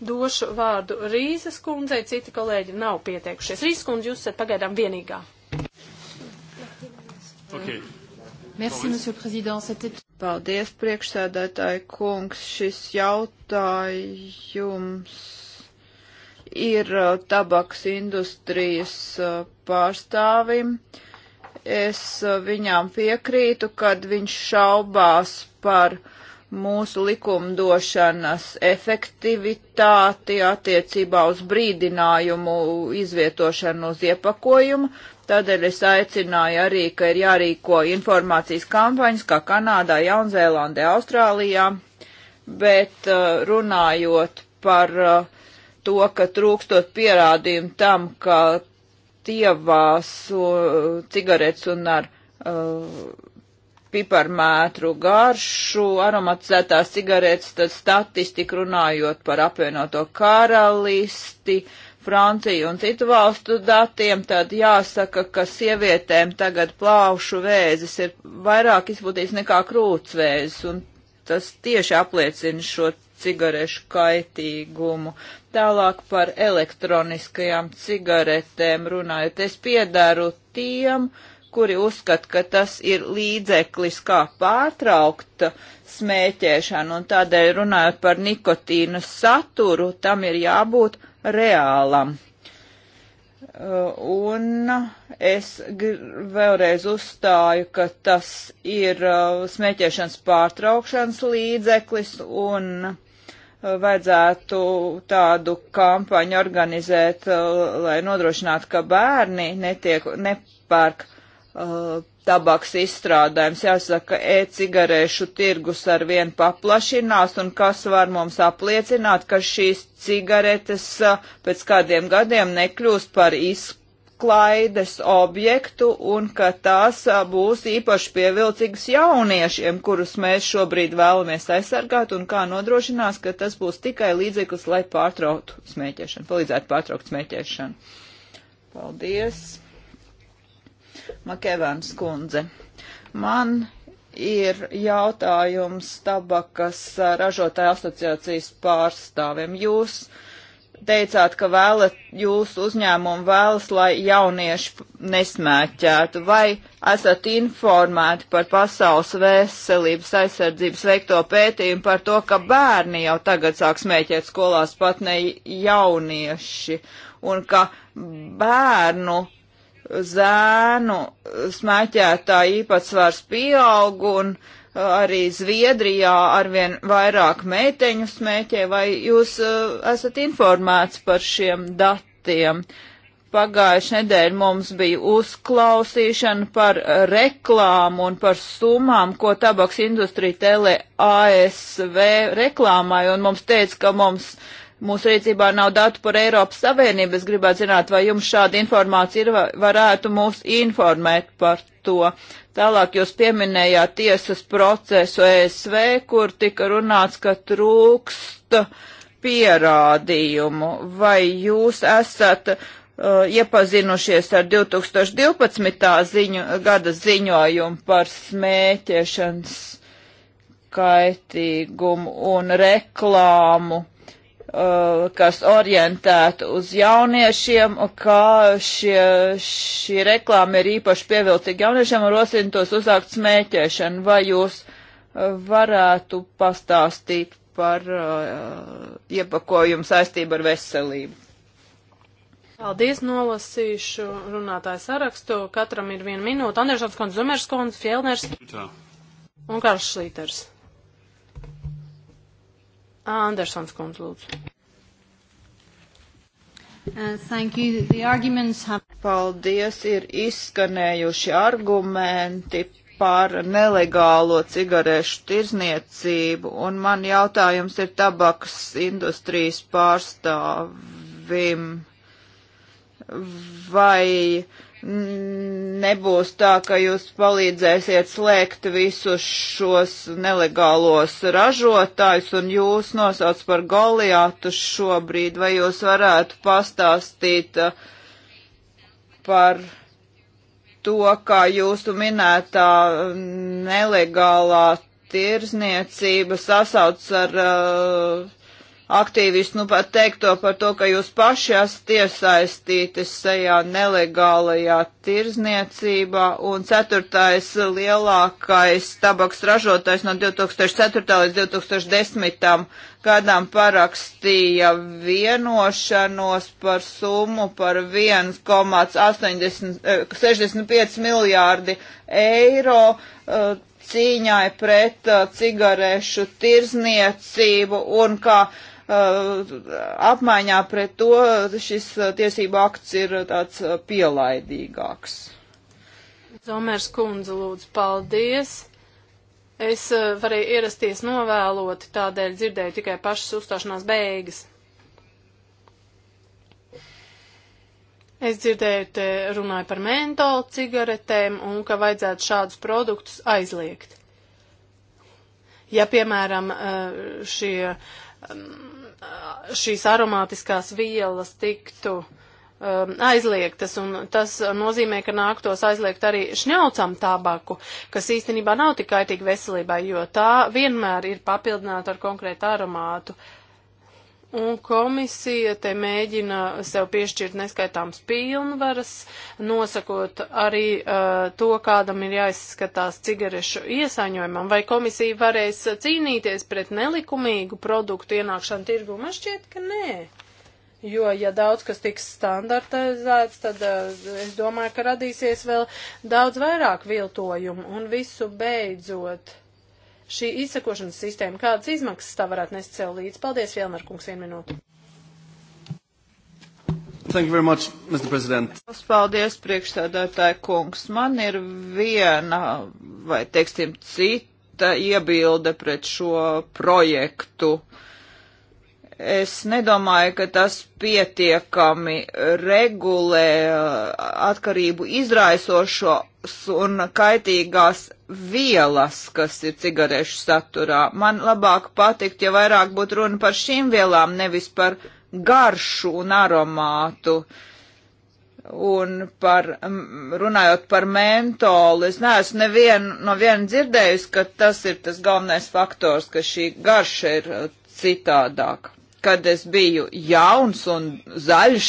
Došu vārdu Rīzes kundzei, citi kolēģi nav pieteikušies. Rīzes kundze, jūs esat pagaidām vienīgā. Okay. Merci, monsieur le président. C'était... Paldies, priekšsēdētāji kungs. Šis jautājums ir uh, tabaks industrijas uh, pārstāvim. Es uh, viņām piekrītu, kad viņš šaubās par mūsu likumdošanas efektivitāti attiecībā uz brīdinājumu izvietošanu uz iepakojumu, Tādēļ es aicināju arī, ka ir jārīko informācijas kampaņas, kā Kanādā, Jaunzēlandē, Austrālijā, bet uh, runājot par uh, to, ka trūkstot pierādījumu tam, ka tievās uh, cigaretes un ar uh, piparmētru garšu, aromatizētās cigaretes, tad statistika runājot par apvienoto karalisti, uh, Franciju un citu valstu datiem, tad jāsaka, ka sievietēm tagad plaušu vēzis ir vairāk izplatīts nekā krūtsvēzis, un tas tieši apliecina šo cigarešu kaitīgumu. Tālāk par elektroniskajām cigaretēm runājot, es piedaru tiem, kuri uzskata, ka tas ir līdzeklis, kā pārtraukt smēķēšanu, un tādēļ runājot par nikotīna saturu, tam ir jābūt reālam. Uh, un es vēlreiz uzstāju, ka tas ir uh, smēķēšanas pārtraukšanas līdzeklis un uh, vajadzētu tādu kampaņu organizēt, lai nodrošinātu, ka bērni netiek, nepērk uh, Eh, tabaks izstrādājums. Jāsaka, e-cigarešu tirgus ar vien paplašinās, un kas var mums apliecināt, ka šīs cigaretes eh, pēc kādiem gadiem nekļūst par izklaides objektu, un ka tās eh, būs īpaši pievilcīgas jauniešiem, kurus mēs šobrīd vēlamies aizsargāt, un kā nodrošinās, ka tas būs tikai līdzeklis, lai pārtrauktu smēķēšanu, palīdzētu pārtraukt smēķēšanu. Paldies! Makevans kundze. Man ir jautājums tabakas ražotāja asociācijas pārstāvim. Jūs teicāt, ka vēlat, jūsu uzņēmumu vēlas, lai jaunieši nesmēķētu. Vai esat informēti par Pasaules veselības aizsardzības veikto pētījumu par to, ka bērni jau tagad sāk smēķēt skolās pat ne jaunieši un ka bērnu zēnu smēķētā īpatsvars pieaug un uh, arī Zviedrijā arvien vairāk meiteņu smēķē, vai jūs uh, esat informēts par šiem datiem? Pagājuši nedēļ mums bija uzklausīšana par reklāmu un par summām, ko tabaks industrija tēlē ASV reklāmai, un mums teica, ka mums uh, mūsu rīcībā nav datu par Eiropas Savienību. Es gribētu zināt, vai jums šāda informācija ir, varētu mūs informēt par to. Tālāk jūs pieminējāt tiesas procesu ESV, kur tika runāts, ka trūkst pierādījumu. Vai jūs esat uh, iepazinušies ar 2012. Ziņu, gada ziņojumu par smēķēšanas kaitīgumu un reklāmu Uh, kas orientēta uz jauniešiem, kā šie, šī reklāma ir īpaši pievilcīga jauniešiem un rosina tos uzsākt smēķēšanu. Vai jūs uh, varētu pastāstīt par uh, iepakojumu saistību ar veselību? Paldies, nolasīšu runātāju sarakstu. Katram ir viena minūte. Andersons kundze, Zumers kundze, Fielners un Karls Šlīters. Andersons kundz, lūdzu. Uh, have... Paldies, ir izskanējuši argumenti par nelegālo cigarešu tirzniecību, un man jautājums ir tabakas industrijas pārstāvim, vai uh, nebūs tā, ka jūs palīdzēsiet slēgt visus šos nelegālos ražotājus un jūs nosauc par Goliātu šobrīd, vai jūs varētu pastāstīt uh, par to, kā jūsu minētā nelegālā tirzniecība sasauc ar uh, aktīvistu, nu pat teikto par to, ka jūs paši esat iesaistītas šajā nelegālajā tirzniecībā, un ceturtais lielākais tabaks ražotājs no 2004. līdz 2010. gadām parakstīja vienošanos par summu par 1,65 eh, miljārdi eiro eh, cīņai pret eh, cigarešu tirzniecību un kā uh, Uh, apmaiņā pret to šis uh, tiesību akts ir uh, tāds pielaidīgāks. Zomers kundze, lūdzu, paldies! Es varēju ierasties novēloti, tādēļ dzirdēju tikai pašas uzstāšanās beigas. Es dzirdēju, te runāju par mentolu cigaretēm un ka vajadzētu šādus produktus aizliegt. Ja, piemēram, šie um, šīs aromātiskās vielas tiktu um, aizliegtas, un tas nozīmē, ka nāktos aizliegt arī šņaucam tabaku, kas īstenībā nav tik kaitīgi veselībai, jo tā vienmēr ir papildināta ar konkrētu aromātu. Uh, Un komisija te mēģina sev piešķirt neskaitāms pilnvaras, nosakot arī uh, to, kādam ir jāizskatās cigarešu iesaņojumam, vai komisija varēs cīnīties pret nelikumīgu produktu ienākšanu tirgu. Man šķiet, ka nē. Jo, ja daudz kas tiks standartizēts, tad uh, es domāju, ka radīsies vēl daudz vairāk viltojumu un visu beidzot. Uh, šī izsakošanas sistēma, kādas izmaksas tā varētu nest sev līdz. Paldies, Vielmar kungs, vienu minūtu. Thank you very much, Mr. President. Paldies, priekšsēdētāji kungs. Man ir viena, vai teiksim, cita iebilde pret šo projektu. Uh, Es nedomāju, ka tas pietiekami regulē uh, atkarību izraisošos un kaitīgās vielas, kas ir cigarešu saturā. Man labāk patikt, ja vairāk būtu runa par šīm vielām, nevis par garšu un aromātu. Un par, runājot par mentolu, es neesmu nevienu, no viena dzirdējusi, ka tas ir tas galvenais faktors, ka šī garša ir uh, citādāka kad es biju jauns un zaļš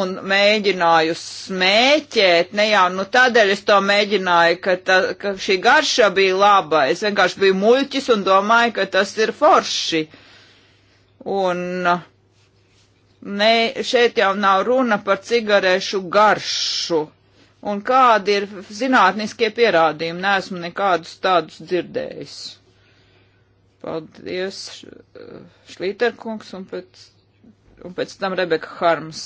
un mēģināju smēķēt, ne jau nu tādēļ es to mēģināju, ka, ta, ka šī garša bija laba, es vienkārši biju muļķis un domāju, ka tas ir forši. Un ne, šeit jau nav runa par cigarešu garšu. Un kādi ir zinātniskie pierādījumi, neesmu nekādus tādus dzirdējis. Paldies, Šlīterkungs, un pēc, un pēc tam Rebeka Harms.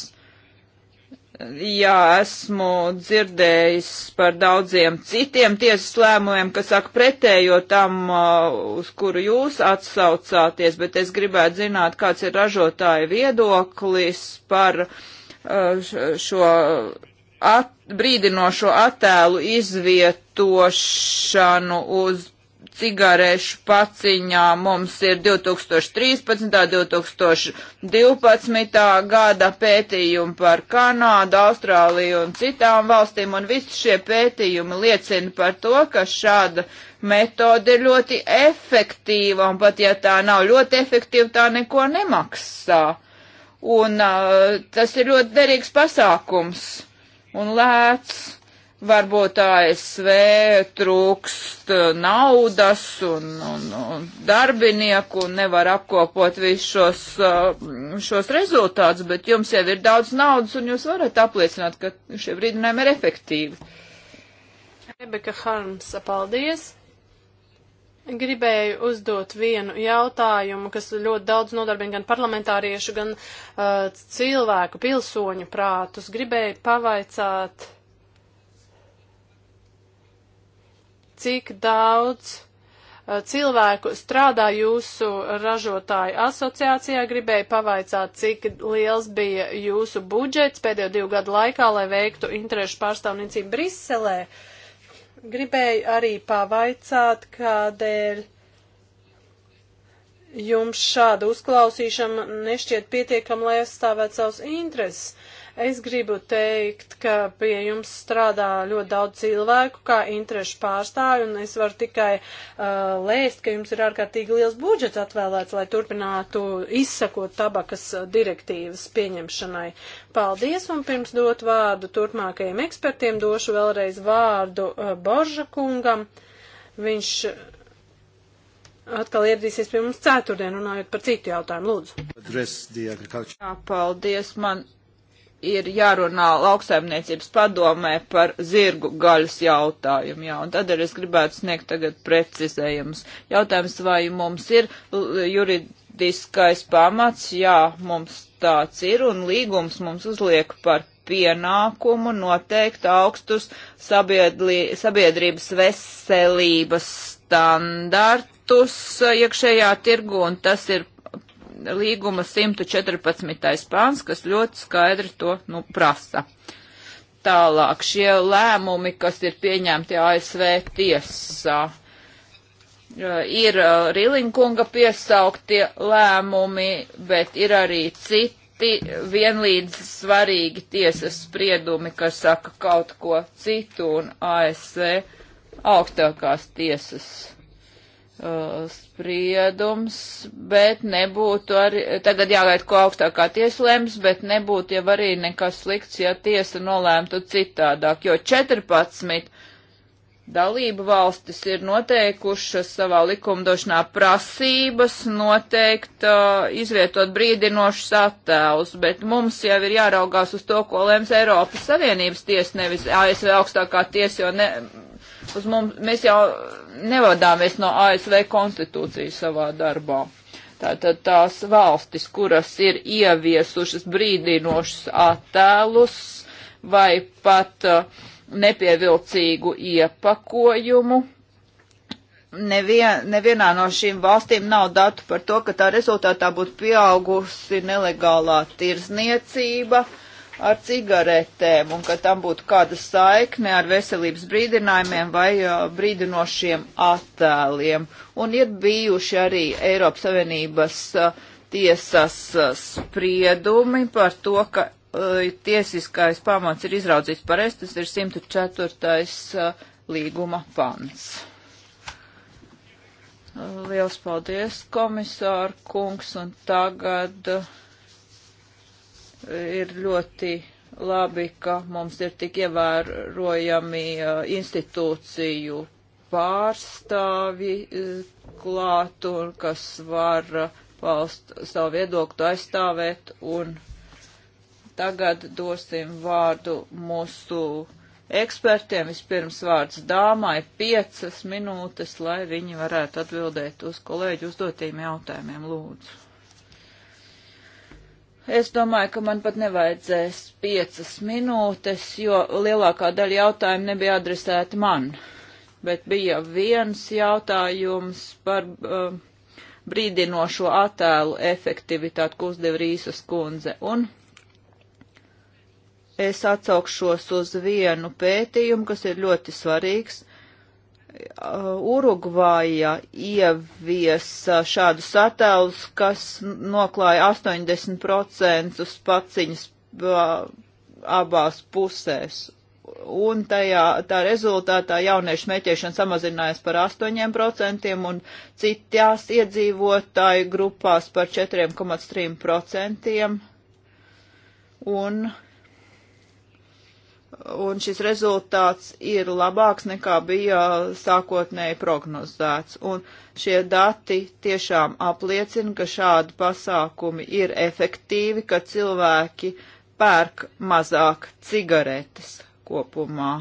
Jā, esmu dzirdējis par daudziem citiem tiesas lēmumiem, kas saka pretējo tam, uh, uz kuru jūs atsaucāties, bet es gribētu zināt, kāds ir ražotāja viedoklis par uh, šo at, brīdinošo attēlu izvietošanu uz cigarešu paciņā mums ir 2013. 2012. gada pētījumi par Kanādu, Austrāliju un citām valstīm, un visi šie pētījumi liecina par to, ka šāda metode ir ļoti efektīva, un pat ja tā nav ļoti efektīva, tā neko nemaksā. Un uh, tas ir ļoti derīgs pasākums un lēts varbūt ASV trūkst naudas un, un, un darbinieku un nevar apkopot visus šos, uh, šos rezultātus, bet jums jau ir daudz naudas un jūs varat apliecināt, ka šie brīdinājumi ir efektīvi. Rebeka Harms, paldies! Gribēju uzdot vienu jautājumu, kas ļoti daudz nodarbina gan parlamentāriešu, gan uh, cilvēku, pilsoņu prātus. Gribēju pavaicāt. Uh, cik daudz uh, cilvēku strādā jūsu ražotāju asociācijā. Gribēju pavaicāt, cik liels bija jūsu budžets pēdējo divu gadu laikā, lai veiktu interešu pārstāvniecību Briselē. Gribēju arī pavaicāt, kādēļ jums šāda uzklausīšana nešķiet pietiekama, lai aizstāvētu savus intereses. Es gribu teikt, ka pie jums strādā ļoti daudz cilvēku, kā interešu pārstāvi, un es varu tikai uh, lēst, ka jums ir ārkārtīgi liels budžets atvēlēts, lai turpinātu izsakot tabakas direktīvas pieņemšanai. Paldies, un pirms dot vārdu turpmākajiem ekspertiem, došu vēlreiz vārdu uh, Borža kungam. Viņš atkal ieradīsies pie mums ceturtdien, runājot par citu jautājumu. Lūdzu. Jā, paldies. Man ir jārunā lauksaimniecības padomē par zirgu gaļas jautājumu. Jā, un tad arī es gribētu sniegt tagad precizējumus. Jautājums, vai mums ir juridiskais pamats? Jā, mums tāds ir, un līgums mums uzliek par pienākumu noteikt augstus sabiedlī, sabiedrības veselības standartus iekšējā tirgu, un tas ir līguma 114. pāns, kas ļoti skaidri to nu, prasa. Tālāk šie lēmumi, kas ir pieņemti ASV tiesā, e, ir e, Rilinkunga piesauktie lēmumi, bet ir arī citi citi vienlīdz svarīgi tiesas spriedumi, kas saka kaut ko citu, un ASV augstākās tiesas Uh, spriedums, bet nebūtu arī, tagad jāgaida, ko augstākā tiesa lems, bet nebūtu jau arī nekas slikts, ja tiesa nolēmtu citādāk, jo 14 dalību valstis ir noteikušas savā likumdošanā prasības noteikt uh, izvietot brīdinošus attēlus, bet mums jau ir jāraugās uz to, ko lems Eiropas Savienības tiesa, nevis ASV augstākā tiesa, jo ne, Uz mums, mēs jau nevadāmies no ASV konstitūcijas savā darbā. Tātad tās valstis, kuras ir ieviesušas brīdinošus attēlus vai pat uh, nepievilcīgu iepakojumu, nevien, nevienā no šīm valstīm nav datu par to, ka tā rezultātā būtu pieaugusi nelegālā tirzniecība. Uh, ar cigaretēm un ka tam būtu kāda saikne ar veselības brīdinājumiem vai uh, brīdinošiem attēliem. Un ir bijuši arī Eiropas Savienības uh, tiesas uh, spriedumi par to, ka tiesiskais pamats ir izraudzīts pareizi, tas ir 104. līguma pants. Liels paldies, komisāra kungs, un tagad. Uh, ir ļoti labi, ka mums ir tik ievērojami eh, institūciju pārstāvi eh, klāt un kas var paust eh, savu viedokli aizstāvēt un tagad dosim vārdu mūsu ekspertiem. Vispirms vārds dāmai piecas minūtes, lai viņi varētu atbildēt uz kolēģu uzdotiem jautājumiem. Lūdzu. Es domāju, ka man pat nevajadzēs piecas minūtes, jo lielākā daļa jautājumu nebija adresēti man. Bet bija viens jautājums par um, brīdinošo attēlu efektivitāti, ko uzdeva Rīsas kundze. Un es atsaukšos uz vienu pētījumu, kas ir ļoti svarīgs Uh, Urugvāja ieviesa šādu satēlus, kas noklāja 80% paciņas uh, abās pusēs. Un tajā, tā rezultātā jauniešu meķēšana samazinājās par 8% un citās iedzīvotāju grupās par 4,3%. Un un šis rezultāts ir labāks nekā bija sākotnēji prognozēts. Un šie dati tiešām apliecina, ka šādi pasākumi ir efektīvi, ka cilvēki pērk mazāk cigaretes kopumā.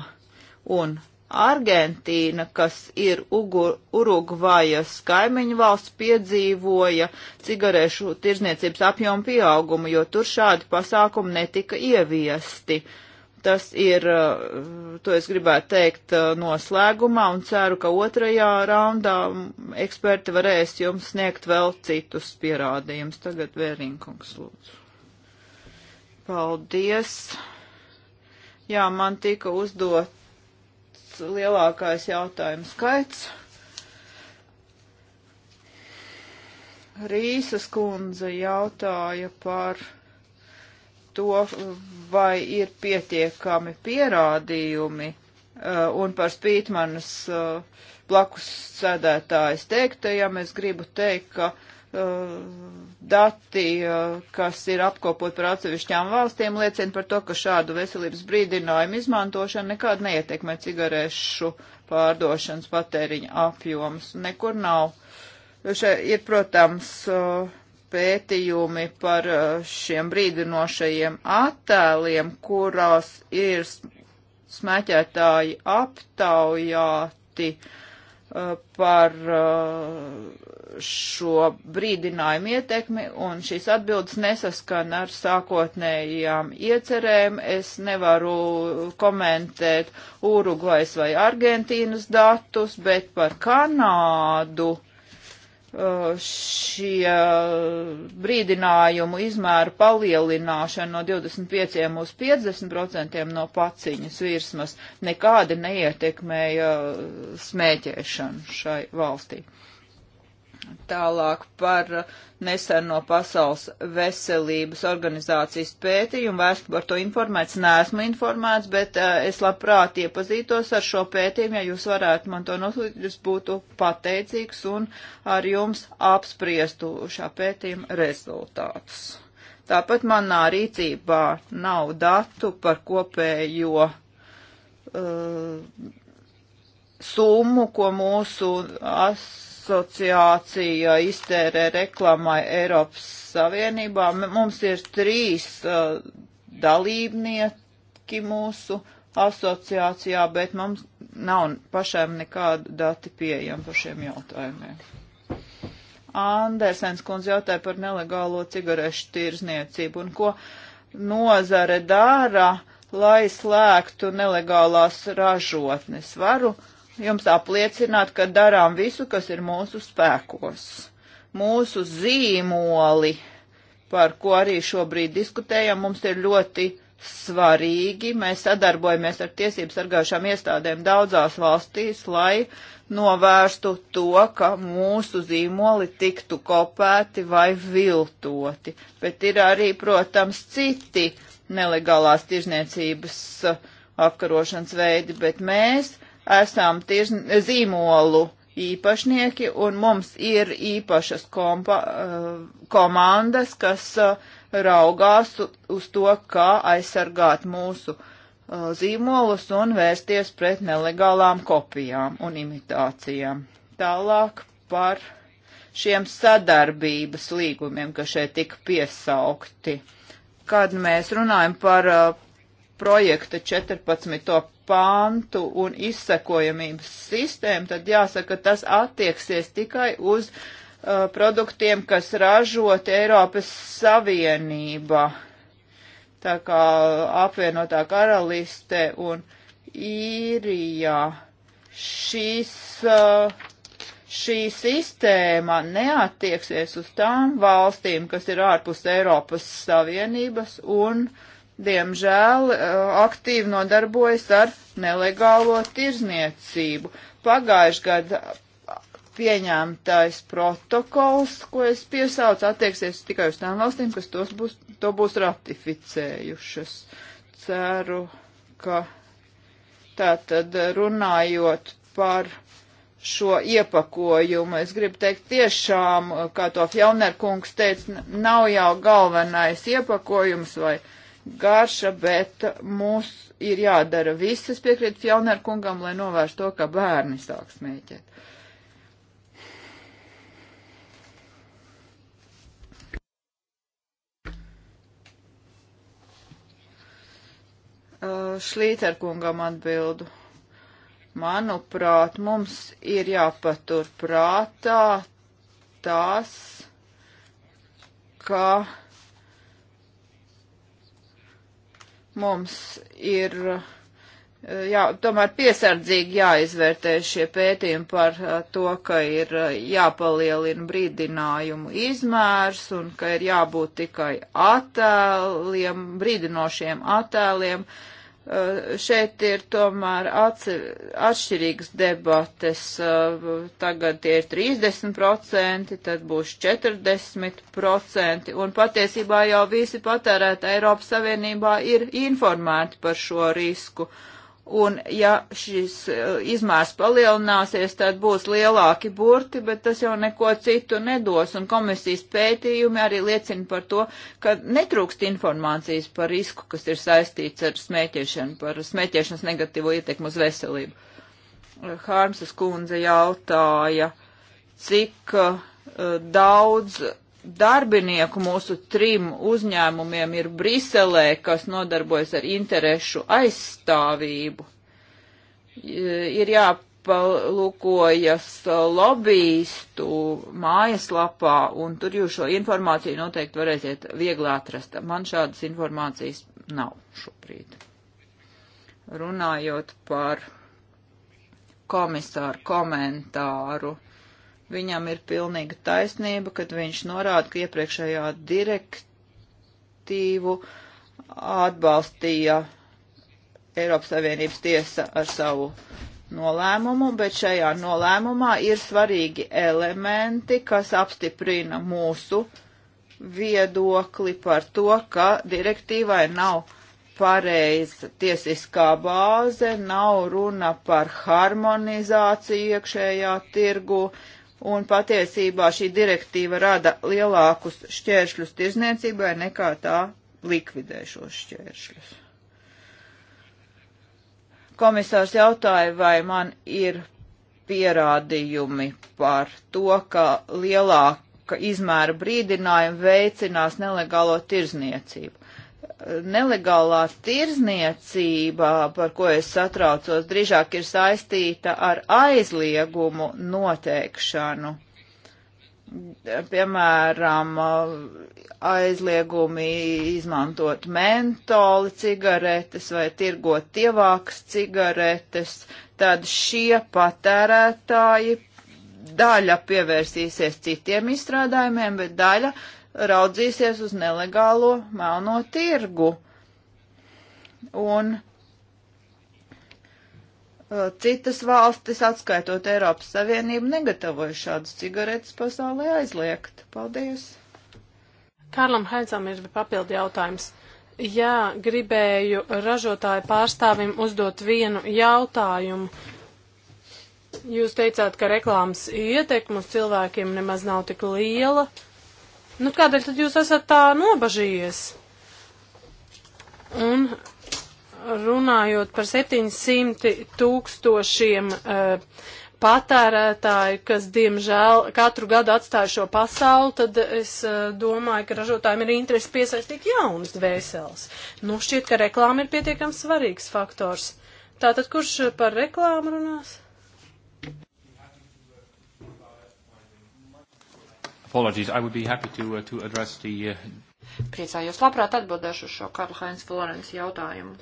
Un Argentīna, kas ir Ugur, Urugvajas kaimiņu valsts, piedzīvoja cigarešu tirzniecības apjomu pieaugumu, jo tur šādi pasākumi netika ieviesti. Uh, Tas ir, eh, to es gribētu teikt eh, noslēgumā un ceru, ka otrajā raundā eksperti varēs jums sniegt vēl citus pierādījumus. Tagad Vērinkungs lūdzu. Paldies. Jā, man tika uzdots lielākais jautājums skaits. Rīsas kundze jautāja par to, vai ir pietiekami pierādījumi, uh, un par spīt manas uh, blakus sēdētājas teiktajam, es gribu teikt, ka uh, dati, kas ir apkopot par atsevišķām valstīm, liecina par to, ka šādu veselības brīdinājumu izmantošana nekad neietekmē cigarešu pārdošanas patēriņa apjoms. Nekur nav. Šeit ir, protams, uh, pētījumi par uh, šiem brīdinošajiem attēliem, kurās ir smēķētāji aptaujāti uh, par uh, šo brīdinājumu ietekmi, un šīs atbildes nesaskan ar sākotnējām iecerēm. Es nevaru komentēt Urugvajas vai Argentīnas datus, bet par Kanādu uh, Uh, šie brīdinājumu izmēru palielināšana no 25 uz 50% no paciņas virsmas nekādi neietekmēja smēķēšanu šai valstī. Tālāk par neseno pasaules veselības organizācijas pētījumu. Vēstu par to informēts, neesmu informēts, bet uh, es labprāt iepazītos ar šo pētījumu. Ja jūs varētu man to nosūtīt, es būtu pateicīgs un ar jums apspriestu šā pētījuma rezultātus. Tāpat manā rīcībā nav datu par kopējo. Uh, summu, ko mūsu as, asociācija iztērē reklāmai Eiropas Savienībā. Mums ir trīs uh, dalībnieki mūsu asociācijā, bet mums nav pašiem nekādu dati pieejam par šiem jautājumiem. Andersens kundze jautāja par nelegālo cigarešu tirzniecību un ko nozare dara, lai slēgtu nelegālās ražotnes. Varu uh, jums apliecināt, ka darām visu, kas ir mūsu spēkos. Mūsu zīmoli, par ko arī šobrīd diskutējam, mums ir ļoti svarīgi. Mēs sadarbojamies ar tiesību sargājušām iestādēm daudzās valstīs, lai novērstu to, ka mūsu zīmoli tiktu kopēti vai viltoti. Bet ir arī, protams, citi nelegālās tirzniecības uh, apkarošanas veidi, bet mēs esam tirzn, zīmolu īpašnieki un mums ir īpašas kompa, eh, komandas, kas eh, raugās uz to, kā aizsargāt mūsu eh, zīmolus un vērsties pret nelegālām kopijām un imitācijām. Tālāk par šiem sadarbības līgumiem, kas šeit tika piesaukti. Kad mēs runājam par uh, projekta 14 pantu un izsekojamības sistēmu, tad jāsaka, ka tas attieksies tikai uz uh, produktiem, kas ražot Eiropas Savienība, tā kā apvienotā karaliste un īrijā. Šis, uh, šī sistēma neattieksies uz tām valstīm, kas ir ārpus Eiropas Savienības un uh, diemžēl, eh, aktīvi nodarbojas ar nelegālo tirzniecību. Pagājuši gada pieņemtais protokols, ko es piesaucu, attieksies tikai uz tām valstīm, kas tos būs, to būs ratificējušas. Ceru, ka tā tad runājot par šo iepakojumu. Es gribu teikt tiešām, kā to Fjaunerkungs teica, nav jau galvenais iepakojums vai iepakojums garša, bet mums ir jādara viss, es piekrītu Fjaunerkungam, lai novērstu to, ka bērni sāk smēķēt. Uh, Šlīterkungam atbildu. Manuprāt, mums ir jāpatur prātā tas, ka Mums ir eh, jā, tomēr piesardzīgi jāizvērtē šie pētījumi par eh, to, ka ir eh, jāpalielina brīdinājumu izmērs un ka ir jābūt tikai attēliem, brīdinošiem attēliem. Uh, Eh, šeit ir tomēr atšķirīgas debates. Eh, tagad tie ir 30%, tad būs 40%, un patiesībā jau visi patērēti Eiropas Savienībā ir informēti par šo risku. Uh, Un ja šis eh, izmērs palielināsies, tad būs lielāki burti, bet tas jau neko citu nedos. Un komisijas pētījumi arī liecina par to, ka netrūkst informācijas par risku, kas ir saistīts ar smēķēšanu, par smēķēšanas negatīvo ietekmu uz veselību. Hārmsas eh, kundze jautāja, cik uh, daudz darbinieku mūsu trim uzņēmumiem ir Briselē, kas nodarbojas ar interešu aizstāvību. Ir jāpalūkojas lobbyistu mājaslapā, un tur jūs šo informāciju noteikti varēsiet viegli atrast. Man šādas informācijas nav šobrīd. Runājot par komisāru komentāru Viņam ir pilnīga taisnība, kad viņš norāda, ka iepriekšējā direktīvu atbalstīja Eiropas Savienības tiesa ar savu nolēmumu, bet šajā nolēmumā ir svarīgi elementi, kas apstiprina mūsu viedokli par to, ka direktīvai nav pareiza tiesiskā bāze, nav runa par harmonizāciju iekšējā tirgu, un patiesībā šī direktīva rada lielākus šķēršļus tirzniecībai nekā tā likvidē šos šķēršļus. Komisārs jautāja, vai man ir pierādījumi par to, ka lielāka izmēra brīdinājumi veicinās nelegālo tirzniecību nelegālā tirzniecība, par ko es satraucos, drīzāk ir saistīta ar aizliegumu noteikšanu. Piemēram, aizliegumi izmantot mentoli cigaretes vai tirgot tievākas cigaretes, tad šie patērētāji daļa pievērsīsies citiem izstrādājumiem, bet daļa uh, raudzīsies uz nelegālo melno tirgu. Un uh, citas valstis, atskaitot Eiropas Savienību, negatavoja šādas cigaretes pasaulē aizliegt. Paldies! Kārlam Haidzam ir papildi jautājums. Jā, gribēju ražotāju pārstāvim uzdot vienu jautājumu. Jūs teicāt, ka reklāmas ietekme uz cilvēkiem nemaz nav tik liela, Nu, kādēļ tad jūs esat tā nobažījies? Un runājot par 700 tūkstošiem uh, patērētāju, kas diemžēl katru gadu atstāja šo pasauli, tad es uh, domāju, ka ražotājiem ir interesi piesaistīt jaunas dvēseles. Nu, šķiet, ka reklāma ir pietiekams svarīgs faktors. Tātad, kurš par reklāmu runās? Apologies, I would be happy to, uh, to address the... Uh... Priecājos, labprāt atbildēšu uz šo Karla Heinz Florens jautājumu.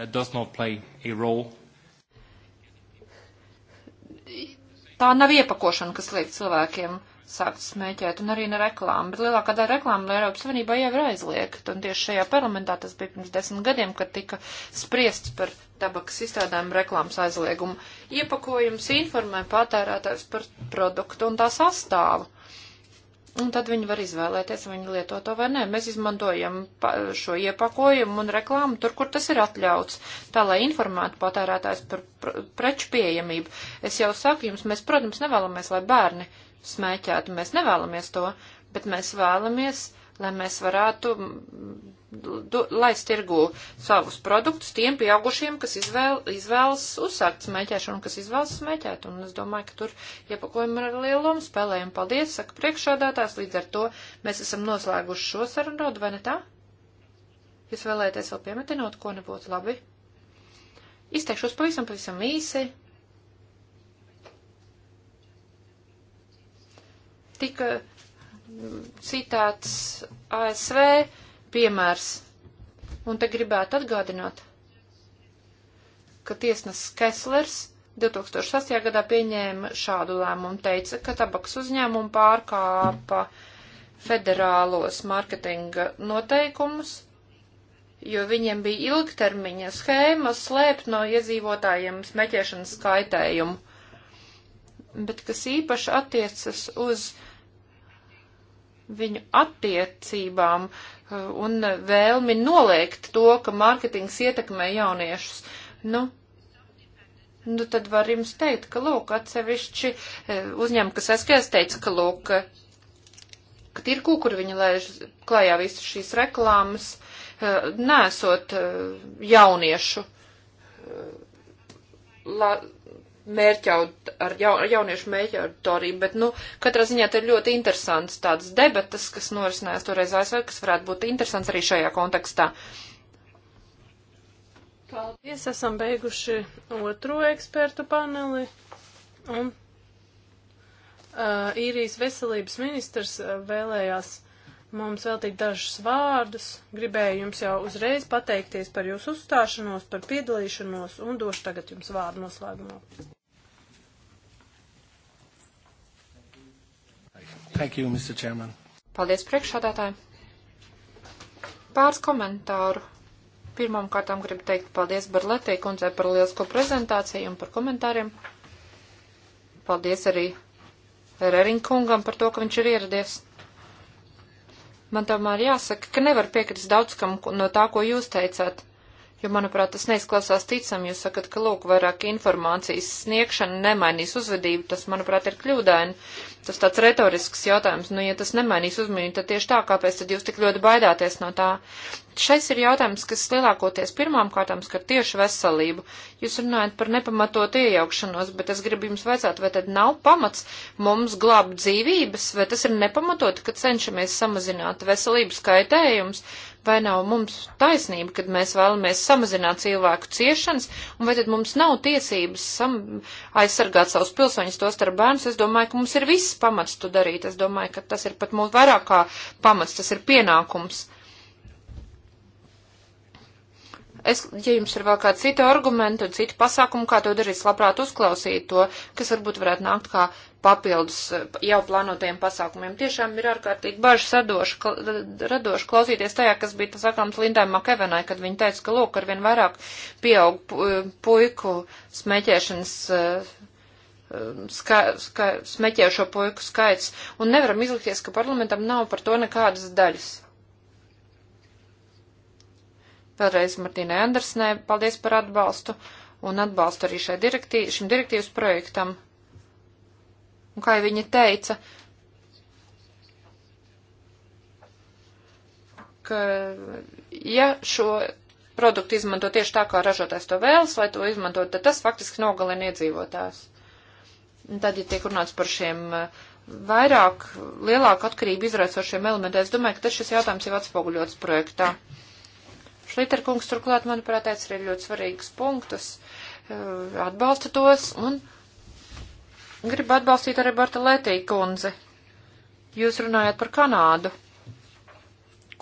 That does not play a role. Tā nav iepakošana, kas liek cilvēkiem sākt smēķēt, un arī ne reklāma, bet lielākā daļa reklāma Eiropas Savienībā jau ir aizliegta, un tieši šajā parlamentā tas bija pirms desmit gadiem, kad tika spriests par tabakas izstrādājumu reklāmas aizliegumu. Iepakojums informē patērētājs par produktu un tā sastāvu. Un tad viņi var izvēlēties, vai viņi lieto to vai nē. Mēs izmantojam šo iepakojumu un reklāmu tur, kur tas ir atļauts, tā lai informētu patērētājs par preču pieejamību. Es jau saku jums, mēs, protams, nevēlamies, lai bērni uh, smēķētu. Mēs nevēlamies to, bet mēs vēlamies, lai mēs varētu laist tirgū savus produktus tiem pieaugušiem, kas izvēl, izvēlas uzsākt smēķēšanu, kas izvēlas smēķēt. Un es domāju, ka tur iepakojumi ar lielu lomu spēlējumu. Paldies, saka priekšādātājs. Līdz ar to mēs esam noslēguši šo sarunrodu, vai ne tā? Jūs vēlēties vēl piemetinot, ko nebūtu labi? Izteikšos pavisam, pavisam īsi. tika mm, citēts ASV piemērs. Un te gribētu atgādināt, ka tiesnesis Keslers 2008. gadā pieņēma šādu lēmumu, teica, ka tabaks uzņēmumu pārkāpa federālos mārketinga noteikumus, jo viņiem bija ilgtermiņa schēma slēpt no iedzīvotājiem smēķēšanas kaitējumu. Bet kas īpaši attiecas uz uh, viņu attiecībām eh, un vēlmi noliegt to, ka mārketings ietekmē jauniešus. Nu, nu tad var jums teikt, ka lūk, atsevišķi eh, uzņēmumi, kas aizskajās, teica, ka lūk, ka tirku, kur viņi lēž klājā visu šīs reklāmas, eh, nesot jauniešu la, mērķaut, ar ja, jauniešu mērķautorību, bet, nu, katrā ziņā te ir ļoti interesants tāds debatas, kas norisinājās toreiz ASV, kas varētu būt interesants arī šajā kontekstā. Paldies, esam beiguši otro ekspertu paneli. Un uh, īrijas veselības ministrs uh, vēlējās mums veltīt dažus vārdus. Gribēju jums jau uzreiz pateikties par jūsu uzstāšanos, par piedalīšanos un došu tagad jums vārdu noslēgumā. Thank you, Mr. Chairman. Paldies priekšādātāji. Pāris komentāru. Pirmām kārtām gribu teikt paldies Barletī kundzei par lielisko prezentāciju un par komentāriem. Paldies arī Rering kungam par to, ka viņš ir ieradies. Man tomēr jāsaka, ka nevar piekrist daudz kam no tā, ko jūs teicāt. Jo, manuprāt, tas neizklausās ticam, jūs sakat, ka, lūk, vairāk informācijas sniegšana nemainīs uzvedību, tas, manuprāt, ir kļūdaini. Tas tāds retorisks jautājums, nu, ja tas nemainīs uzmanību, tad tieši tā, kāpēc tad jūs tik ļoti baidāties no tā? Šais ir jautājums, kas lielākoties pirmām kārtām skar tieši veselību. Jūs runājat par nepamatot iejaukšanos, bet es gribu jums vajadzētu, vai tad nav pamats mums glābt dzīvības, vai tas ir nepamatot, ka cenšamies samazināt veselības kaitējumus? vai nav mums taisnība, kad mēs vēlamies samazināt cilvēku ciešanas, un vai tad mums nav tiesības sam, aizsargāt savus pilsoņus, tos ar bērnus. Es domāju, ka mums ir viss pamats to darīt. Es domāju, ka tas ir pat mūsu vairāk kā pamats, tas ir pienākums. Es, ja jums ir vēl kādi citi argumenti un citi pasākumi, kā to darīt, labprāt uzklausīt to, kas varbūt varētu nākt kā papildus eh, jau plānotajiem pasākumiem. Tiešām ir ārkārtīgi bažas radoši, kla, radoši klausīties tajā, kas bija tas sakāms Lindai Makevenai, kad viņa teica, ka lūk, arvien vairāk pieaug eh, puiku smēķēšanas. Ska, eh, ska, smēķējušo puiku skaits, un nevaram izlikties, ka parlamentam nav par to nekādas daļas. Vēlreiz Martīnai Andersnē, paldies par atbalstu, un atbalstu arī šai direktī, šim direktīvas projektam. Un kā viņa teica, ka ja šo produktu izmanto tieši tā, kā ražotājs to vēlas, lai to izmanto, tad tas faktiski nogalina iedzīvotājs. Un tad, ja tiek runāts par šiem eh, vairāk, lielāku atkarību izraisošiem elementiem, es domāju, ka tas šis jautājums jau atspoguļots projektā. Šliterkungs turklāt, manuprāt, teica arī ļoti svarīgus punktus, eh, atbalsta tos un. Gribu atbalstīt arī Bartaletī kundzi. Jūs runājat par Kanādu.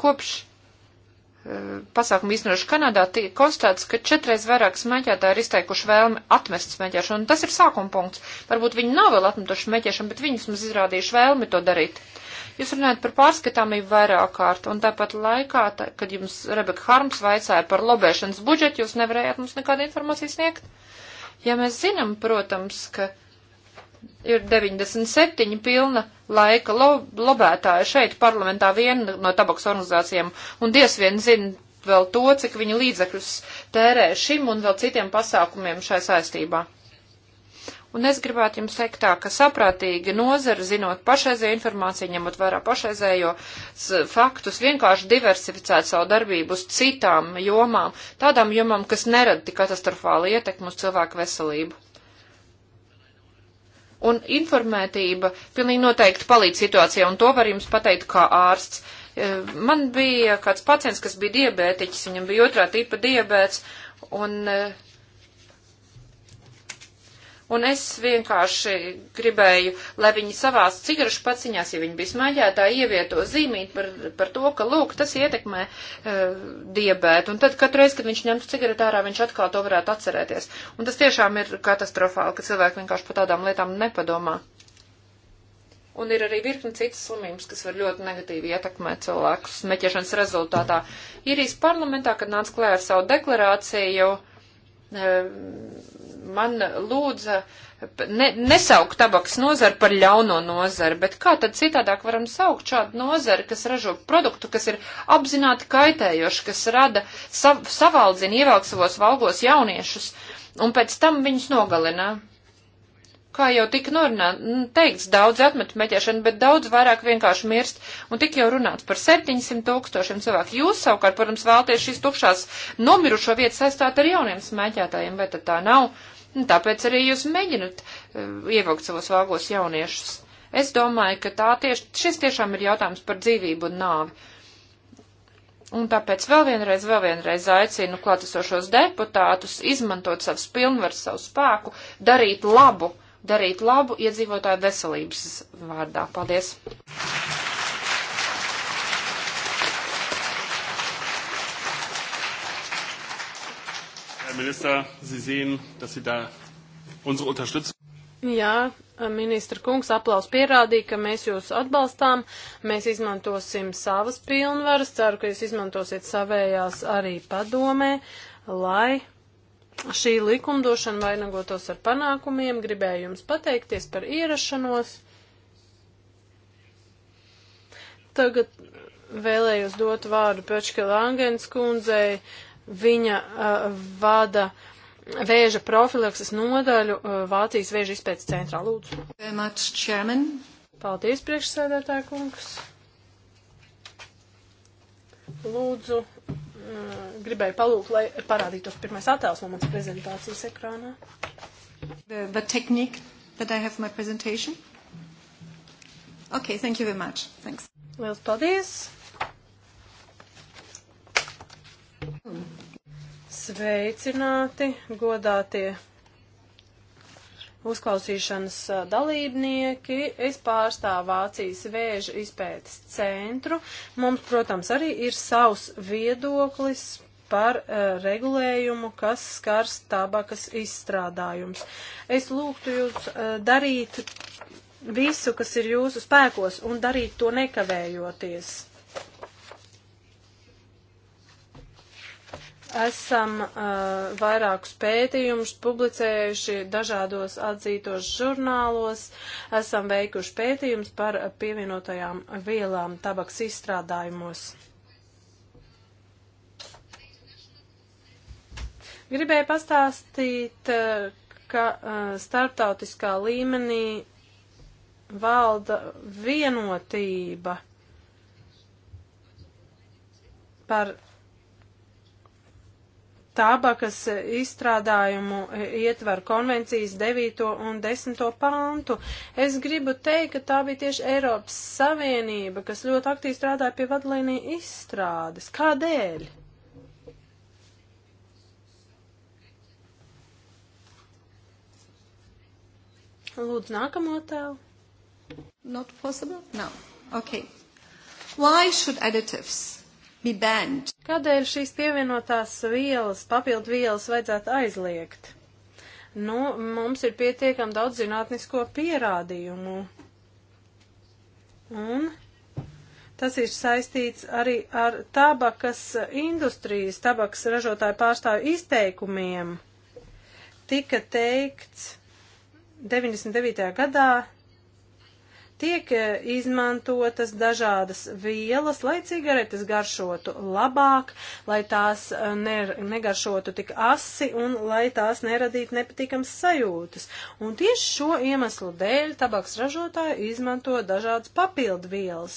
Kopš eh, pasākumu īstenošu Kanādā, tika konstatēts, ka četreiz vairāk smēķētāji ir izteikuši vēlmi atmest smēķēšanu. Un tas ir sākuma punkts. Varbūt viņi nav vēl atmetuši smēķēšanu, bet viņi vismaz izrādījuši vēlmi to darīt. Jūs runājat par pārskatāmību vairāk kārt, un tāpat laikā, tā, kad jums Rebeka Harms vaicāja par lobēšanas budžetu, jūs nevarējāt mums nekādu informāciju sniegt. Ja mēs zinām, protams, ka ir 97 pilna laika lo, lobētāja šeit parlamentā viena no tabaks organizācijām, un diez vien zina vēl to, cik viņa līdzekļus tērē šim un vēl citiem pasākumiem šai saistībā. Un es gribētu jums teikt tā, ka saprātīgi nozara, zinot pašreizēju informāciju, ņemot vērā pašreizējo faktus, vienkārši diversificēt savu darbību uz citām jomām, tādām jomām, kas nerada tik katastrofāli ietekmu uz cilvēku veselību. Un informētība pilnīgi noteikti palīdz situācijā, un to var jums pateikt kā ārsts. E, man bija kāds pacients, kas bija diabētiķis, viņam bija otrā tipa diabēts, un uh, Un es vienkārši gribēju, lai viņi savās cigarešu paciņās, ja viņi bija smaģētā, ievieto zīmīt par, par to, ka, lūk, tas ietekmē uh, diabētu. Un tad katru reizi, kad viņš ņemtu cigaretu ārā, viņš atkal to varētu atcerēties. Un tas tiešām ir katastrofāli, ka cilvēki vienkārši par tādām lietām nepadomā. Un ir arī virkni citas slimības, kas var ļoti negatīvi ietekmēt cilvēkus smēķēšanas rezultātā. Irijas parlamentā, kad nāca klēra savu deklarāciju, uh, man lūdza ne, nesaukt tabaks nozaru par ļauno nozaru, bet kā tad citādāk varam saukt šādu nozaru, kas ražo produktu, kas ir apzināti kaitējoši, kas rada, sav, savaldzina ievelk savos valgos jauniešus un pēc tam viņus nogalina. Kā jau tika norunā, teikts daudz atmetu meķēšanu, bet daudz vairāk vienkārši mirst, un tik jau runāts par 700 tūkstošiem cilvēku. Jūs savukārt, protams, vēlties šīs tukšās nomirušo vietas aizstāt ar jauniem smēķētājiem, vai tad tā nav? Un nu, tāpēc arī jūs mēģinat eh, ievākt savos vārgos jauniešus. Es domāju, ka tā tieši, šis tiešām ir jautājums par dzīvību un nāvi. Un tāpēc vēl vienreiz, vēl vienreiz aicinu klātesošos deputātus izmantot savus pilnvaru, savu spēku, darīt labu, darīt labu iedzīvotāju veselības vārdā. Paldies! Minister, Sie sehen, dass Sie da unsere Unterstützung. Jā, ministra kungs aplaus pierādīja, ka mēs jūs atbalstām. Mēs izmantosim savas pilnvaras. Ceru, ka jūs izmantosiet savējās arī padomē, lai šī likumdošana vainagotos ar panākumiem. Gribēju jums pateikties par ierašanos. Tagad vēlējos dot vārdu Pečke Langens kundzei. Uh, Viņa uh, vada vēža profilakses nodaļu uh, Vācijas vēža izpētes centrā. Lūdzu. Much, Paldies, priekšsēdētāja kungs. Lūdzu, uh, gribēju palūkt, lai parādītos pirmais attēls no manas prezentācijas ekrānā. The, the technique that I have my presentation. Okay, thank you very much. Thanks. Liels paldies! Sveicināti, godātie uzklausīšanas dalībnieki. Es pārstāvu Vācijas vēža izpētes centru. Mums, protams, arī ir savs viedoklis par uh, regulējumu, kas skars tabakas izstrādājums. Es lūgtu jūs uh, darīt visu, kas ir jūsu spēkos, un darīt to nekavējoties. esam uh, vairākus pētījumus publicējuši dažādos atzītos žurnālos, esam veikuši pētījumus par pievienotajām vielām tabaks izstrādājumos. Gribēju pastāstīt, uh, ka uh, starptautiskā līmenī valda vienotība par tabakas izstrādājumu ietver konvencijas 9. un 10. pāntu. Es gribu teikt, ka tā bija tieši Eiropas Savienība, kas ļoti aktīvi strādāja pie vadlīniju izstrādes. Kādēļ? Lūdzu, nākamo tēlu. Not possible? No. Okay. Why should additives Kādēļ šīs pievienotās vielas, papildu vielas vajadzētu aizliegt? Nu, mums ir pietiekami daudz zinātnisko pierādījumu. Un Tas ir saistīts arī ar tabakas industrijas, tabakas ražotāju pārstāvju izteikumiem. Tika teikts 99. gadā, Tiek e, izmantotas dažādas vielas, lai cigaretes garšotu labāk, lai tās e, negaršotu tik asi un lai tās neradītu nepatīkams sajūtas. Un tieši šo iemeslu dēļ tabaks ražotāji izmanto dažādas papildu vielas.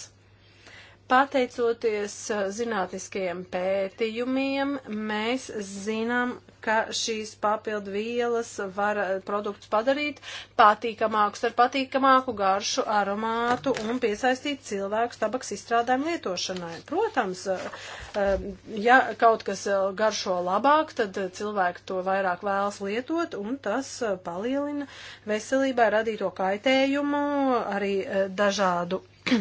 Pateicoties e, zinātniskajiem pētījumiem, mēs zinām, ka šīs papildu vielas var eh, produktus padarīt patīkamākus ar patīkamāku garšu, aromātu un piesaistīt cilvēkus tabaks izstrādājumu lietošanai. Protams, eh, ja kaut kas eh, garšo labāk, tad cilvēki to vairāk vēlas lietot un tas palielina veselībai radīto kaitējumu, arī dažādu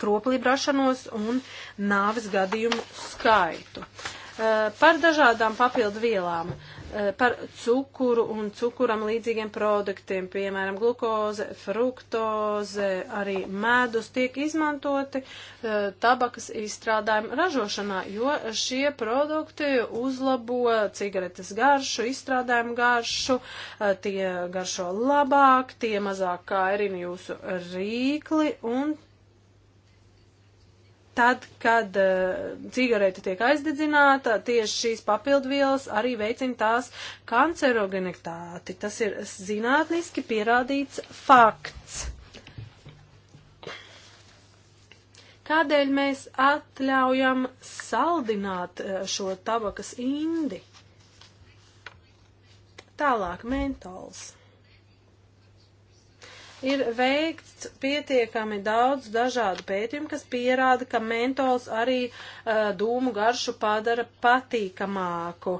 kroplību rašanos un nāves gadījumu skaitu. Uh, Eh, par dažādām papildu vielām, eh, par cukuru un cukuram līdzīgiem produktiem, piemēram, glukoze, fruktoze, arī medus tiek izmantoti eh, tabakas izstrādājuma ražošanā, jo šie produkti uzlabo cigaretes garšu, izstrādājumu garšu, tie garšo labāk, tie mazāk kairina jūsu rīkli un tad, kad uh, eh, cigarete tiek aizdedzināta, tieši šīs papildvielas arī veicina tās kancerogenitāti. Tas ir zinātniski pierādīts fakts. Kādēļ mēs atļaujam saldināt eh, šo tabakas indi? Tālāk mentols. Ir veikts veikts pietiekami daudz dažādu pētījumu, kas pierāda, ka mentols arī uh, dūmu garšu padara patīkamāku.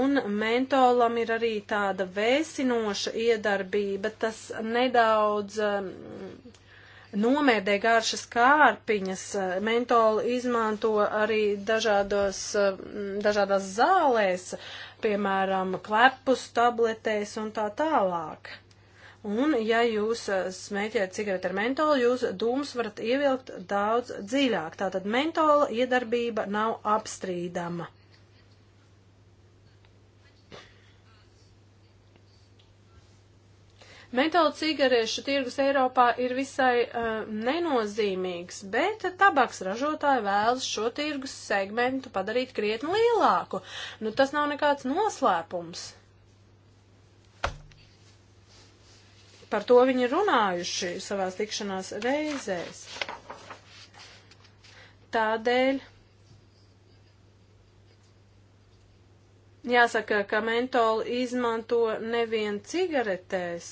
Un mentolam ir arī tāda vēsinoša iedarbība, tas nedaudz. Uh, nomēdē garšas kārpiņas, mentolu izmanto arī dažādos, ehm, dažādās zālēs, piemēram, klepus tabletēs un tā tālāk. Un, ja jūs eh, smēķējat cigareti ar mentolu, jūs dūmus varat ievilkt daudz dziļāk. Tātad mentola iedarbība nav apstrīdama. Metāla cigarešu tirgus Eiropā ir visai uh, nenozīmīgs, bet tabaks ražotāji vēlas šo tirgus segmentu padarīt krietni lielāku. Nu, tas nav nekāds noslēpums. Par to viņi runājuši savās tikšanās reizēs. Tādēļ jāsaka, ka mentolu izmanto nevien cigaretēs.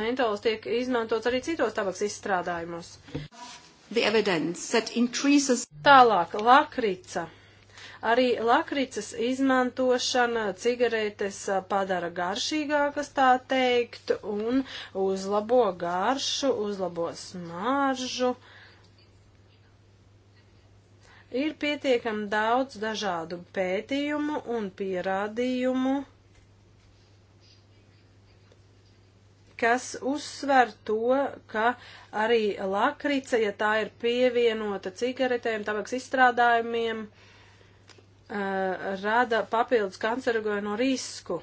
Mentols tiek izmantots arī citos tabaks izstrādājumos. Tālāk, lakrica. Arī lakrīces izmantošana cigaretes padara garšīgākas, tā teikt, un uzlabo garšu, uzlabo smaržu. Ir pietiekami daudz dažādu pētījumu un pierādījumu. kas uzsver to, ka arī lakrica, ja tā ir pievienota cigaretēm, tabaks izstrādājumiem, uh, Uh, rada papildus kancerogēno risku,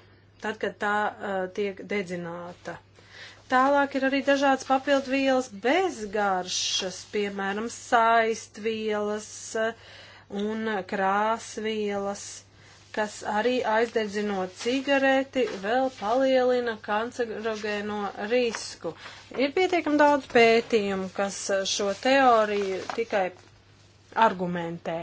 tad, kad tā uh, tiek dedzināta. Tālāk ir arī dažādas papildvielas bez garšas, piemēram, saistvielas un krāsvielas, kas arī aizdedzinot cigareti vēl palielina kancerogēno risku. Ir pietiekami daudz pētījumu, kas šo teoriju tikai argumentē.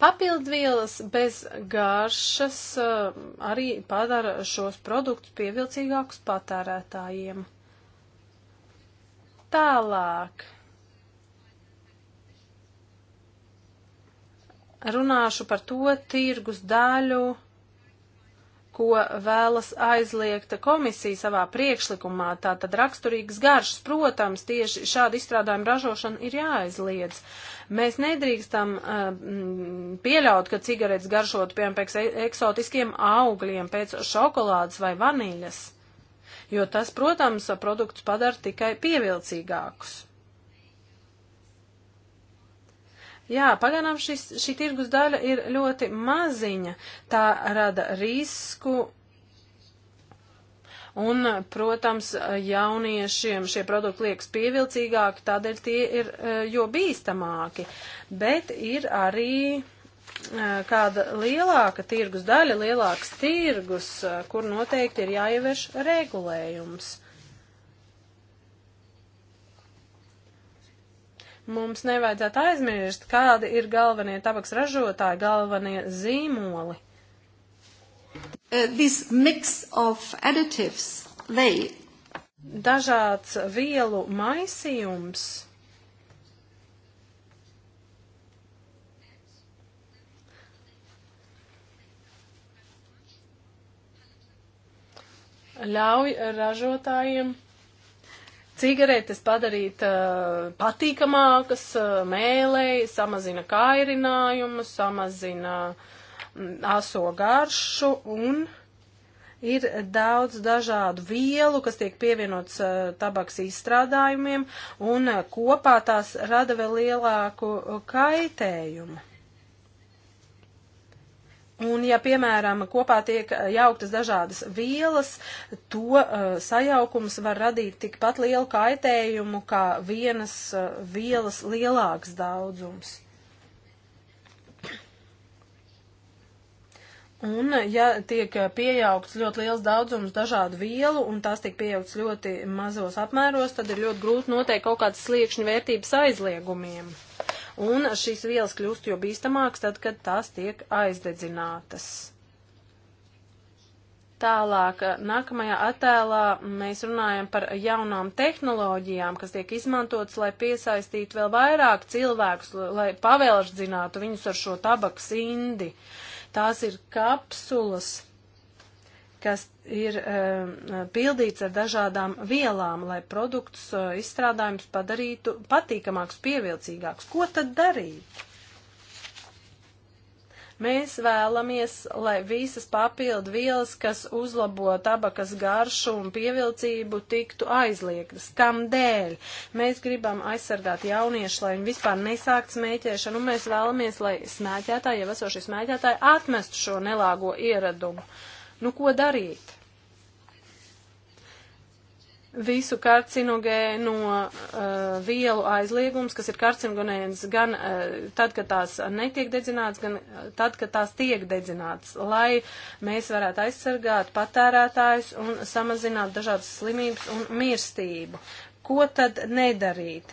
Papildvielas bez garšas eh, arī padara šos produktus pievilcīgākus patērētājiem. Tālāk. Runāšu par to tirgus daļu ko vēlas aizliegt komisija savā priekšlikumā. Tātad raksturīgas garšas, protams, tieši šādu izstrādājumu ražošanu ir jāaizliedz. Mēs nedrīkstam uh, pieļaut, ka cigaretes garšotu, piemēram, pēc e-, eksotiskiem augļiem, pēc šokolādes vai vaniļas, jo tas, protams, produktus padara tikai pievilcīgākus. Jā, paganām šis, šī tirgus daļa ir ļoti maziņa. Tā rada risku Un, protams, jauniešiem šie produkti liekas pievilcīgāki, tādēļ tie ir e, jo bīstamāki. Bet ir arī e, kāda lielāka tirgus daļa, lielāks tirgus, e, kur noteikti ir jāievieš regulējums. Mums nevajadzētu aizmirst, kādi ir galvenie tabaks ražotāji, galvenie zīmoli. Uh, this mix of additives, they dažāds vielu maisījums. ļauj ražotājiem cigaretes padarīt uh, patīkamākas, uh, mēlēji, samazina kairinājumu, samazina mm, aso garšu un ir daudz dažādu vielu, kas tiek pievienots uh, tabaks izstrādājumiem un kopā tās rada vēl lielāku kaitējumu. Un, ja, piemēram, kopā tiek eh, jauktas dažādas vielas, to uh, sajaukums var radīt tikpat lielu kaitējumu kā vienas uh, vielas lielāks daudzums. Un, ja tiek pieaugts ļoti liels daudzums dažādu vielu un tās tiek pieaugts ļoti mazos apmēros, tad ir ļoti grūti noteikt kaut kādas sliekšņu vērtības aizliegumiem un šīs vielas kļūst jo bīstamākas tad, kad tās tiek aizdedzinātas. Tālāk, nākamajā attēlā mēs runājam par jaunām tehnoloģijām, kas tiek izmantotas, lai piesaistītu vēl vairāk cilvēkus, lai pavēlždzinātu viņus ar šo tabaks indi. Tās ir kapsulas, kas ir uh, pildīts ar dažādām vielām, lai produktus uh, eh, izstrādājums padarītu patīkamāks, pievilcīgāks. Ko tad darīt? Mēs vēlamies, lai visas papildu vielas, kas uzlabo tabakas garšu un pievilcību, tiktu aizliegtas. Kam dēļ? Mēs gribam aizsargāt jauniešu, lai viņi vispār nesākt smēķēšanu, un mēs vēlamies, lai smēķētāji, ja esošie smēķētāji, atmestu šo nelāgo ieradumu. Uh, Nu, ko darīt? Visu karcinogēno uh, vielu aizliegums, kas ir karcinogēns gan uh, tad, kad tās netiek dedzināts, gan uh, tad, kad tās tiek dedzināts, lai mēs varētu aizsargāt patērētājs un samazināt dažādas slimības un mirstību. Ko tad nedarīt?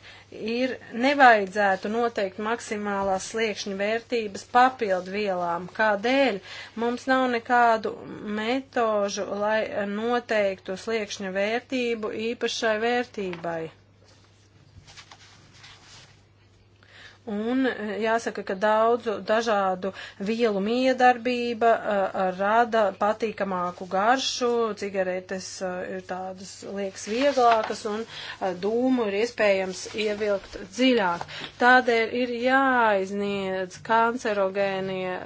Ir nevajadzētu noteikt maksimālās sliekšņa vērtības papildvielām. Kādēļ? Mums nav nekādu metožu, lai noteiktu sliekšņa vērtību īpašai vērtībai. Un e, jāsaka, ka daudzu dažādu vielu miedarbība e, rada patīkamāku garšu, cigaretes e, ir tādas liekas vieglākas un dūmu ir iespējams ievilkt dziļāk. Tādēļ ir jāizniedz kancerogēnie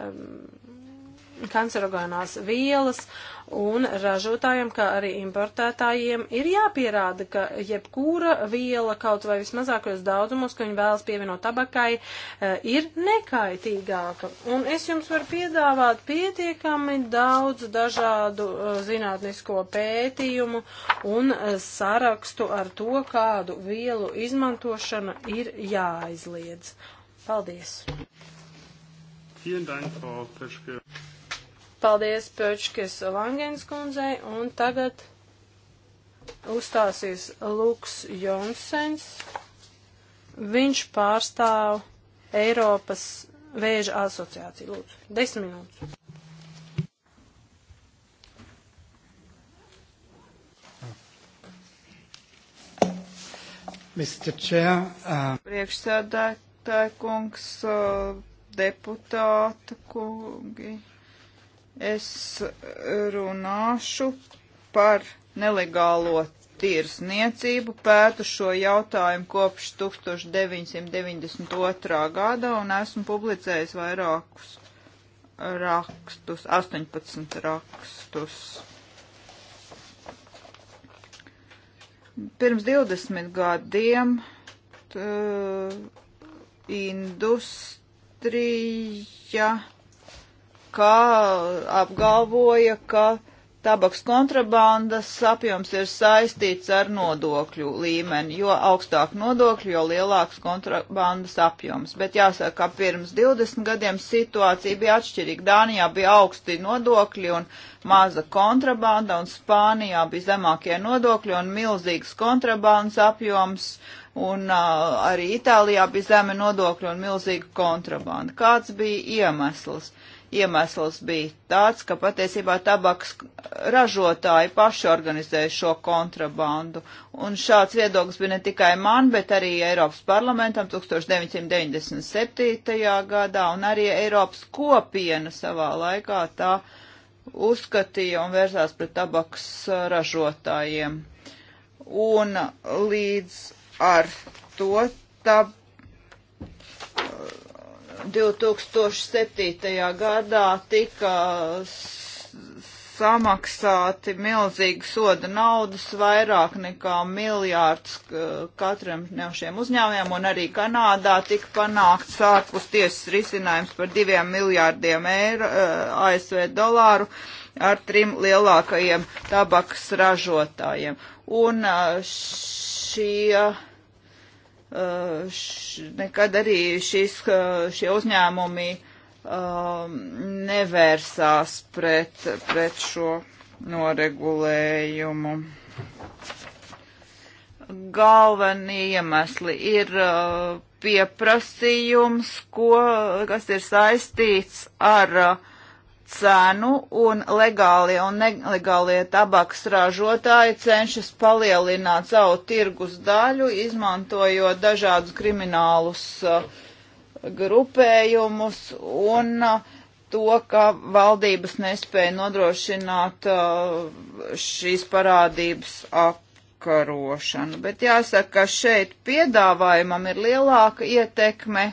kancerogēnās vielas Un ražotājiem, kā arī importētājiem, ir jāpierāda, ka jebkura viela, kaut vai vismazākajos daudzumos, ko viņi vēlas pievienot tabakai, eh, ir nekaitīgāka. Un es jums varu piedāvāt pietiekami daudz dažādu eh, zinātnisko pētījumu un eh, sarakstu ar to, kādu vielu izmantošana ir jāaizliedz. Paldies! Vielen Dank, Frau Peschke. Paldies Pēčkis Langens kundzei, un tagad uzstāsies Luks Jonsens. Viņš pārstāv Eiropas vēža asociāciju. Lūdzu, desmit minūtes. Mr. Chair, uh... Priekšsēdētāji kungs, uh, deputāta kungi Es runāšu par nelegālo tirsniecību, pētu šo jautājumu kopš 1992. gada un esmu publicējis vairākus rakstus, 18 rakstus. Pirms 20 gadiem t, industrija ka apgalvoja, ka tabaks kontrabandas apjoms ir saistīts ar nodokļu līmeni, jo augstāk nodokļu, jo lielāks kontrabandas apjoms. Bet jāsaka, ka pirms 20 gadiem situācija bija atšķirīga. Dānijā bija augsti nodokļi un maza kontrabanda, un Spānijā bija zemākie nodokļi un milzīgs kontrabandas apjoms, un uh, arī Itālijā bija zeme nodokļi un milzīga kontrabanda. Kāds bija iemesls? Iemesls bija tāds, ka patiesībā tabaks ražotāji paši organizēja šo kontrabandu. Un šāds viedoklis bija ne tikai man, bet arī Eiropas parlamentam 1997. gadā un arī Eiropas kopiena savā laikā tā uzskatīja un vērsās pret tabaks ražotājiem. Un līdz ar to tab 2007. gadā tika samaksāti milzīgi soda naudas, vairāk nekā miljārds katram no šiem uzņēmumiem, un arī Kanādā tika panākts ārpus tiesas risinājums par diviem miljārdiem eiro, eh, ASV dolāru ar trim lielākajiem tabakas ražotājiem. Un eh, šie Eh, š, nekad arī šis, eh, šie uzņēmumi um, nevērsās pret, pret šo noregulējumu. Galvenie iemesli ir uh, pieprasījums, ko, kas ir saistīts ar uh, cenu un legālie un nelegālie tabaks ražotāji cenšas palielināt savu tirgus daļu, izmantojot dažādus kriminālus uh, grupējumus un uh, to, ka valdības nespēja nodrošināt uh, šīs parādības apkarošanu. Bet jāsaka, ka šeit piedāvājumam ir lielāka ietekme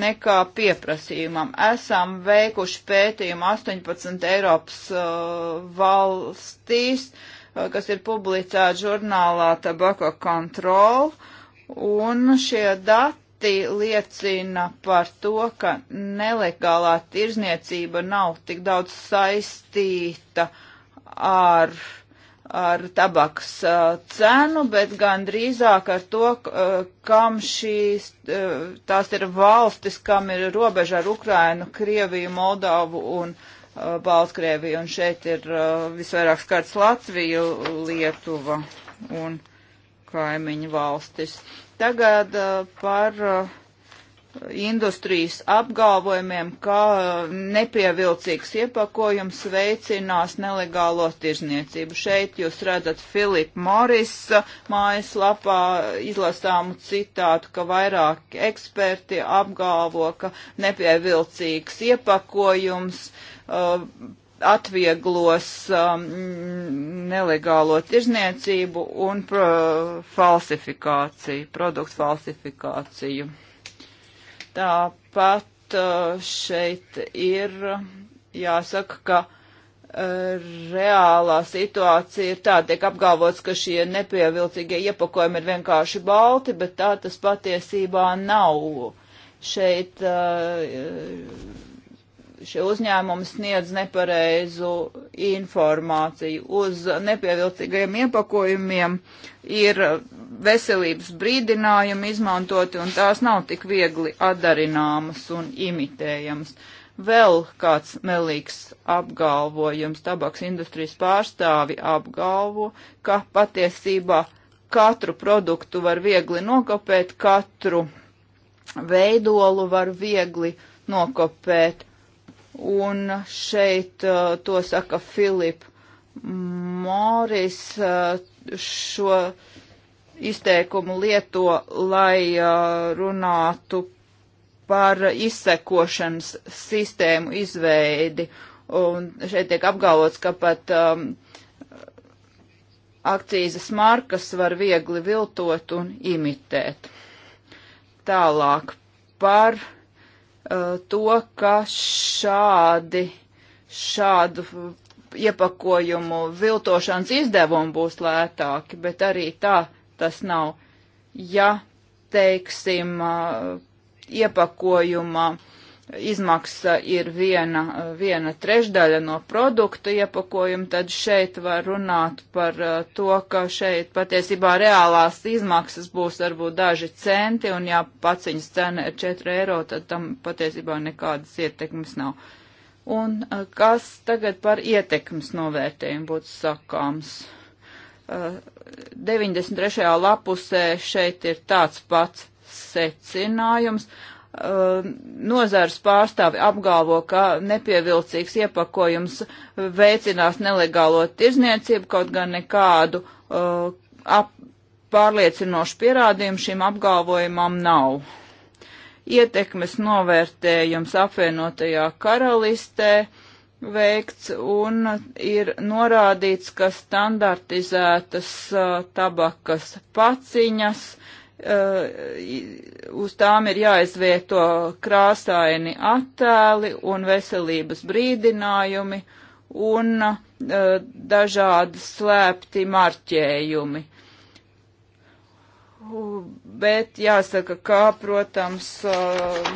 nekā pieprasījumam. Esam veikuši pētījumu 18 Eiropas uh, valstīs, uh, kas ir publicēta žurnālā Tabako Control, un šie dati liecina par to, ka nelegālā tirzniecība nav tik daudz saistīta ar uh, ar tabaks uh, cenu, bet gan drīzāk ar to, uh, kam šīs, uh, tās ir valstis, kam ir robeža ar Ukrainu, Krieviju, Moldavu un Baltkrieviju, un šeit ir visvairāk skarts Latviju, Lietuva un kaimiņu valstis. Tagad par uh, industrijas apgalvojumiem, ka uh, nepievilcīgs iepakojums veicinās nelegālo tirzniecību. Šeit jūs redzat Filipa Morisa uh, mājaslapā izlasāmu citātu, ka vairāk eksperti apgalvo, ka nepievilcīgs iepakojums uh, atvieglos um, nelegālo tirzniecību un pro uh, falsifikāciju, produktu falsifikāciju. Tāpat uh, šeit ir jāsaka, ka uh, reālā situācija ir tāda, tiek apgalvots, ka šie nepievilcīgie iepakojumi ir vienkārši balti, bet tā tas patiesībā nav. Šeit uh, šie uzņēmumi sniedz nepareizu informāciju. Uz nepievilcīgajiem iepakojumiem ir veselības brīdinājumi izmantoti, un tās nav tik viegli atdarināmas un imitējamas. Vēl kāds melīgs apgalvojums tabaks industrijas pārstāvi apgalvo, ka patiesībā katru produktu var viegli nokopēt, katru veidolu var viegli nokopēt. Un šeit uh, to saka Filip Moris uh, šo izteikumu lieto, lai uh, runātu par izsekošanas sistēmu izveidi. Un šeit tiek apgalvots, ka pat um, akcijas markas var viegli viltot un imitēt. Tālāk par Uh, to, ka šādi, šādu iepakojumu viltošanas izdevumi būs lētāki, bet arī tā tas nav. Ja, teiksim, uh, iepakojuma uh, izmaksa ir viena, viena trešdaļa no produkta iepakojuma, tad šeit var runāt par uh, to, ka šeit patiesībā reālās izmaksas būs varbūt daži centi, un ja paciņas cena ir 4 eiro, tad tam patiesībā nekādas ietekmes nav. Un uh, kas tagad par ietekmes novērtējumu būtu sakāms? 93. Uh, lapusē šeit ir tāds pats secinājums Uh, nozars pārstāvi apgalvo, ka nepievilcīgs iepakojums veicinās nelegālo tirzniecību, kaut gan nekādu uh, ap, pārliecinošu pierādījumu šim apgalvojumam nav. Ietekmes novērtējums apvienotajā karalistē veikts un ir norādīts, ka standartizētas uh, tabakas paciņas Uh, uz tām ir jāizvieto krāsaini attēli un veselības brīdinājumi un uh, dažādi slēpti marķējumi. Bet jāsaka, kā, protams, uh,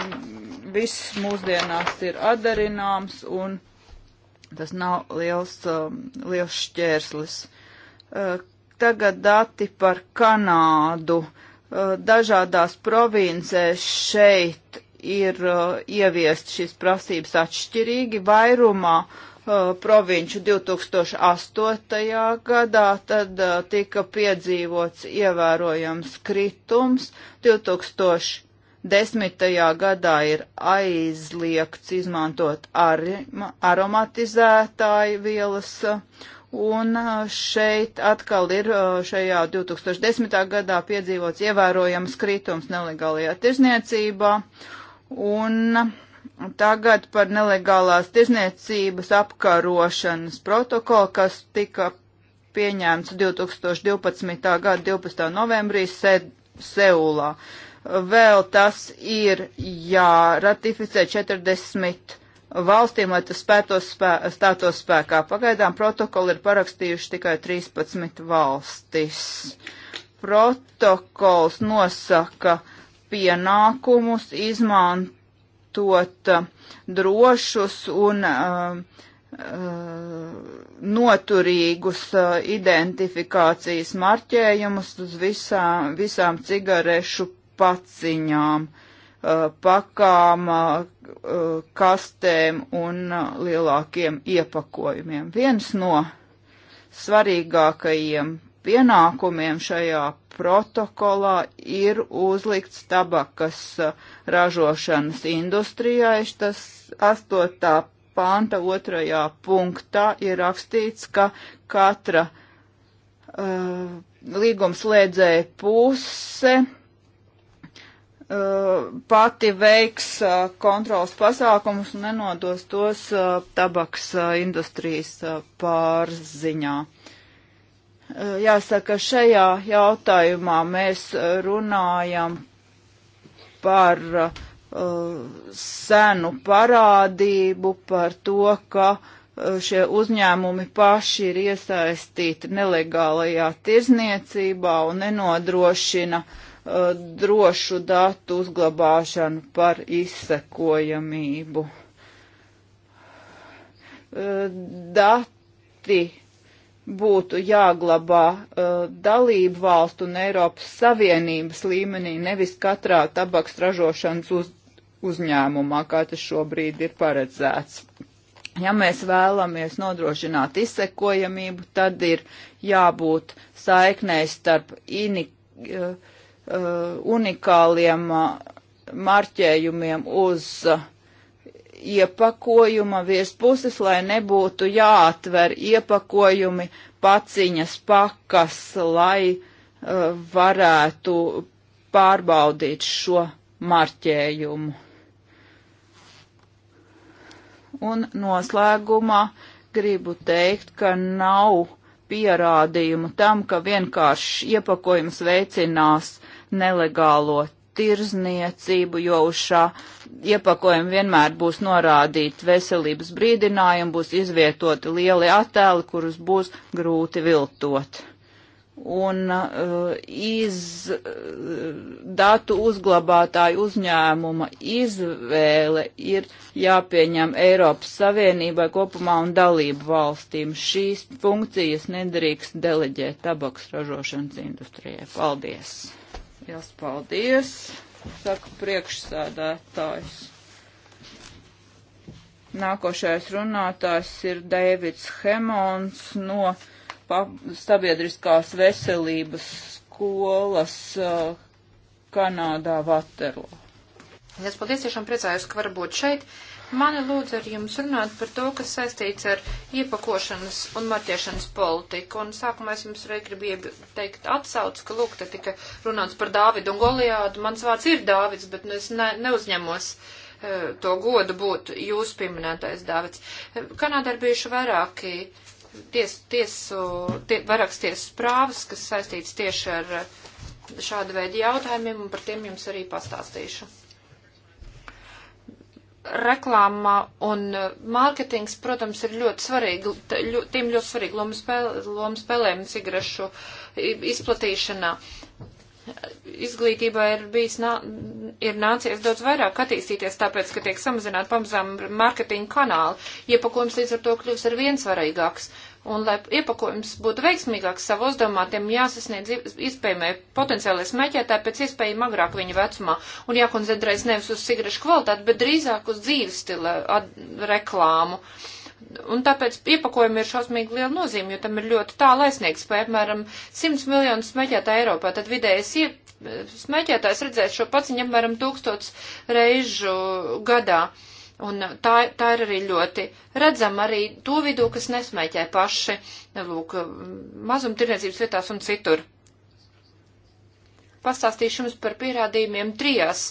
viss mūsdienās ir atdarināms un tas nav liels, um, liels šķērslis. Tagad dati par Kanādu. Uh, Eh, dažādās provincēs šeit ir uh, ieviest šīs prasības atšķirīgi vairumā uh, provinču 2008. gadā, tad uh, tika piedzīvots ievērojams kritums. 2010. gadā ir aizliegts izmantot ar, aromatizētāju vielas. Uh, Un šeit atkal ir šajā 2010. gadā piedzīvots ievērojams kritums nelegālajā tirzniecībā. Un tagad par nelegālās tirzniecības apkarošanas protokolu, kas tika pieņēmts 2012. gada 12. novembrī Se Seulā. Vēl tas ir jāratificē 40 valstīm, lai tas spētos spē, stātos spēkā. Pagaidām protokoli ir parakstījuši tikai 13 valstis. Protokols nosaka pienākumus izmantot uh, drošus un uh, uh noturīgus uh, identifikācijas marķējumus uz visām, visām cigarešu paciņām. Uh, Uh, pakām, uh, kastēm un uh, lielākiem iepakojumiem. Viens no svarīgākajiem pienākumiem šajā protokolā ir uzlikts tabakas ražošanas industrijai. Tas 8. panta 2. punktā ir rakstīts, ka katra uh, līgumslēdzēja puse uh, Uh, pati veiks uh, kontrols pasākumus un nenodos tos uh, tabaks industrijas pārziņā. Jāsaka, šajā jautājumā mēs runājam par senu parādību, par to, ka šie uzņēmumi paši ir iesaistīti nelegālajā tirzniecībā un nenodrošina uh, Uh, drošu datu uzglabāšanu par izsekojamību. Uh, dati būtu jāglabā uh, dalību valstu un Eiropas Savienības līmenī, nevis katrā tabaks ražošanas uz, uzņēmumā, kā tas šobrīd ir paredzēts. Ja mēs vēlamies nodrošināt izsekojamību, tad ir jābūt saiknēs starp inikāciju Uh, unikāliem uh, marķējumiem uz uh, iepakojuma virspuses, lai nebūtu jāatver iepakojumi paciņas pakas, lai uh, varētu pārbaudīt šo marķējumu. Un noslēgumā gribu teikt, ka nav pierādījumu tam, ka vienkārši iepakojums veicinās nelegālo tirzniecību, jo uz šā iepakojuma vienmēr būs norādīti veselības brīdinājumi, būs izvietoti lieli attēli, kurus būs grūti viltot. Un uh, iz, uh, datu uzglabātāju uzņēmuma izvēle ir jāpieņem Eiropas Savienībai kopumā un dalību valstīm. Šīs funkcijas nedrīkst deleģēt tabaks ražošanas industrijai. Paldies! Jās paldies, saka priekšsēdētājs. Nākošais runātājs ir Dēvids Hemons no Sabiedriskās veselības skolas uh, Kanādā Vaterlo. Es paldies, tiešām priecājos, ka varu būt šeit. Uh, Mani lūdzu ar jums runāt par to, kas saistīts ar iepakošanas un marķiešanas politiku. Un sākumā es jums arī gribu teikt atsauc, ka lūk, te tika runāts par Dāvidu un Goliādu. Mans vārds ir Dāvids, bet nu, es ne, neuzņemos uh, to godu būt jūs pieminētais Dāvids. Kanādā ir bijuši vairāki ties, tiesu, tie, vairākas tiesas prāvas, kas saistīts tieši ar eh, šādu veidu jautājumiem, un par tiem jums arī pastāstīšu reklāmā un uh, mārketings, protams, ir ļoti svarīgi, ļo, tiem ļoti svarīgi lomu, spēl, lomu spēlējumu cigarešu izplatīšanā. Izglītībā ir, bijis, nā, ir nācies daudz vairāk attīstīties, tāpēc, ka tiek samazināt pamazām mārketinga kanāli. Iepakojums līdz ar to kļūs ar viensvarīgāks. Uh, Un, lai iepakojums būtu veiksmīgāks savu uzdevumātiem, jāsasniedz iespējamai potenciālais meķētāji pēc iespējama agrāk viņa vecumā. Un jākoncentrēs nevis uz cigarešu kvalitāti, bet drīzāk uz dzīves stila reklāmu. Un tāpēc iepakojumi ir šausmīgi liela nozīme, jo tam ir ļoti tālu aizsniegts, pa apmēram 100 miljonus smēķētāju Eiropā. Tad vidējais smēķētājs redzēs šo paciņu apmēram tūkstots reižu gadā. Uh, Un uh, tā, tā ir arī ļoti redzama arī to vidū, kas nesmēķē paši, lūk, uh, mazumtirniecības vietās un citur. Pastāstīšu jums par pierādījumiem trijās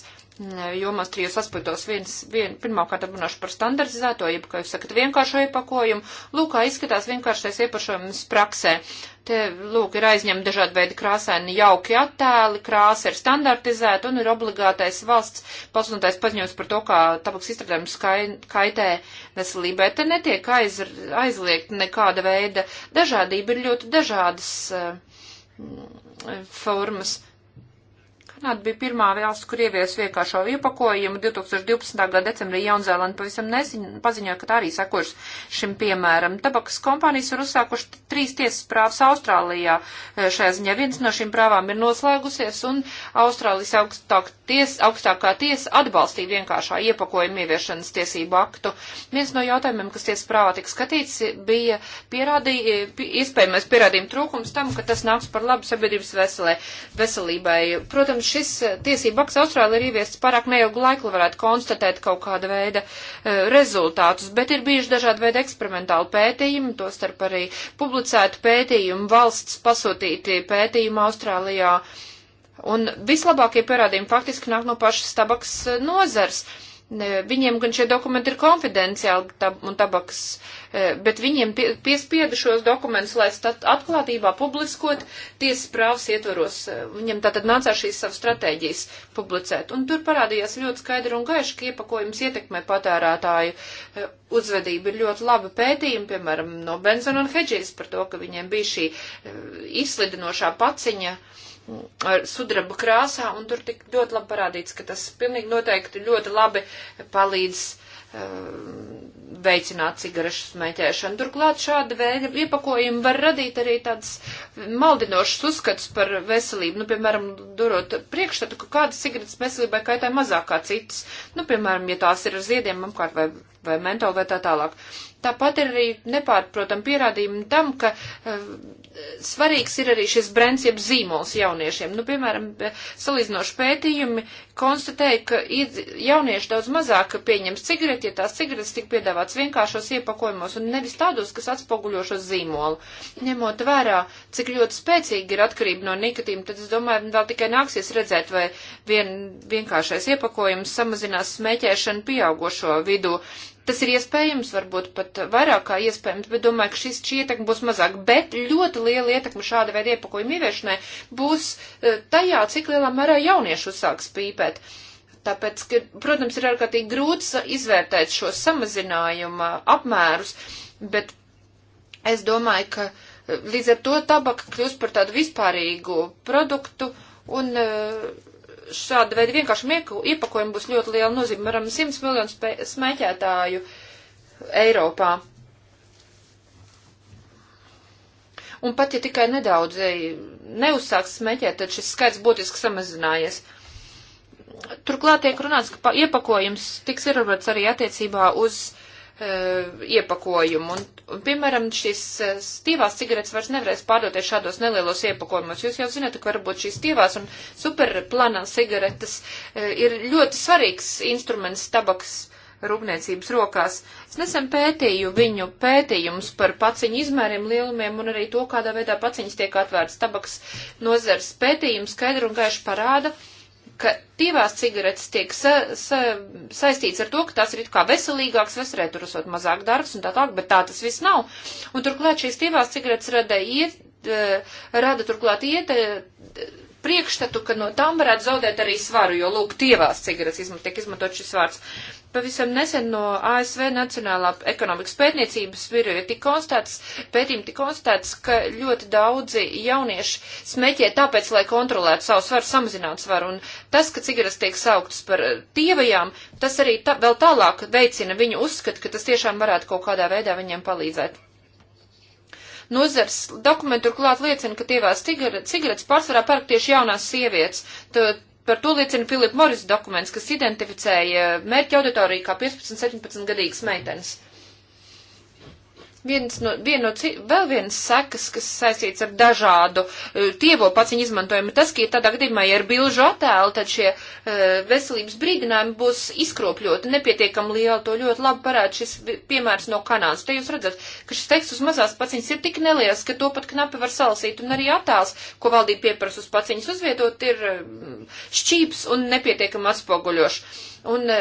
jomās trijos aspektos. Viens, vien, pirmkārt, runāšu par standartizēto, jeb, kā jūs sakat, vienkāršo iepakojumu. Lūk, kā izskatās vienkāršais iepašojums praksē. Te, lūk, ir aizņemti dažādi veidi krāsaini jauki attēli, krāsa ir standartizēta un ir obligātais valsts pasludinātais paziņojums par to, kā tabaks izstrādājums kaitē veselībai. Te netiek aiz, aizliegt nekāda veida dažādība, ir ļoti dažādas uh, formas. Uh, Jaunzēlanda bija pirmā valsts, kur ievies vienkāršo iepakojumu. 2012. gada decembrī Jaunzēlanda pavisam nesiņ, paziņoja, ka tā arī sekoši šim piemēram. Tabakas kompānijas ir uzsākuši trīs tiesas prāvas Austrālijā. E, šajā ziņā viens no šīm prāvām ir noslēgusies, un Austrālijas augstāk ties, augstākā tiesa atbalstīja vienkāršā iepakojuma ieviešanas tiesību aktu. Viens no jautājumiem, kas tiesas prāvā tika skatīts, bija pierādī, iespējamais pierādījuma trūkums tam, ka tas nāks par labu sabiedrības veselē, veselībai. Protams, šis eh, tiesību akts Austrālija ir ieviests pārāk neilgu laiku, varētu konstatēt kaut kāda veida eh, rezultātus, bet ir bijuši dažādi veidi eksperimentāli pētījumi, to starp arī publicētu pētījumu, valsts pasūtīti pētījumu Austrālijā. Un vislabākie pierādījumi faktiski nāk no pašas tabaks eh, nozars. Viņiem gan šie dokumenti ir konfidenciāli, tab un tabaks uh, Eh, bet viņiem piespieda šos dokumentus, lai atklātībā publiskot tiesas prāvas ietvaros. Eh, Viņam tātad nācās šīs savas stratēģijas publicēt. Un tur parādījās ļoti skaidri un gaiši, ka iepakojums ietekmē patērētāju eh, uzvedību. Ir ļoti labi pētījumi, piemēram, no Benzona un Hedžijas par to, ka viņiem bija šī izslidinošā paciņa mm, ar sudraba krāsā, un tur tik ļoti labi parādīts, ka tas pilnīgi noteikti ļoti labi palīdz uh, veicināt cigarešu smēķēšanu. Turklāt šāda veida iepakojumi var radīt arī tādas maldinošas uzskats par veselību. Nu, piemēram, durot priekšstatu, ka kādas cigaretes veselībai kaitē mazāk kā citas. Nu, piemēram, ja tās ir ar ziediem, apkārt vai, vai mentolu vai tā tālāk. Tāpat ir arī nepārprotam pierādījumi tam, ka uh, svarīgs ir arī šis brands jeb zīmols jauniešiem. Nu, piemēram, eh, salīdzinoši pētījumi konstatēja, ka jaunieši daudz mazāk pieņems cigareti, ja tās cigaretes tik piedāvā piedāvāts vienkāršos iepakojumos un nevis tādos, kas atspoguļo šo zīmolu. Ņemot vērā, cik ļoti spēcīgi ir atkarība no nikotīna, tad es domāju, vēl tikai nāksies redzēt, vai vien, vienkāršais iepakojums samazinās smēķēšanu pieaugošo vidū. Tas ir iespējams, varbūt pat vairāk kā iespējams, bet domāju, ka šis šī ietekme būs mazāk. Bet ļoti liela ietekme šāda veida iepakojuma ieviešanai būs eh, tajā, cik lielā mērā jaunieši uzsāks pīpēt. Uh, Tāpēc, ka, protams, ir ārkārtīgi grūti izvērtēt šo samazinājuma apmērus, bet es domāju, ka eh, līdz ar to tabaka kļūst par tādu vispārīgu produktu un eh, šāda veida vienkārši iepakojumi būs ļoti liela nozīme. Varam 100 miljonu smēķētāju Eiropā. Un pat ja tikai nedaudz eh, neuzsāks smēķēt, tad šis skaits būtiski samazinājies. Turklāt tiek runāts, ka iepakojums tiks ierobežots arī attiecībā uz e, iepakojumu. Un, un, piemēram, šīs e, stīvās cigaretes vairs nevarēs pārdoties šādos nelielos iepakojumos. Jūs jau zināt, ka varbūt šīs stīvās un superplanā cigaretes e, ir ļoti svarīgs instruments tabaks rūpniecības rokās. Es nesen pētīju viņu pētījumus par paciņu izmēriem, lielumiem un arī to, kādā veidā paciņas tiek atvērts. Tabaks nozars pētījums skaidri un gaiši parāda, ka tīvās cigaretes tiek sa, sa, saistīts ar to, ka tās ir it kā veselīgākas, veselē tur esot mazāk darbs un tā tālāk, bet tā tas viss nav. Un turklāt šīs tīvās cigaretes rada, iet, e, rada turklāt iet e, priekšstatu, ka no tām varētu zaudēt arī svaru, jo, lūk, tīvās cigaretes izmanto, tiek izmantot šis vārds. Uh, pavisam nesen no ASV Nacionālā ekonomikas pētniecības biroja tika konstatēts, pētījumi tika konstatēts, ka ļoti daudzi jaunieši smeķē tāpēc, lai kontrolētu savu svaru, samazinātu svaru. Un tas, ka cigaretes tiek sauktas par eh, tievajām, tas arī ta, vēl tālāk veicina viņu uzskatu, ka tas tiešām varētu kaut kādā veidā viņiem palīdzēt. Nozars dokumenti turklāt liecina, ka tievās cigaretes pārsvarā pērk tieši jaunās sievietes. T Par to liecina Filipa Morisa dokuments, kas identificēja mērķa auditoriju kā 15-17 gadīgas meitenes. Viens no, vien no, vēl viens sekas, kas saistīts ar dažādu e, tievo paciņu izmantojumu, tas, ka tādā gadījumā, ja ir bilžu attēli, tad šie e, veselības brīdinājumi būs izkropļoti, nepietiekami lieli, to ļoti labi parāda šis piemērs no Kanādas. Te jūs redzat, ka šis teksts uz mazās paciņas ir tik neliels, ka to pat knapi var salasīt, un arī attēls, ko valdība pieprasa uz paciņas uzvietot, ir mm, šķīps un nepietiekami atspoguļošs. Un e,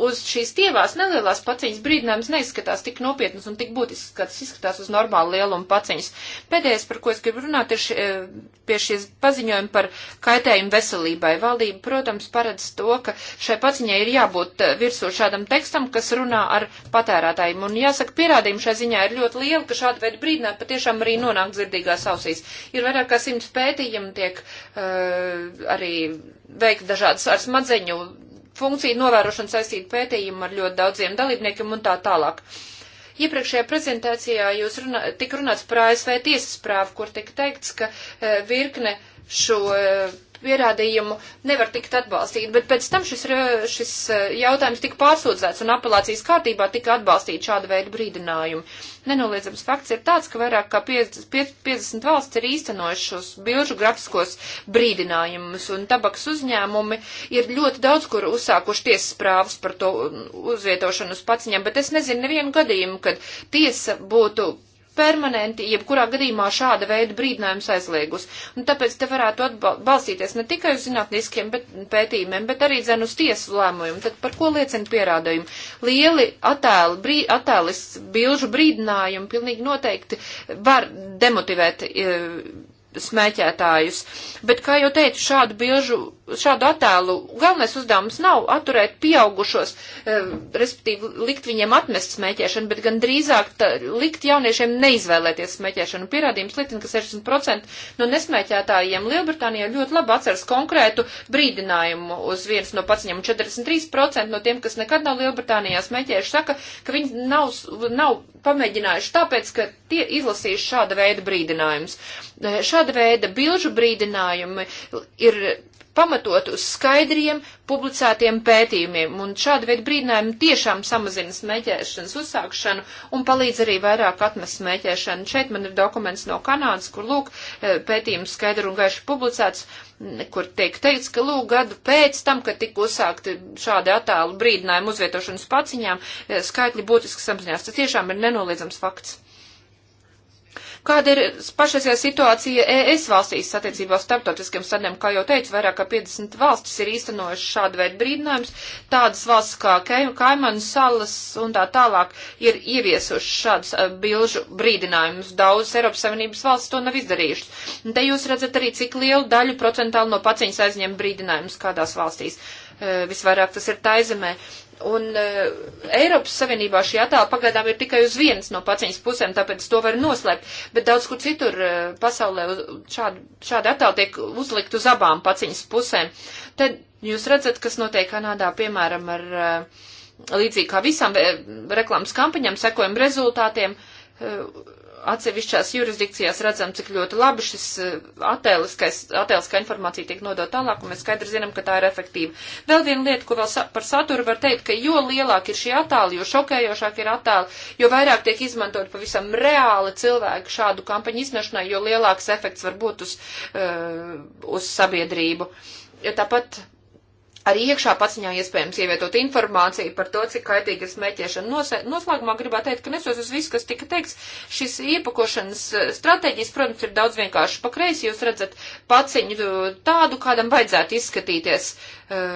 uz šīs tievās nelielās paciņas brīdinājums neizskatās tik nopietnas un tik būtisks, kāds izskatās uz normālu lielumu paciņas. Pēdējais, par ko es gribu runāt, ir šie, eh, pie šies paziņojumi par kaitējumu veselībai. Valdība, protams, paredz to, ka šai paciņai ir jābūt eh, virsū šādam tekstam, kas runā ar patērētājiem. Un jāsaka, pierādījumi šai ziņā ir ļoti lieli, ka šāda veida brīdinājumi patiešām arī nonāk dzirdīgās ausīs. Ir vairāk kā simts pētījumi tiek uh, arī veikti dažādas ar smadzeņu funkciju novērošanu saistītu pētījumu ar ļoti daudziem dalībniekiem un tā tālāk. Iepriekšējā prezentācijā jūs runā, tika runāts par ASV tiesas prāvu, kur tika teikts, ka eh, virkne šo eh, pierādījumu nevar tikt atbalstīt, bet pēc tam šis, šis e, jautājums tika pārsūdzēts un apelācijas kārtībā tika atbalstīt šāda veida brīdinājumu. Nenoliedzams fakts ir tāds, ka vairāk kā 50, 50 valsts ir īstenojuši šos bilžu grafiskos brīdinājumus, un tabaks uzņēmumi ir ļoti daudz, kur uzsākuši tiesas prāvas par to uzvietošanu uz paciņām, bet es nezinu nevienu gadījumu, kad tiesa būtu permanenti, jebkurā gadījumā šāda veida brīdinājums aizliegus. Un tāpēc te varētu balstīties ne tikai uz zinātniskiem bet, pētījumiem, bet arī zinu uz tiesu lēmumu. Tad par ko liecina pierādījumi? Lieli attēli, brī, attēlis, bilžu brīdinājumi pilnīgi noteikti var demotivēt. E, smēķētājus. Bet, kā jau teicu, šādu bilžu, šādu attēlu galvenais uzdevums nav atturēt pieaugušos, e, respektīvi likt viņiem atmest smēķēšanu, bet gan drīzāk tā, likt jauniešiem neizvēlēties smēķēšanu. Pierādījums liecina, ka 60% no nesmēķētājiem Lielbritānijā ļoti labi atceras konkrētu brīdinājumu uz viens no paciņiem. 43% no tiem, kas nekad nav Lielbritānijā smēķējuši, saka, ka viņi nav, nav pamēģinājuši tāpēc, ka tie izlasījuši šāda veida brīdinājumus. E, eh, šāda šāda veida bilžu brīdinājumi ir pamatot uz skaidriem publicētiem pētījumiem, un šāda veida brīdinājumi tiešām samazina smēķēšanas uzsākšanu un palīdz arī vairāk atmest smēķēšanu. Šeit man ir dokuments no Kanādas, kur, lūk, eh, pētījums skaidri un gaiši publicēts, kur tiek teikts, ka, lūk, gadu pēc tam, kad tika uzsākti šādi attēlu brīdinājumi uzvietošanas paciņām, eh, skaitļi būtiski samazinās. Tas tiešām ir nenoliedzams fakts. Kāda ir pašreizējā situācija ES valstīs attiecībā uz starptautiskiem sadarbiem? Kā jau teicu, vairāk kā 50 valstis ir īstenojuši šādu veidu brīdinājumus. Tādas valsts kā Kaimanu salas un tā tālāk ir ieviesuši šādus eh, bilžu brīdinājumus. Daudz Eiropas Savienības valsts to nav izdarījušas. Un te jūs redzat arī, cik lielu daļu procentāli no paciņas aizņem brīdinājumus kādās valstīs eh, visvairāk tas ir taizemē. Un uh, Eiropas Savienībā šī attēla pagaidām ir tikai uz vienas no paciņas pusēm, tāpēc to var noslēpt. Bet daudz kur citur uh, pasaulē šādi, šādi attēli tiek uzlikt uz abām paciņas pusēm. Tad jūs redzat, kas notiek Kanādā, piemēram, ar uh, līdzīgi kā visām reklāmas kampaņām, sekojam rezultātiem. Uh, atsevišķās jurisdikcijās redzam, cik ļoti labi šis eh, atēliskā informācija tiek nodot tālāk, un mēs skaidri zinām, ka tā ir efektīva. Vēl viena lieta, ko vēl sa par saturu var teikt, ka jo lielāk ir šie attēli, jo šokējošāk ir attēli, jo vairāk tiek izmantot pavisam reāli cilvēki šādu kampaņu iznešanai, jo lielāks efekts var būt uz, uh, uz sabiedrību. Ja tāpat Arī iekšā paciņā iespējams ievietot informāciju par to, cik kaitīgi ir smēķēšana. Noslēgumā gribētu teikt, ka nesos uz visu, kas tika teiks, šis iepakošanas eh, stratēģijas, protams, ir daudz vienkārši pa kreisi. Jūs redzat paciņu tādu, kādam vajadzētu izskatīties eh,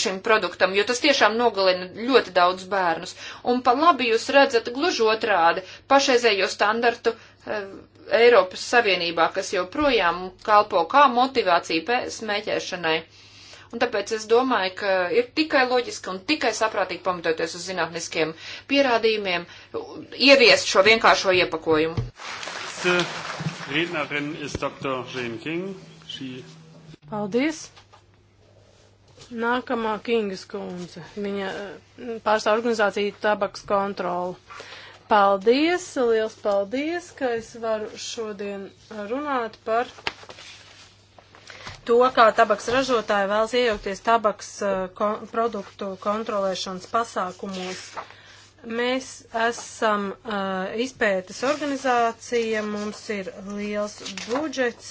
šim produktam, jo tas tiešām nogalina ļoti daudz bērnus. Un pa labi jūs redzat gluži otrādi pašreizējo standartu eh, Eiropas Savienībā, kas joprojām kalpo kā motivācija smēķēšanai. Un tāpēc es domāju, ka ir tikai loģiski un tikai saprātīgi pamatoties uz zinātniskiem pierādījumiem, ieviest šo vienkāršo iepakojumu. Paldies! Nākamā Kingas kundze. Viņa eh, pārstāv organizāciju tabaks kontrola. Paldies, liels paldies, ka es varu šodien runāt par to, kā tabaks ražotāji vēlas iejaukties tabaks uh, kon produktu kontrolēšanas pasākumos. Mēs esam uh, izpētes organizācija, mums ir liels budžets,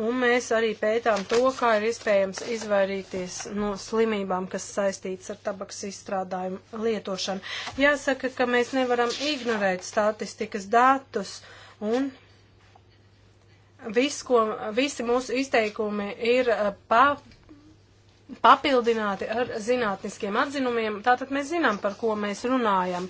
un mēs arī pētām to, kā ir iespējams izvairīties no slimībām, kas saistīts ar tabaks izstrādājumu lietošanu. Jāsaka, ka mēs nevaram ignorēt statistikas datus, un Viss, ko, visi mūsu izteikumi ir eh, pa, papildināti ar zinātniskiem atzinumiem. Tātad mēs zinām, par ko mēs runājam.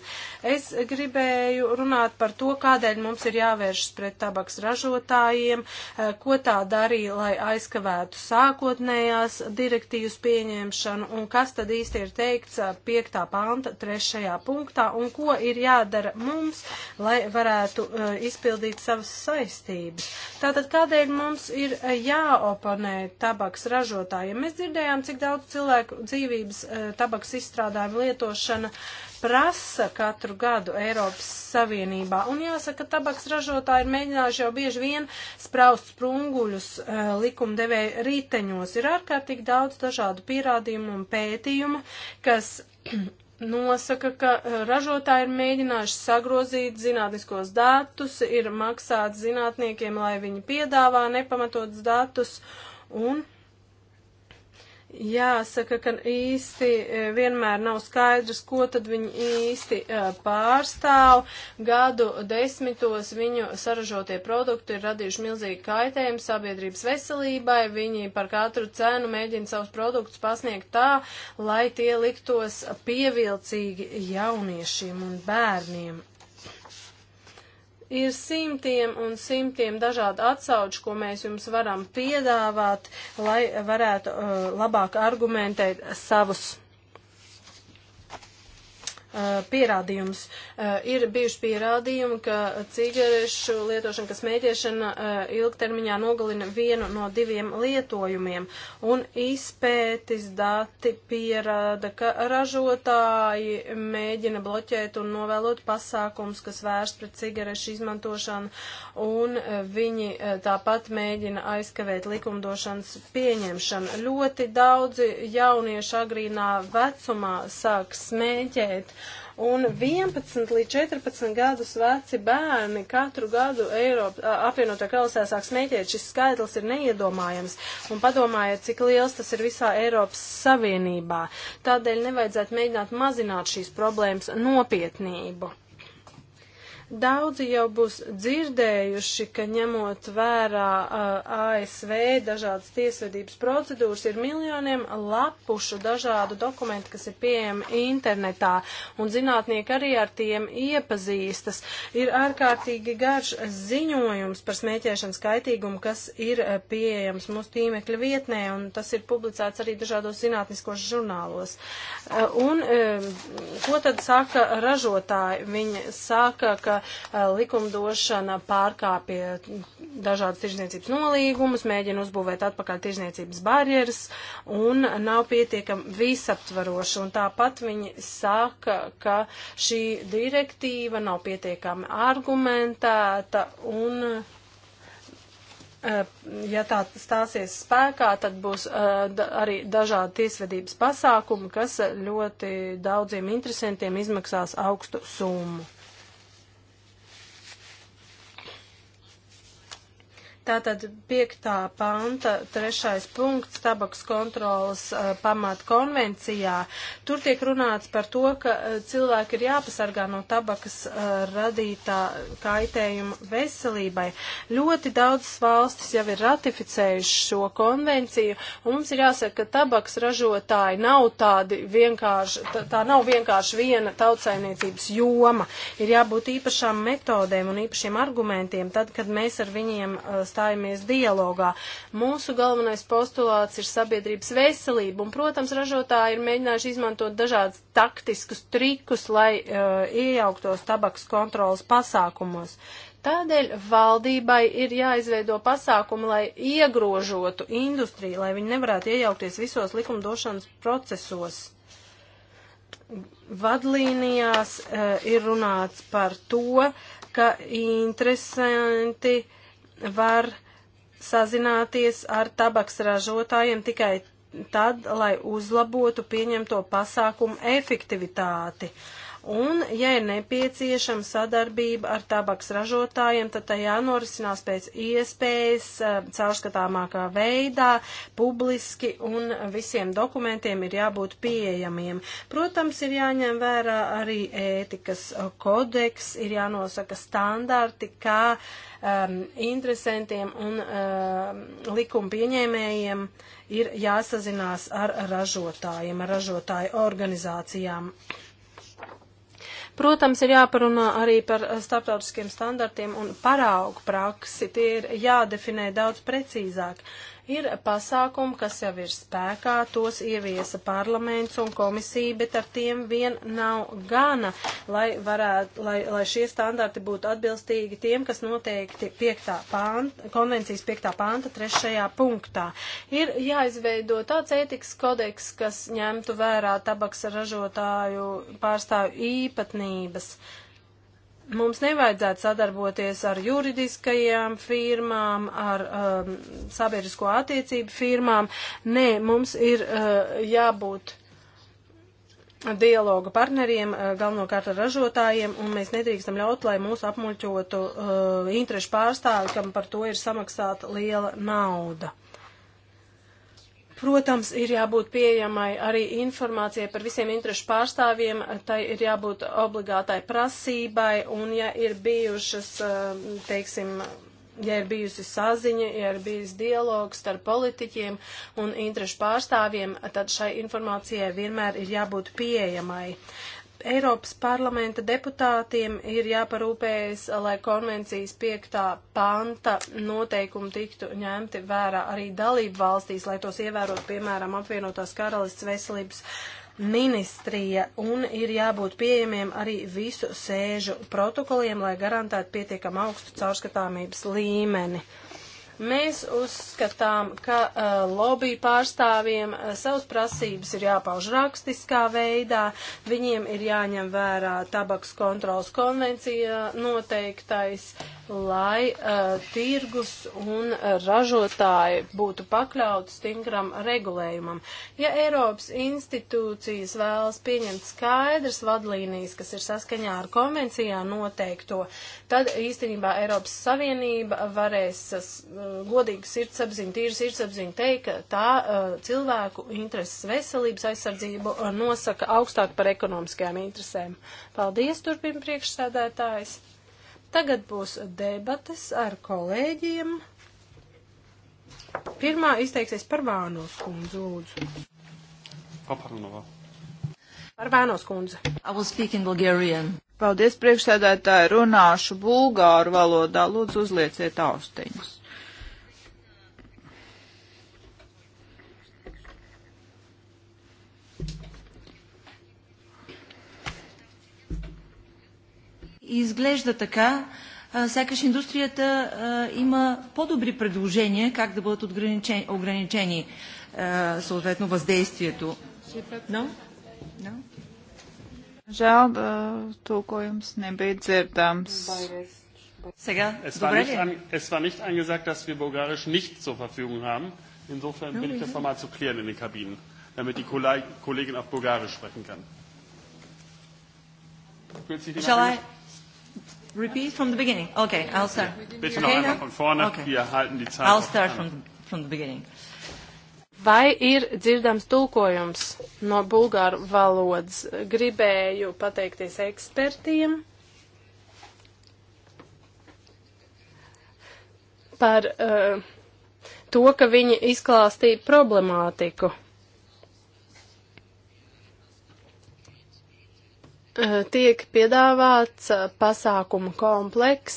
Es gribēju runāt par to, kādēļ mums ir jāvēršas pret tabaks ražotājiem, eh, ko tā darīja, lai aizkavētu sākotnējās direktīvas pieņemšanu un kas tad īsti ir teikts 5. Eh, panta 3. punktā un ko ir jādara mums, lai varētu eh, izpildīt savas saistības. Tātad kādēļ mums ir jāoponē tabaks ražotājiem? Mēs dzirdējām cik daudz cilvēku dzīvības eh, tabaks izstrādājuma lietošana prasa katru gadu Eiropas Savienībā. Un jāsaka, tabaks ražotāji ir mēģinājuši jau bieži vien spraust sprunguļus eh, likumdevēja riteņos. Ir ārkārtīgi daudz dažādu pierādījumu un pētījumu, kas nosaka, ka eh, ražotāji ir mēģinājuši sagrozīt zinātniskos datus, ir maksāts zinātniekiem, lai viņi piedāvā nepamatots datus un Jāsaka, ka īsti e, vienmēr nav skaidrs, ko tad viņi īsti e, pārstāv. Gadu desmitos viņu saražotie produkti ir radījuši milzīgi kaitējumu sabiedrības veselībai. Viņi par katru cenu mēģina savus produktus pasniegt tā, lai tie liktos pievilcīgi jauniešiem un bērniem. Ir simtiem un simtiem dažādu atsauču, ko mēs jums varam piedāvāt, lai varētu uh, labāk argumentēt savus pierādījums. Ir bijuši pierādījumi, ka cigarešu lietošana, kas mēģiešana ilgtermiņā nogalina vienu no diviem lietojumiem. Un izpētis dati pierāda, ka ražotāji mēģina bloķēt un novēlot pasākums, kas vērst pret cigarešu izmantošanu, un viņi tāpat mēģina aizkavēt likumdošanas pieņemšanu. Ļoti daudzi jaunieši agrīnā vecumā sāk smēķēt, Un 11 līdz 14 gadus veci bērni katru gadu Eiropa, apvienotā kralusē sāk smēķēt. Šis skaitlis ir neiedomājams. Un padomājiet, cik liels tas ir visā Eiropas Savienībā. Tādēļ nevajadzētu mēģināt mazināt šīs problēmas nopietnību. Daudzi jau būs dzirdējuši, ka ņemot vērā uh, ASV dažādas tiesvedības procedūras, ir miljoniem lapušu dažādu dokumentu, kas ir pieejami internetā, un zinātnieki arī ar tiem iepazīstas. Ir ārkārtīgi garš ziņojums par smēķēšanas kaitīgumu, kas ir pieejams mūsu tīmekļa vietnē, un tas ir publicēts arī dažādos zinātniskos žurnālos. Un ko tad saka ražotāji? Viņi saka, ka Eh, likumdošana pārkāpja dažādas tirzniecības nolīgumus, mēģina uzbūvēt atpakaļ tirzniecības barjeras un nav pietiekami visaptvaroša. Un tāpat viņi saka, ka šī direktīva nav pietiekami argumentēta un eh, ja tā stāsies spēkā, tad būs eh, arī dažādi tiesvedības pasākumi, kas ļoti daudziem interesantiem izmaksās augstu summu. Tātad 5. panta, 3. punkts tabaks kontrolas uh, pamat konvencijā. Tur tiek runāts par to, ka uh, cilvēki ir jāpasargā no tabakas uh, radītā kaitējuma veselībai. Ļoti daudzas valstis jau ir ratificējušas šo konvenciju, un mums ir jāsaka, ka tabaks ražotāji nav tādi vienkārši, tā, tā nav vienkārši viena tautsainiecības joma. Ir jābūt īpašām metodēm un īpašiem argumentiem, tad, kad mēs ar viņiem strādājam iestājamies dialogā. Mūsu galvenais postulāts ir sabiedrības veselība, un, protams, ražotāji ir mēģinājuši izmantot dažādas taktiskus trikus, lai uh, iejauktos tabaks kontrolas pasākumos. Tādēļ valdībai ir jāizveido pasākumi, lai iegrožotu industriju, lai viņi nevarētu iejaukties visos likumdošanas procesos vadlīnijās uh, ir runāts par to, ka interesanti uh, var sazināties ar tabaks ražotājiem tikai tad, lai uzlabotu pieņemto pasākumu efektivitāti. Uh, Un, ja ir nepieciešama sadarbība ar tabaks ražotājiem, tad tā jānorisinās pēc iespējas eh, caurskatāmākā veidā, publiski un visiem dokumentiem ir jābūt pieejamiem. Protams, ir jāņem vērā arī ētikas kodeks, ir jānosaka standarti, kā um, ehm, interesantiem un um, ehm, likuma pieņēmējiem ir jāsazinās ar ražotājiem, ar ražotāju organizācijām. Protams, ir jāparunā arī par eh, starptautiskiem standartiem un paraugu praksi. Tie ir jādefinē daudz precīzāk. Ir pasākumi, kas jau ir spēkā, tos ieviesa parlaments un komisija, bet ar tiem vien nav gana, lai, varētu, lai, lai šie standarti būtu atbilstīgi tiem, kas noteikti 5. Pānta, konvencijas 5. panta 3. punktā. Ir jāizveido tāds ētikas kodeks, kas ņemtu vērā tabaks ražotāju pārstāvju īpatnības. Uh, mums nevajadzētu sadarboties ar juridiskajām firmām, ar um, sabiedrisko attiecību firmām. Nē, mums ir uh, jābūt dialoga partneriem, uh, galvenokārt ar ražotājiem, un mēs nedrīkstam ļaut, lai mūs apmuļķotu uh, interešu pārstāvi, kam par to ir samaksāta liela nauda. Protams, ir jābūt pieejamai arī informācijai par visiem interešu pārstāvjiem, tai ir jābūt obligātai prasībai, un ja ir bijušas, eh, teiksim, ja ir bijusi saziņa, ja ir bijis dialogs starp politiķiem un interešu pārstāvjiem, tad šai informācijai vienmēr ir jābūt pieejamai. Eiropas parlamenta deputātiem ir jāparūpējas, lai konvencijas piektā panta noteikumi tiktu ņemti vērā arī dalību valstīs, lai tos ievērot, piemēram, apvienotās karalists veselības ministrija un ir jābūt pieejamiem arī visu sēžu protokoliem, lai garantētu pietiekam augstu caurskatāmības līmeni. Mēs uzskatām, ka uh, lobby pārstāvjiem uh, savas prasības ir jāpauž rakstiskā veidā, viņiem ir jāņem vērā tabaks kontrols konvencija noteiktais, lai uh, tirgus un ražotāji būtu pakļauti stingram regulējumam. Ja Eiropas institūcijas vēlas pieņemt skaidrs vadlīnijas, kas ir saskaņā ar konvencijā noteikto, tad īstenībā Eiropas Savienība varēs uh, godīga sirdsapziņa, tīra sirdsapziņa teikt, ka tā eh, cilvēku intereses veselības aizsardzību eh, nosaka augstāk par ekonomiskajām interesēm. Paldies, turpina priekšsēdētājs. Tagad būs debates ar kolēģiem. Pirmā izteiksies par Vānos kundzu, lūdzu. Paparunova. Par Vānos kundzu. I will speak in Bulgarian. Paldies, priekšsēdētāji, runāšu bulgāru valodā. Lūdzu, uzlieciet austiņas. И изглежда така, сякаш индустрията а, има по-добри предложения как да бъдат ограничени, ограничени а, съответно въздействието. No? No? Žēl, tulkojums nebija dzirdams. Сега, es war, nicht an, es war nicht angesagt, dass wir Bulgarisch nicht zur Verfügung haben. Insofern no, bin ich das nochmal zu klären in den Kabinen, damit die Kollegin auf Bulgarisch sprechen kann. Shall I? Repeat from the beginning. Okay, I'll start. Bitte noch okay, einmal von vorne. Okay. Wir halten die Zeit. I'll start from, from the beginning. Vai ir dzirdams tulkojums no bulgāru valodas? Gribēju pateikties ekspertiem par uh, to, ka viņi izklāstīja problemātiku. Eh, tiek piedāvāts eh, pasākumu komplekss,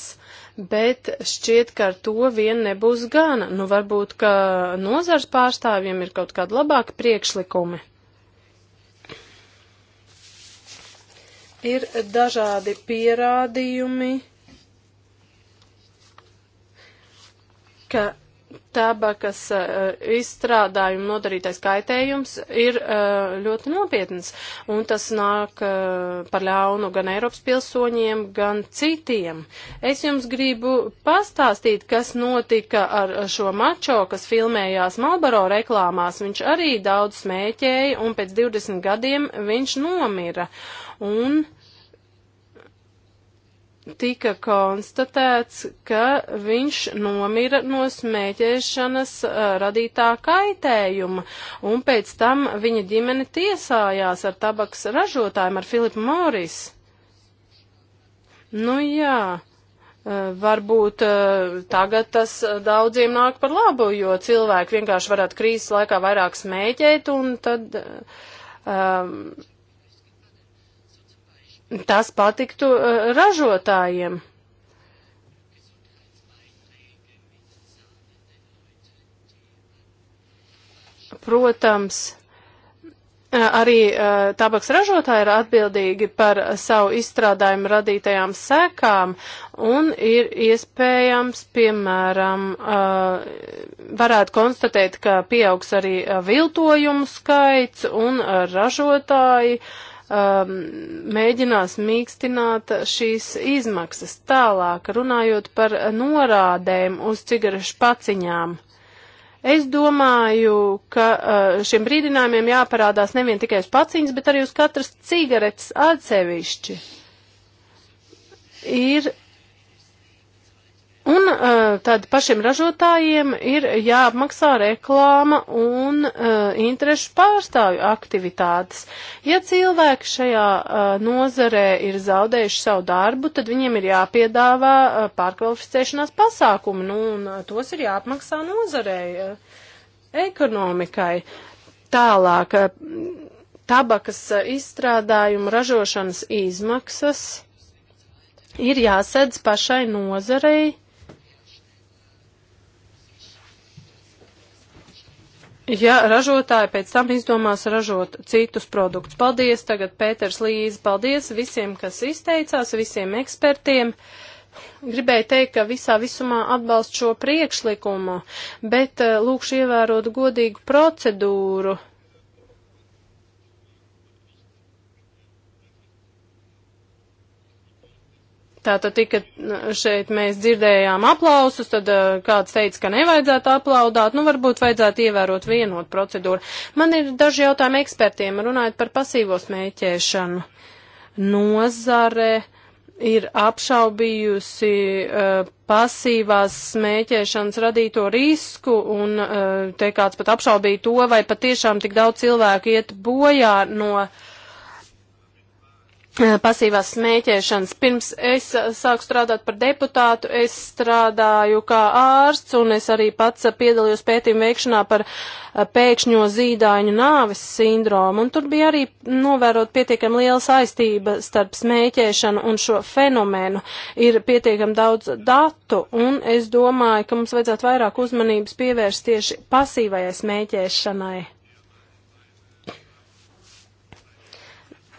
bet šķiet, ka ar to vien nebūs gana. Nu, varbūt, ka nozars pārstāvjiem ir kaut kādi labāki priekšlikumi. Ir dažādi pierādījumi, ka tabakas uh, eh, izstrādājuma nodarītais kaitējums ir uh, ļoti nopietns, un tas nāk uh, par ļaunu gan Eiropas pilsoņiem, gan citiem. Es jums gribu pastāstīt, kas notika ar šo mačo, kas filmējās Malbaro reklāmās. Viņš arī daudz smēķēja, un pēc 20 gadiem viņš nomira. Un, uh, tika konstatēts, ka viņš nomira no smēķēšanas uh, radītā kaitējuma, un pēc tam viņa ģimene tiesājās ar tabaks ražotājiem, ar Filipu Moris. Nu jā, uh, varbūt uh, tagad tas uh, daudziem nāk par labu, jo cilvēki vienkārši varētu krīzes laikā vairāk smēķēt, un tad. Uh, um, tas patiktu eh, ražotājiem. Protams, eh, arī uh, tabaks ražotāji ir atbildīgi par savu izstrādājumu radītajām sekām un ir iespējams, piemēram, uh, varētu konstatēt, ka pieaugs arī viltojumu skaits un ražotāji uh, um, mēģinās mīkstināt šīs izmaksas. Tālāk, runājot par norādēm uz cigarešu paciņām. Es domāju, ka uh, šiem brīdinājumiem jāparādās nevien tikai uz paciņas, bet arī uz katras cigaretes atsevišķi. Ir Un uh, tad pašiem ražotājiem ir jāapmaksā reklāma un uh, interešu pārstāvju aktivitātes. Ja cilvēki šajā uh, nozarē ir zaudējuši savu darbu, tad viņiem ir jāpiedāvā uh, pārkvalificēšanās pasākumi, nu, un uh, tos ir jāapmaksā nozarei, uh, ekonomikai. Tālāk, uh, tabakas uh, izstrādājumu ražošanas izmaksas. Ir jāsedz pašai nozarei, Ja ražotāji pēc tam izdomās ražot citus produktus. Paldies tagad Pēters Līze, paldies visiem, kas izteicās, visiem ekspertiem. Gribēju teikt, ka visā visumā atbalst šo priekšlikumu, bet eh, lūkšu ievērot godīgu procedūru. Tātad tika šeit mēs dzirdējām aplausus, tad eh, kāds teica, ka nevajadzētu aplaudāt, nu varbūt vajadzētu ievērot vienot procedūru. Man ir daži jautājumi ekspertiem, runājot par pasīvo smēķēšanu. Nozare ir apšaubījusi uh, pasīvās smēķēšanas radīto risku, un uh, te kāds pat apšaubīja to, vai patiešām tik daudz cilvēku iet bojā no. Uh, Eh, pasīvās smēķēšanas. Pirms es eh, sāku strādāt par deputātu, es strādāju kā ārsts un es arī pats eh, piedalījos pētījumu veikšanā par pēkšņo zīdaiņu nāves sindromu. Un tur bija arī novērot pietiekam liela saistība starp smēķēšanu un šo fenomenu. Ir pietiekam daudz datu un es domāju, ka mums vajadzētu vairāk uzmanības pievērst tieši pasīvajai smēķēšanai.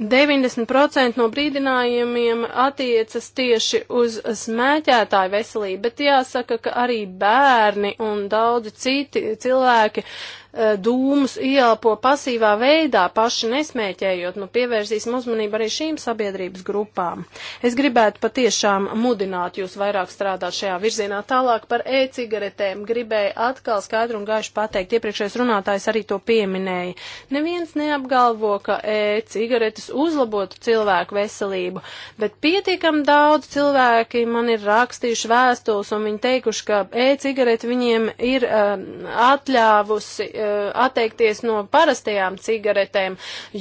90% no brīdinājumiem attiecas tieši uz smēķētāju veselību, bet jāsaka, ka arī bērni un daudzi citi cilvēki E, dūmus ielpo pasīvā veidā, paši nesmēķējot, nu pievērsīsim uzmanību arī šīm sabiedrības grupām. Es gribētu patiešām mudināt jūs vairāk strādāt šajā virzienā tālāk par e-cigaretēm. Gribēju atkal skaidru un gaišu pateikt, iepriekšējais runātājs arī to pieminēja. Neviens neapgalvo, ka e-cigaretes uzlabotu cilvēku veselību, bet pietiekam daudz cilvēki man ir rakstījuši vēstules un viņi teikuši, ka e-cigarete viņiem ir um, atļāvusi e, Eh, atteikties no parastajām cigaretēm,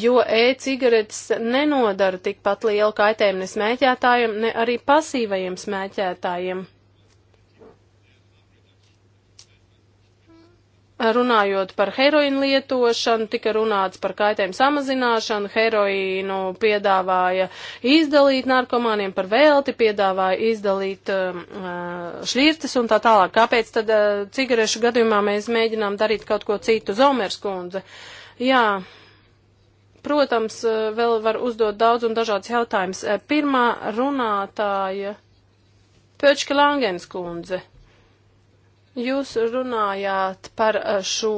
jo e-cigaretes nenodara tikpat lielu kaitējumu ne smēķētājiem, ne arī pasīvajiem smēķētājiem. Runājot par heroīnu lietošanu, tika runāts par kaitējumu samazināšanu, heroīnu piedāvāja izdalīt narkomāniem par velti, piedāvāja izdalīt um, uh, šķirtes un tā tālāk. Kāpēc tad uh, cigarešu gadījumā mēs mēģinām darīt kaut ko citu? Zomers kundze. Jā. Protams, uh, vēl var uzdot daudz un dažādas jautājumas. Uh, pirmā runātāja Pöčka Langens kundze. Jūs runājāt par eh, šo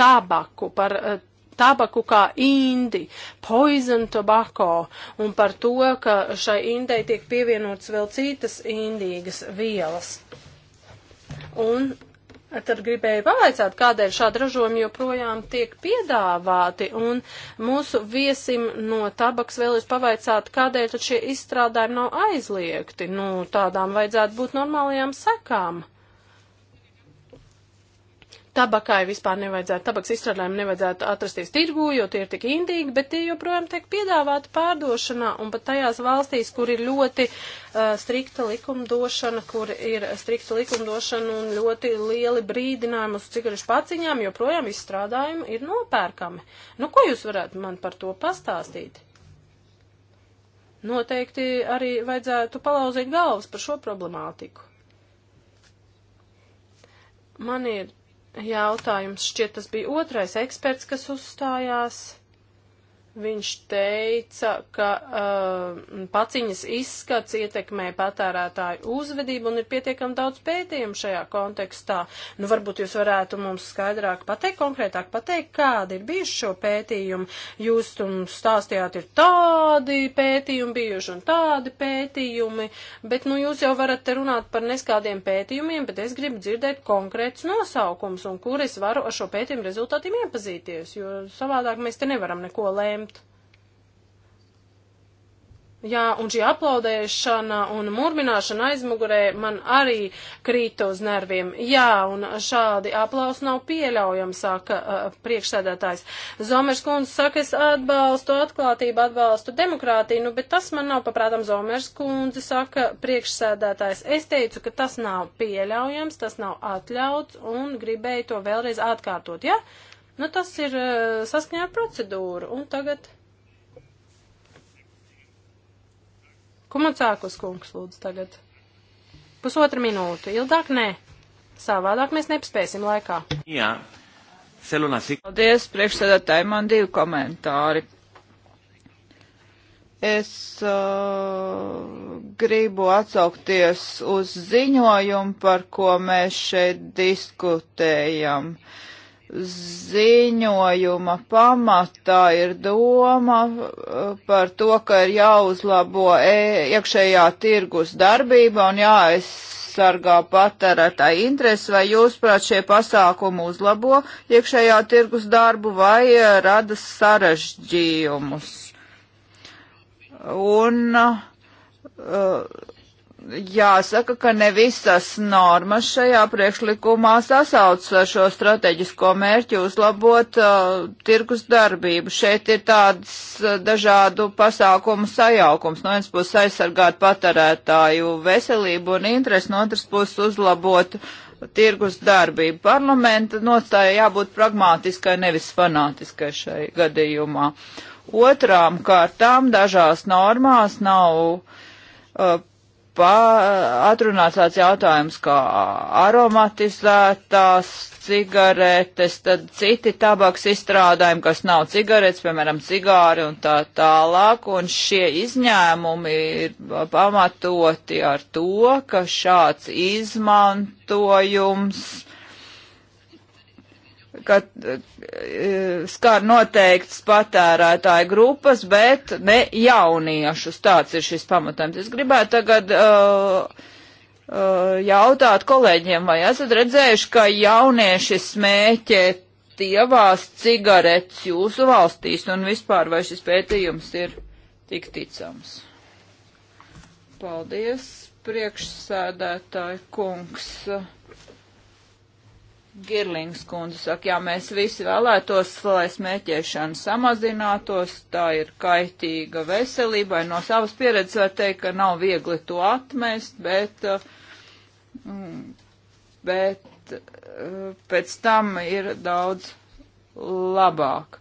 tabaku, par eh, tabaku kā indi, poison tobacco, un par to, ka šai indai tiek pievienotas vēl citas indīgas vielas. Un Tad gribēju pavaicāt, kādēļ šādi ražojumi joprojām tiek piedāvāti, un mūsu viesim no tabaks vēlies pavaicāt, kādēļ tad šie izstrādājumi nav aizliegti. Nu, tādām vajadzētu būt normālajām sekām tabakai vispār nevajadzētu, tabaks izstrādājumi nevajadzētu atrasties tirgū, jo tie ir tik indīgi, bet tie joprojām tiek piedāvāti pārdošanā un pat tajās valstīs, kur ir ļoti uh, strikta likumdošana, kur ir strikta likumdošana un ļoti lieli brīdinājumi uz cigarešu paciņām, joprojām izstrādājumi ir nopērkami. Nu, ko jūs varētu man par to pastāstīt? Noteikti arī vajadzētu palauzīt galvas par šo problemātiku. Man ir jautājums. Šķiet, tas bija otrais eksperts, kas uzstājās. Viņš teica, ka uh, paciņas izskats ietekmē patērētāju uzvedību un ir pietiekami daudz pētījumu šajā kontekstā. Nu, varbūt jūs varētu mums skaidrāk pateikt, konkrētāk pateikt, kādi ir bijuši šo pētījumu. Jūs mums stāstījāt, ir tādi pētījumi bijuši un tādi pētījumi, bet, nu, jūs jau varat te runāt par neskādiem pētījumiem, bet es gribu dzirdēt konkrēts nosaukums un kur es varu ar šo pētījumu rezultātiem iepazīties, jo savādāk mēs te nevaram neko lēmt lemt. Jā, un šī aplaudēšana un murmināšana aizmugurē man arī krīt uz nerviem. Jā, un šādi aplaus nav pieļaujami, saka uh, priekšsēdētājs. Zomers kundze saka, es atbalstu atklātību, atbalstu demokrātiju, nu, bet tas man nav paprātam. Zomers kundze saka, priekšsēdētājs, es teicu, ka tas nav pieļaujams, tas nav atļauts un gribēju to vēlreiz atkārtot, jā? Ja? Nu, tas ir eh, saskaņā ar procedūru. Un tagad. Kumacākus kungs lūdzu tagad. Pusotra minūte. Ilgāk nē. Savādāk mēs nepaspēsim laikā. Jā. Celunasik. Paldies, priekšsēdētāji. Man divi komentāri. Es uh, gribu atsaukties uz ziņojumu, par ko mēs šeit diskutējam. Uh, ziņojuma pamatā ir doma eh, par to, ka ir jāuzlabo e, iekšējā tirgus darbība un jāaizsargā patērētāji interesi, vai jūs, prāt, šie pasākumi uzlabo iekšējā tirgus darbu vai e, rada sarežģījumus? Un uh, jāsaka, ka ne visas normas šajā priekšlikumā sasaucas ar šo strateģisko mērķu uzlabot uh, tirgus darbību. Šeit ir tāds uh, dažādu pasākumu sajaukums. No vienas puses aizsargāt patarētāju veselību un interesi, no otras puses uzlabot tirgus darbību. Parlamenta nostāja jābūt pragmātiskai, nevis fanātiskai šai gadījumā. Otrām kārtām dažās normās nav uh, atrunāt tāds jautājums kā aromatizētās cigaretes, tad citi tabaks izstrādājumi, kas nav cigaretes, piemēram, cigāri un tā tālāk, un šie izņēmumi ir pamatoti ar to, ka šāds izmantojums ka eh, skar noteikts patērētāju grupas, bet ne jauniešus. Tāds ir šis pamatojums. Es gribētu tagad uh, uh, jautāt kolēģiem, vai esat redzējuši, ka jaunieši smēķē tievās cigaretes jūsu valstīs un vispār vai šis pētījums ir tik ticams? Paldies, priekšsēdētāji kungs. Uh, Girlings kundze saka, jā, mēs visi vēlētos, lai smēķēšana samazinātos, tā ir kaitīga veselībai. No savas pieredzes var teikt, ka nav viegli to atmest, bet, uh, mm, bet uh, pēc tam ir daudz labāk.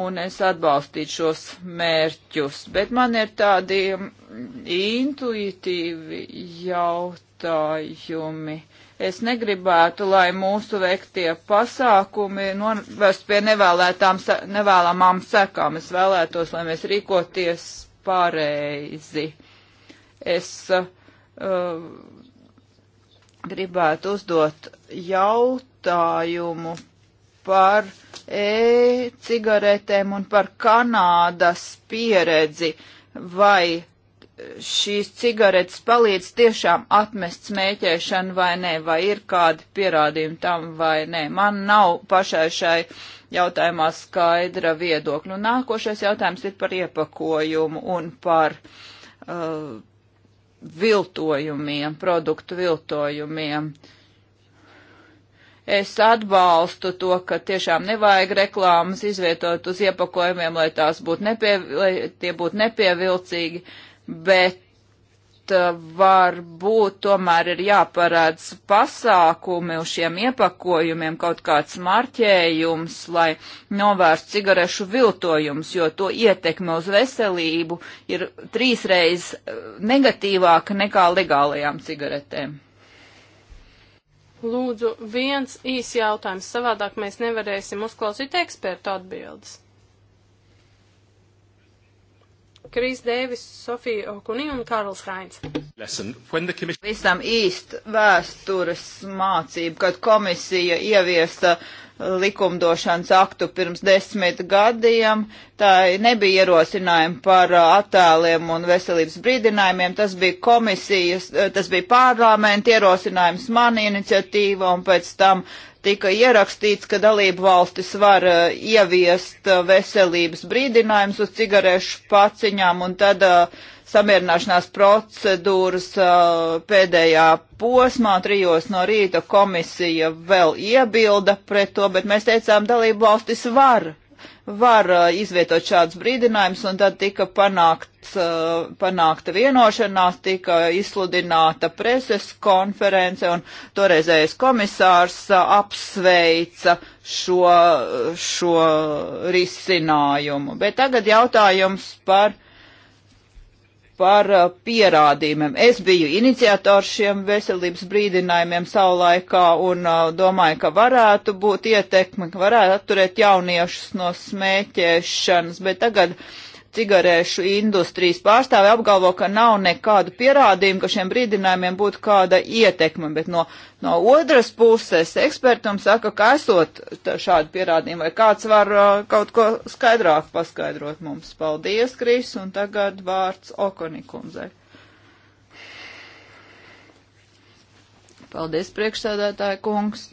Un es atbalstītu šos mērķus, bet man ir tādi mm, intuitīvi jautājumi Es negribētu, lai mūsu veiktie pasākumi novest pie nevēlētām, nevēlamām sekām. Es vēlētos, lai mēs rīkoties pareizi. Es uh, gribētu uzdot jautājumu par e-cigaretēm un par Kanādas pieredzi. Vai šīs cigaretes palīdz tiešām atmest smēķēšanu vai nē, vai ir kādi pierādījumi tam vai nē. Man nav pašai šai jautājumā skaidra viedokļa. Un nākošais jautājums ir par iepakojumu un par uh, viltojumiem, produktu viltojumiem. Es atbalstu to, ka tiešām nevajag reklāmas izvietot uz iepakojumiem, lai tās būtu nepie, lai tie būtu nepievilcīgi. Uh, bet uh, varbūt tomēr ir jāparāds pasākumi uz šiem iepakojumiem, kaut kāds marķējums, lai novērstu cigarešu viltojums, jo to ietekme uz veselību ir trīsreiz uh, negatīvāka nekā legālajām cigaretēm. Lūdzu, viens īs jautājums, savādāk mēs nevarēsim uzklausīt ekspertu atbildes. Kris Dēvis, Sofija Okunī un Karls Hainz. Visam īst vēstures mācību, kad komisija ieviesa likumdošanas aktu pirms desmit gadiem, tā nebija ierosinājumi par uh, attēliem un veselības brīdinājumiem, tas bija komisijas, uh, tas bija parlamenta ierosinājums, mana iniciatīva un pēc tam uh, tika ierakstīts, ka dalību valstis var uh, ieviest uh, veselības brīdinājumus uz cigarešu paciņām un tad uh, samierināšanās procedūras pēdējā posmā trijos no rīta komisija vēl iebilda pret to, bet mēs teicām, dalību valstis var var uh, izvietot šādus brīdinājumus, un tad tika panākts, uh, panākta vienošanās, tika izsludināta preses konference, un toreizējais komisārs uh, apsveica šo, uh, šo risinājumu. Bet tagad jautājums par uh, par uh, pierādījumiem. Es biju iniciators šiem veselības brīdinājumiem savulaikā un uh, domāju, ka varētu būt ietekme, ka varētu atturēt jauniešus no smēķēšanas, bet tagad uh, cigarēšu industrijas pārstāvi apgalvo, ka nav nekādu pierādījumu, ka šiem brīdinājumiem būtu kāda ietekme, bet no, no otras puses ekspertam saka, ka esot šādu pierādījumu, vai kāds var uh, kaut ko skaidrāk paskaidrot mums. Paldies, Kris, un tagad vārds Okonikundzei. Paldies, priekšsēdētāja kungs.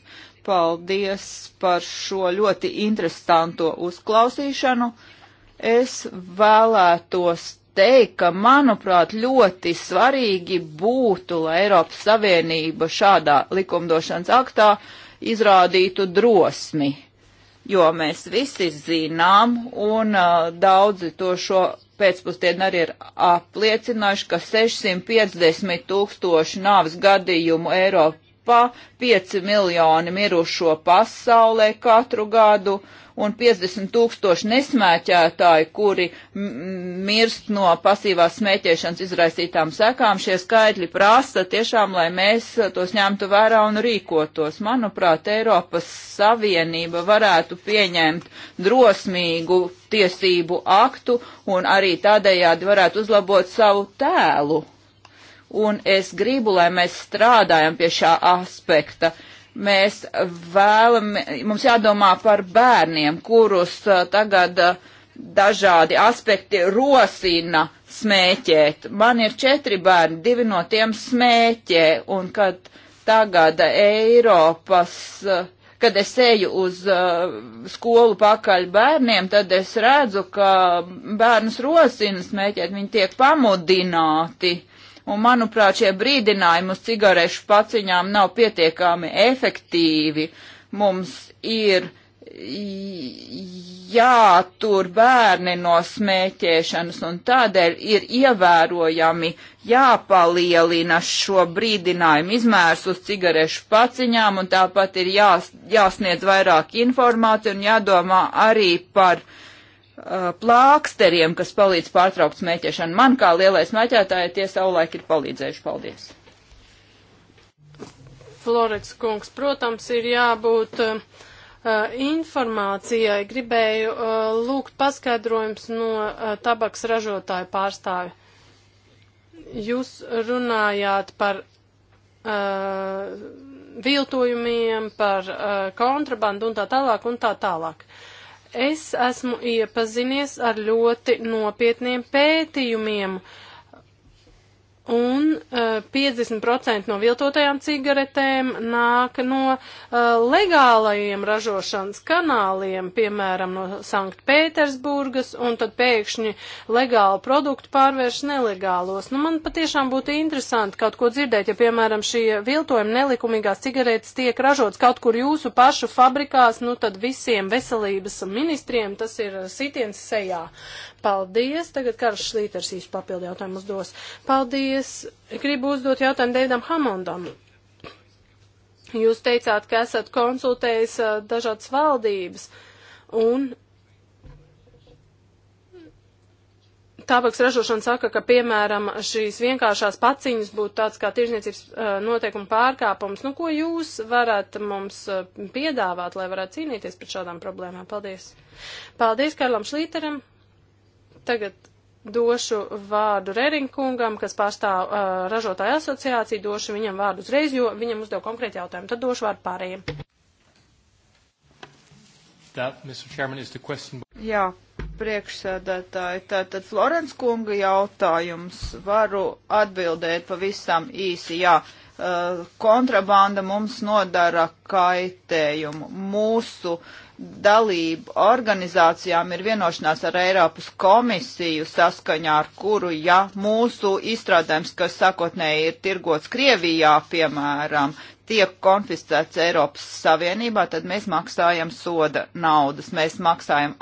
Paldies par šo ļoti interesanto uzklausīšanu. Uh, Es vēlētos teikt, ka, manuprāt, ļoti svarīgi būtu, lai Eiropas Savienība šādā likumdošanas aktā izrādītu drosmi, jo mēs visi zinām, un uh, daudzi to šo pēcpusdienu arī ir apliecinājuši, ka 650 tūkstoši nāves gadījumu Eiropā Eiropā, 5 miljoni mirušo pasaulē katru gadu un 50 tūkstoši nesmēķētāji, kuri mirst no pasīvās smēķēšanas izraisītām sekām. Šie skaitļi prasa tiešām, lai mēs tos ņemtu vērā un rīkotos. Manuprāt, Eiropas Savienība varētu pieņemt drosmīgu tiesību aktu un arī tādējādi varētu uzlabot savu tēlu un es gribu, lai mēs strādājam pie šā aspekta. Mēs vēlamies, mums jādomā par bērniem, kurus tagad dažādi aspekti rosina smēķēt. Man ir četri bērni, divi no tiem smēķē, un kad tagad Eiropas uh, kad es eju uz uh, skolu pakaļ bērniem, tad es redzu, ka bērnus rosina smēķēt, viņi tiek pamudināti. Uh, Un, manuprāt, šie brīdinājumi uz cigarešu paciņām nav pietiekami efektīvi. Mums ir jātur bērni no smēķēšanas, un tādēļ ir ievērojami jāpalielina šo brīdinājumu izmērs uz cigarešu paciņām, un tāpat ir jās, jāsniedz vairāk informāciju un jādomā arī par uh, Uh, plāksteriem, kas palīdz pārtraukt smēķēšanu. Man kā lielais smēķētāji tie savulaik ir palīdzējuši. Paldies! Florets kungs, protams, ir jābūt uh, uh, informācijai. Gribēju uh, lūgt paskaidrojums no uh, tabaks ražotāju pārstāvi. Jūs runājāt par uh, viltojumiem, par uh, kontrabandu un tā tālāk un tā tālāk. Uh, Es esmu iepazinies ar ļoti nopietniem pētījumiem. Uh, Un uh, eh, 50% no viltotajām cigaretēm nāk no uh, legālajiem ražošanas kanāliem, piemēram, no Sanktpētersburgas, un tad pēkšņi legālu produktu pārvērš nelegālos. Nu, man patiešām būtu interesanti kaut ko dzirdēt, ja, piemēram, šie viltojumi nelikumīgās cigaretes tiek ražots kaut kur jūsu pašu fabrikās, nu tad visiem veselības ministriem tas ir eh, sitiens sejā. Paldies! Tagad Karls Šlīters īsti papildu jautājumu uzdos. Paldies! Paldies! Gribu uzdot jautājumu Deividam Hamondam. Jūs teicāt, ka esat konsultējis dažādas valdības un tābaks ražošana saka, ka, piemēram, šīs vienkāršās paciņas būtu tāds kā tirzniecības uh, noteikuma pārkāpums. Nu, ko jūs varat mums uh, piedāvāt, lai varētu cīnīties pret šādām problēmām? Paldies. Paldies Karlam Šlīteram. Tagad došu vārdu Rerinkungam, kas pārstāv uh, ražotāju asociāciju, došu viņam vārdu uzreiz, jo viņam uzdev konkrēti jautājumu. Tad došu vārdu pārējiem. That, Chairman, Jā, priekšsēdētāji, tātad Florence kunga jautājums varu atbildēt pavisam īsi. Jā, uh, kontrabanda mums nodara kaitējumu mūsu uh, dalību organizācijām ir vienošanās ar Eiropas komisiju saskaņā ar kuru, ja mūsu izstrādājums, kas sākotnēji ir tirgots Krievijā, piemēram, tiek konfiscēts Eiropas Savienībā, tad mēs maksājam soda naudas. Mēs maksājam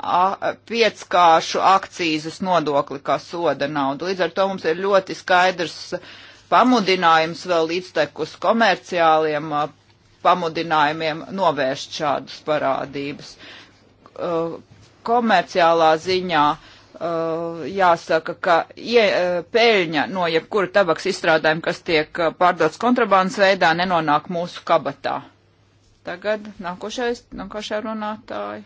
pieckāršu akcīzes nodokli kā soda naudu. Līdz ar to mums ir ļoti skaidrs pamudinājums vēl līdztekus komerciāliem pamudinājumiem novērst šādas parādības. Uh, komerciālā ziņā uh, jāsaka, ka uh, peļņa no jebkura tabaks izstrādājuma, kas tiek pārdots kontrabandas veidā, nenonāk mūsu kabatā. Tagad nākošais, nākošā runātāja.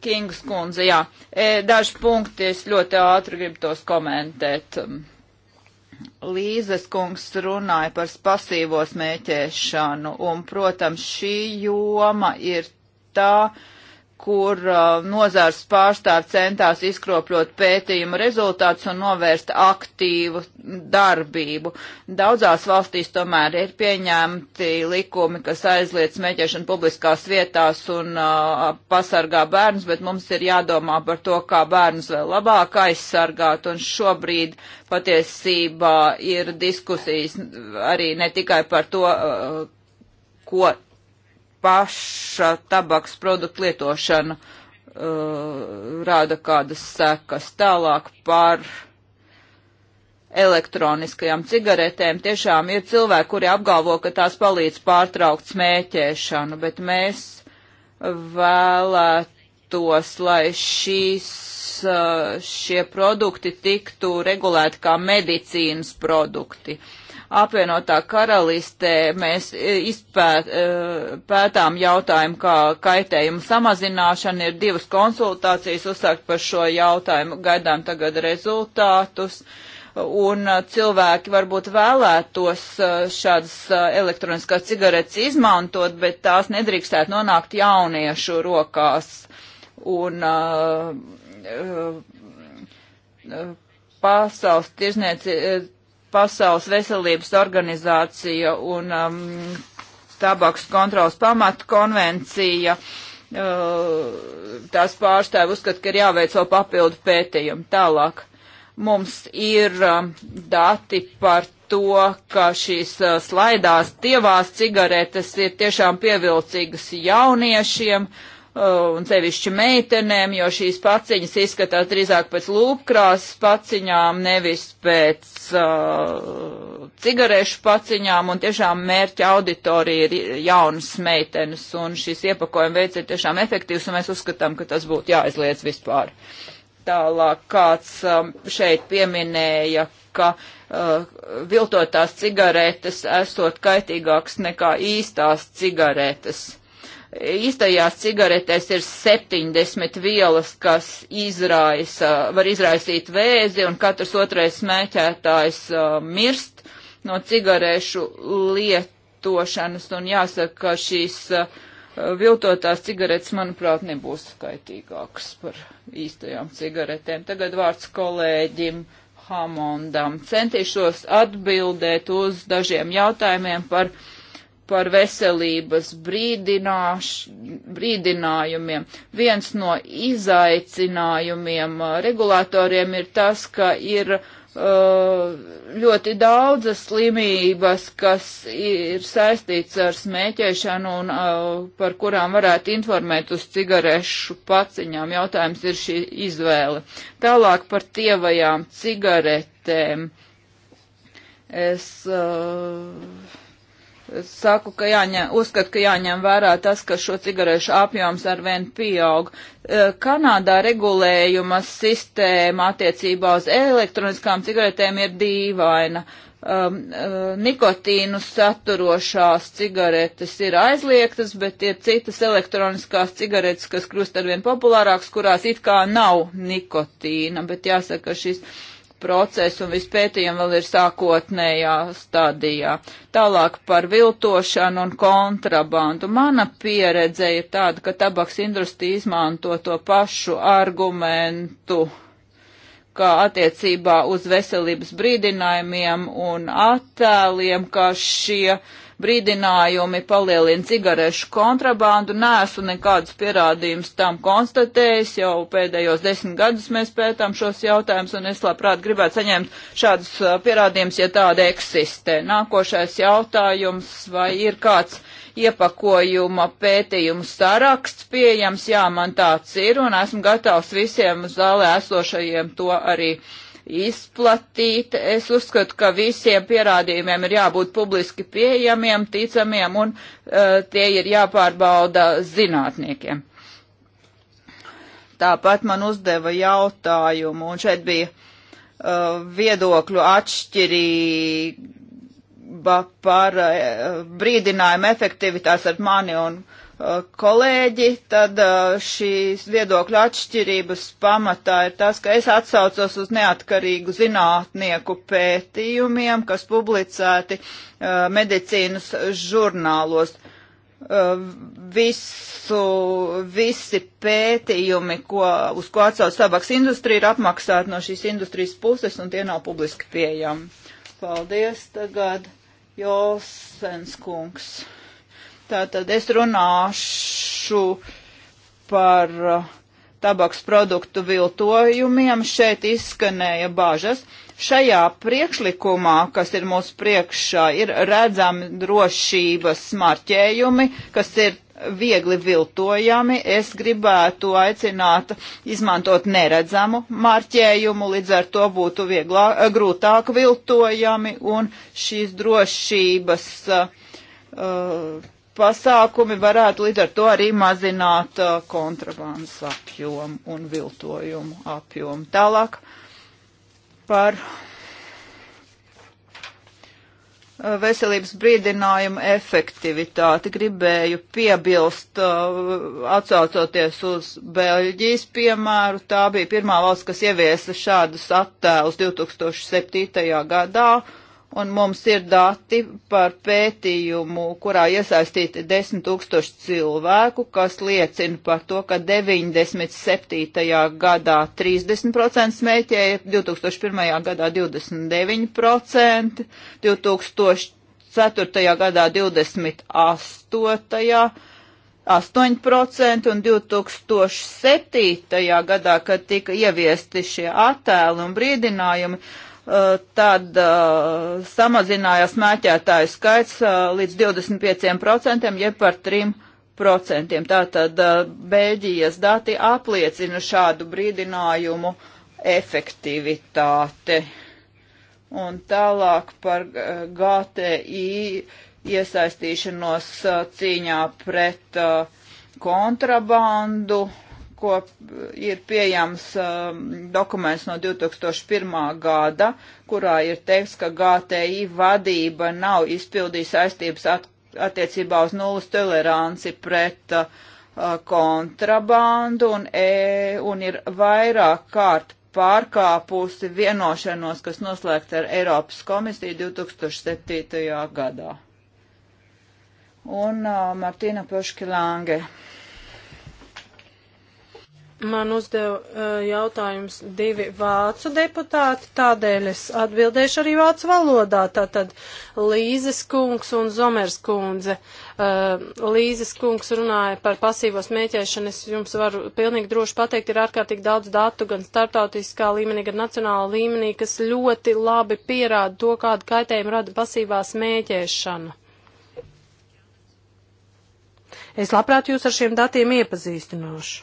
Kingas kundze, jā. E, daži punkti, es ļoti ātri gribu tos komentēt. Um, Līzes kungs runāja par pasīvo smēķēšanu, un, protams, šī joma ir tā, uh, kur uh, nozars pārstāv centās izkropļot pētījumu rezultātus un novērst aktīvu darbību. Daudzās valstīs tomēr ir pieņemti likumi, kas aizliedz smēķēšanu publiskās vietās un uh, pasargā bērnus, bet mums ir jādomā par to, kā bērnus vēl labāk aizsargāt. Un šobrīd patiesībā ir diskusijas arī ne tikai par to, uh, ko paša tabaks produktu lietošana uh, rāda kādas sekas. Tālāk par elektroniskajām cigaretēm tiešām ir cilvēki, kuri apgalvo, ka tās palīdz pārtraukt smēķēšanu, bet mēs vēlētos, lai šīs, uh, šie produkti tiktu regulēti kā medicīnas produkti. Uh, apvienotā karalistē mēs e, izpēt, e, pētām jautājumu, kā kaitējumu samazināšana. Ir divas konsultācijas uzsākt par šo jautājumu, gaidām tagad rezultātus. Un e, cilvēki varbūt vēlētos šādas elektroniskās cigaretes izmantot, bet tās nedrīkstētu nonākt jauniešu rokās. Un uh, uh, pasaules tirzniecības Pasaules veselības organizācija un um, tabaks kontrols pamata konvencija. Uh, tās pārstāv uzskat, ka ir jāveic vēl papildu pētījumi. Tālāk mums ir um, dati par to, ka šīs uh, slaidās tievās cigaretes ir tiešām pievilcīgas jauniešiem. Uh, un sevišķi meitenēm, jo šīs paciņas izskatās drīzāk pēc lūpkrāsas paciņām, nevis pēc uh, cigarešu paciņām, un tiešām mērķa auditorija ir jaunas meitenes, un šis iepakojuma veids ir tiešām efektīvs, un mēs uzskatām, ka tas būtu jāizliec vispār. Tālāk kāds um, šeit pieminēja, ka uh, viltotās cigaretes esot kaitīgāks nekā īstās cigaretes īstajās cigaretēs ir 70 vielas, kas izraisa, var izraisīt vēzi, un katrs otrais smēķētājs uh, mirst no cigarēšu lietošanas, un jāsaka, ka šīs uh, viltotās cigaretes, manuprāt, nebūs skaitīgākas par īstajām cigaretēm. Tagad vārds kolēģim Hamondam. Centīšos atbildēt uz dažiem jautājumiem par par veselības brīdinājumiem. Viens no izaicinājumiem uh, regulātoriem ir tas, ka ir uh, ļoti daudzas slimības, kas ir saistīts ar smēķēšanu un uh, par kurām varētu informēt uz cigarešu paciņām. Jautājums ir šī izvēle. Tālāk par tievajām cigaretēm. Es uh, saku, ka jāņem, uzskat, ka jāņem vērā tas, ka šo cigarešu apjoms arvien pieaug. E, Kanādā regulējuma sistēma attiecībā uz elektroniskām cigaretēm ir dīvaina. Um, e, nikotīnu saturošās cigaretes ir aizliegtas, bet ir citas elektroniskās cigaretes, kas kļūst arvien populārākas, kurās it kā nav nikotīna, bet jāsaka, šis process un vispētījumi vēl ir sākotnējā stadijā. Tālāk par viltošanu un kontrabandu. Mana pieredze ir tāda, ka tabaks industrija izmanto to pašu argumentu kā attiecībā uz veselības brīdinājumiem un attēliem, kā šie uh, brīdinājumi palielina cigarešu kontrabandu. Nēsu nekādus pierādījumus tam konstatējis, jau pēdējos desmit gadus mēs pētām šos jautājumus, un es labprāt gribētu saņemt šādus uh, pierādījumus, ja tāda eksistē. Nākošais jautājums, vai ir kāds iepakojuma pētījumu saraksts pieejams, jā, man tāds ir, un esmu gatavs visiem zālē esošajiem to arī izplatīta. Es uzskatu, ka visiem pierādījumiem ir jābūt publiski pieejamiem, ticamiem un uh, tie ir jāpārbauda zinātniekiem. Tāpat man uzdeva jautājumu, un šeit bija uh, viedokļu atšķirība par uh, brīdinājumu efektivitātes ar mani un uh, kolēģi, tad šīs viedokļu atšķirības pamatā ir tas, ka es atsaucos uz neatkarīgu zinātnieku pētījumiem, kas publicēti uh, medicīnas žurnālos. Uh, visu, visi pētījumi, ko, uz ko atsauc tabaks industrija, ir apmaksāti no šīs industrijas puses un tie nav publiski pieejami. Paldies tagad, Jolsens kungs. Tātad es runāšu par uh, tabaks produktu viltojumiem. Šeit izskanēja bažas. Šajā priekšlikumā, kas ir mūsu priekšā, ir redzami drošības marķējumi, kas ir viegli viltojami. Es gribētu aicināt izmantot neredzamu marķējumu, līdz ar to būtu vieglāk, grūtāk viltojami un šīs drošības uh, pasākumi varētu līdz ar to arī mazināt uh, kontrabandas apjomu un viltojumu apjomu. Tālāk par uh, veselības brīdinājumu efektivitāti. Gribēju piebilst, uh, atsaucoties uz Beļģijas piemēru, tā bija pirmā valsts, kas ieviesa šādus attēlus 2007. gadā un mums ir dati par pētījumu, kurā iesaistīti 10 tūkstoši cilvēku, kas liecina par to, ka 97. gadā 30% smēķēja, 2001. gadā 29%, 2004. gadā 28%. 8% un 2007. gadā, kad tika ieviesti šie attēli un brīdinājumi, uh, tad uh, samazinājās smēķētāju skaits uh, līdz 25%, jeb par 3%. Tātad uh, Bēļģijas dati apliecina šādu brīdinājumu efektivitāte. Un tālāk par uh, GTI iesaistīšanos uh, cīņā pret uh, kontrabandu ko ir pieejams um, dokuments no 2001. gada, kurā ir teikts, ka GTI vadība nav izpildījusi saistības at, attiecībā uz nulles toleranci pret uh, kontrabandu un, e, un ir vairāk kārt pārkāpusi vienošanos, kas noslēgta ar Eiropas komisiju 2007. gadā. Un uh, Martina Poškilānge. Man uzdev uh, jautājums divi vācu deputāti, tādēļ es atbildēšu arī vācu valodā. Tātad Līzes kungs un Zomers kundze. Uh, Līzes kungs runāja par pasīvo smēķēšanu. Es jums varu pilnīgi droši pateikt, ir ārkārtīgi daudz datu gan startautiskā līmenī, gan nacionālā līmenī, kas ļoti labi pierāda to, kādu kaitējumu rada pasīvā smēķēšana. Es labprāt jūs ar šiem datiem iepazīstināšu.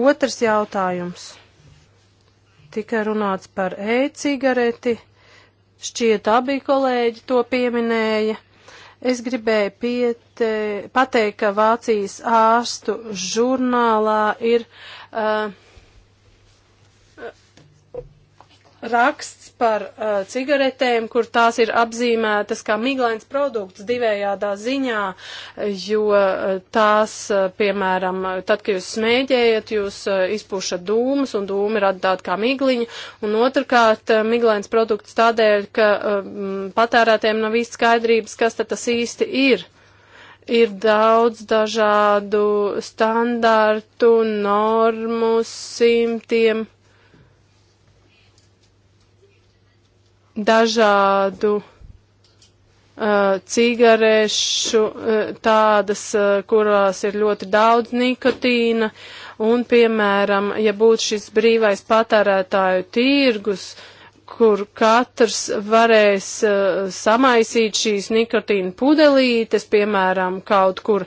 Otrs jautājums. Tika runāts par e-cigareti. Šķiet, abi kolēģi to pieminēja. Es gribēju piete, pateikt, ka Vācijas ārstu žurnālā ir uh, raksts par uh, cigaretēm, kur tās ir apzīmētas kā miglains produkts divējādā ziņā, jo uh, tās, uh, piemēram, tad, kad jūs smēķējat, jūs uh, izpūšat dūmus un dūmi ir atdāta kā migliņa, un otrkārt uh, miglains produkts tādēļ, ka uh, patērētiem nav īsti skaidrības, kas tad tas īsti ir ir daudz dažādu standartu, normu, simtiem. dažādu uh, cigarešu, uh, tādas, uh, kurās ir ļoti daudz nikotīna, un, piemēram, ja būtu šis brīvais patērētāju tirgus, uh, kur katrs varēs uh, samaisīt šīs nikotīna pudelītes, piemēram, kaut kur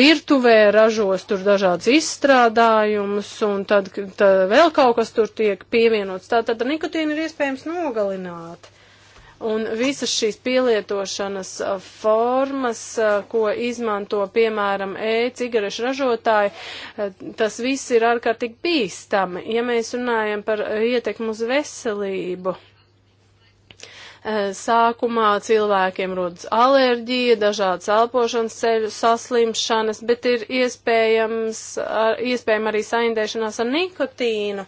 virtuvē ražos tur dažādas izstrādājumus, un tad, tad vēl kaut kas tur tiek pievienots. Tātad nikotīnu ir iespējams nogalināt. Un visas šīs pielietošanas uh, formas, uh, ko izmanto, piemēram, e-cigarešu ražotāji, uh, tas viss ir ārkārtīgi bīstami, ja mēs runājam par ietekmu uz veselību. E, sākumā cilvēkiem rodas alerģija, dažādas elpošanas ceļu saslimšanas, bet ir iespējams, iespējama arī saindēšanās ar nikotīnu.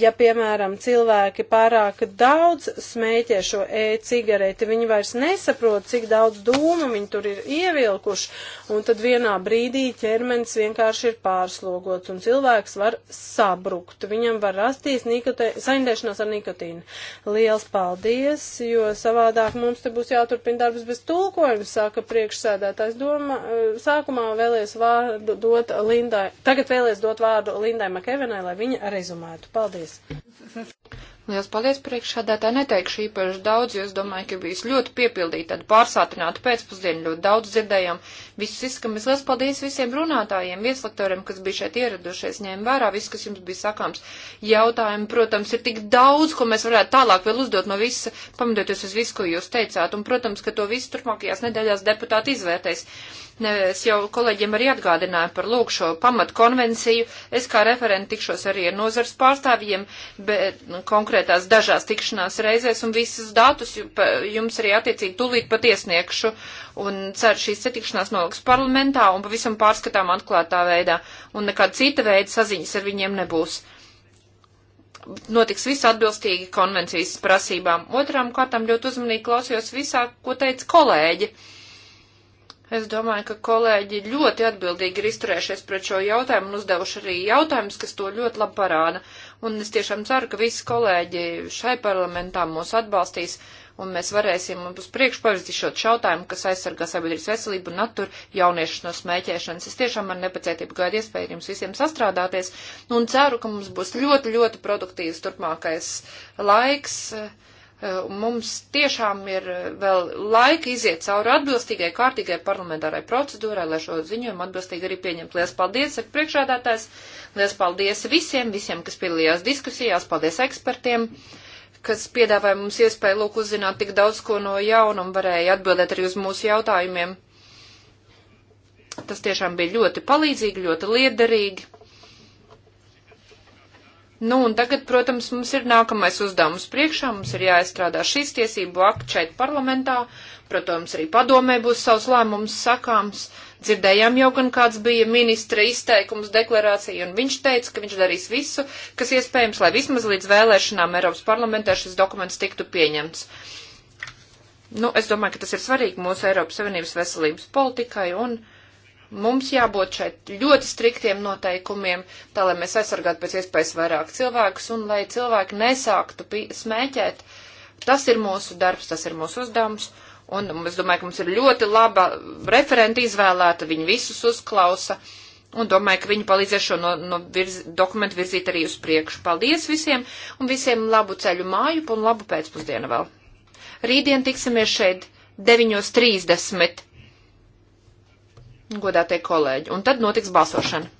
Ja, piemēram, cilvēki pārāk daudz smēķē šo e-cigareti, viņi vairs nesaprot, cik daudz dūmu viņi tur ir ievilkuši, un tad vienā brīdī ķermenis vienkārši ir pārslogots, un cilvēks var sabrukt. Viņam var rasties nikotē, saindēšanās ar nikotīnu. Liels paldies! Jūs savādāk mums te būs jāturpina darbs bez tulkojuma, saka priekšsēdētājs. Doma, eh, sākumā vēlies vārdu dot Lindai, tagad vēlies dot vārdu Lindai Makevenai, lai viņa rezumētu. Paldies! Lielas paldies priekšādātāji. Neteikšu īpaši daudz, jo es domāju, ka bijis ļoti piepildīta, tāda pārsātināta pēcpusdiena, ļoti daudz dzirdējām. Visus izskamis. Lielas paldies visiem runātājiem, vieslektoriem, kas bija šeit ieradušies, ņēma vērā viss, kas jums bija sakāms. Jautājumi, protams, ir tik daudz, ko mēs varētu tālāk vēl uzdot no visa, pamatoties uz visu, ko jūs teicāt. Un, protams, ka to visu turpmākajās nedēļās deputāti izvērtēs. Ne, es jau kolēģiem arī atgādināju par lūk šo pamatkonvenciju. Es kā referenti tikšos arī ar nozars pārstāvjiem, bet nu, konkrētās dažās tikšanās reizēs un visas datus jums arī attiecīgi tūlīt pat iesniegšu un ceru šīs satikšanās noliks parlamentā un pavisam pārskatām atklātā veidā un nekāda cita veida saziņas ar viņiem nebūs. Notiks viss atbilstīgi konvencijas prasībām. Otrām kārtām ļoti uzmanīgi klausījos visā, ko teica kolēģi. Uh, Es domāju, ka kolēģi ļoti atbildīgi ir izturējušies pret šo jautājumu un uzdevuši arī jautājumus, kas to ļoti labi parāda. Un es tiešām ceru, ka visi kolēģi šai parlamentā mūs atbalstīs un mēs varēsim uz priekšu pavirzīt šo jautājumu, kas aizsargā sabiedrības veselību un natur jauniešus no smēķēšanas. Es tiešām ar nepacietību gaidu iespēju jums visiem sastrādāties un ceru, ka mums būs ļoti, ļoti produktīvs turpmākais laiks. Uh, Eh, mums tiešām ir eh, vēl laika iziet cauri atbilstīgai kārtīgai parlamentārai procedūrai, lai šo ziņojumu atbilstīgi arī pieņemtu. Lielas paldies, saka priekšādātājs. Lielas paldies visiem, visiem, kas piedalījās diskusijās. Paldies ekspertiem, kas piedāvāja mums iespēju lūk uzzināt tik daudz ko no jauna un varēja atbildēt arī uz mūsu jautājumiem. Tas tiešām bija ļoti palīdzīgi, ļoti liederīgi. Nu, un tagad, protams, mums ir nākamais uzdevums priekšā, mums ir jāizstrādā šīs tiesību akti šeit parlamentā, protams, arī padomē būs savs lēmums sakāms. Dzirdējām jau gan kāds bija ministra izteikums deklarācija, un viņš teica, ka viņš darīs visu, kas iespējams, lai vismaz līdz vēlēšanām Eiropas parlamentā šis dokuments tiktu pieņemts. Nu, es domāju, ka tas ir svarīgi mūsu Eiropas Savienības veselības politikai un Mums jābūt šeit ļoti striktiem noteikumiem, tā lai mēs aizsargātu pēc iespējas vairāk cilvēkus un lai cilvēki nesāktu smēķēt. Tas ir mūsu darbs, tas ir mūsu uzdevums. Un es domāju, ka mums ir ļoti laba referenta izvēlēta, viņi visus uzklausa. Un domāju, ka viņi palīdzēs šo no, no virz, dokumentu virzīt arī uz priekšu. Paldies visiem un visiem labu ceļu māju un labu pēcpusdienu vēl. Rītdien tiksimies šeit 9.30 godātie kolēģi. Un tad notiks balsošana.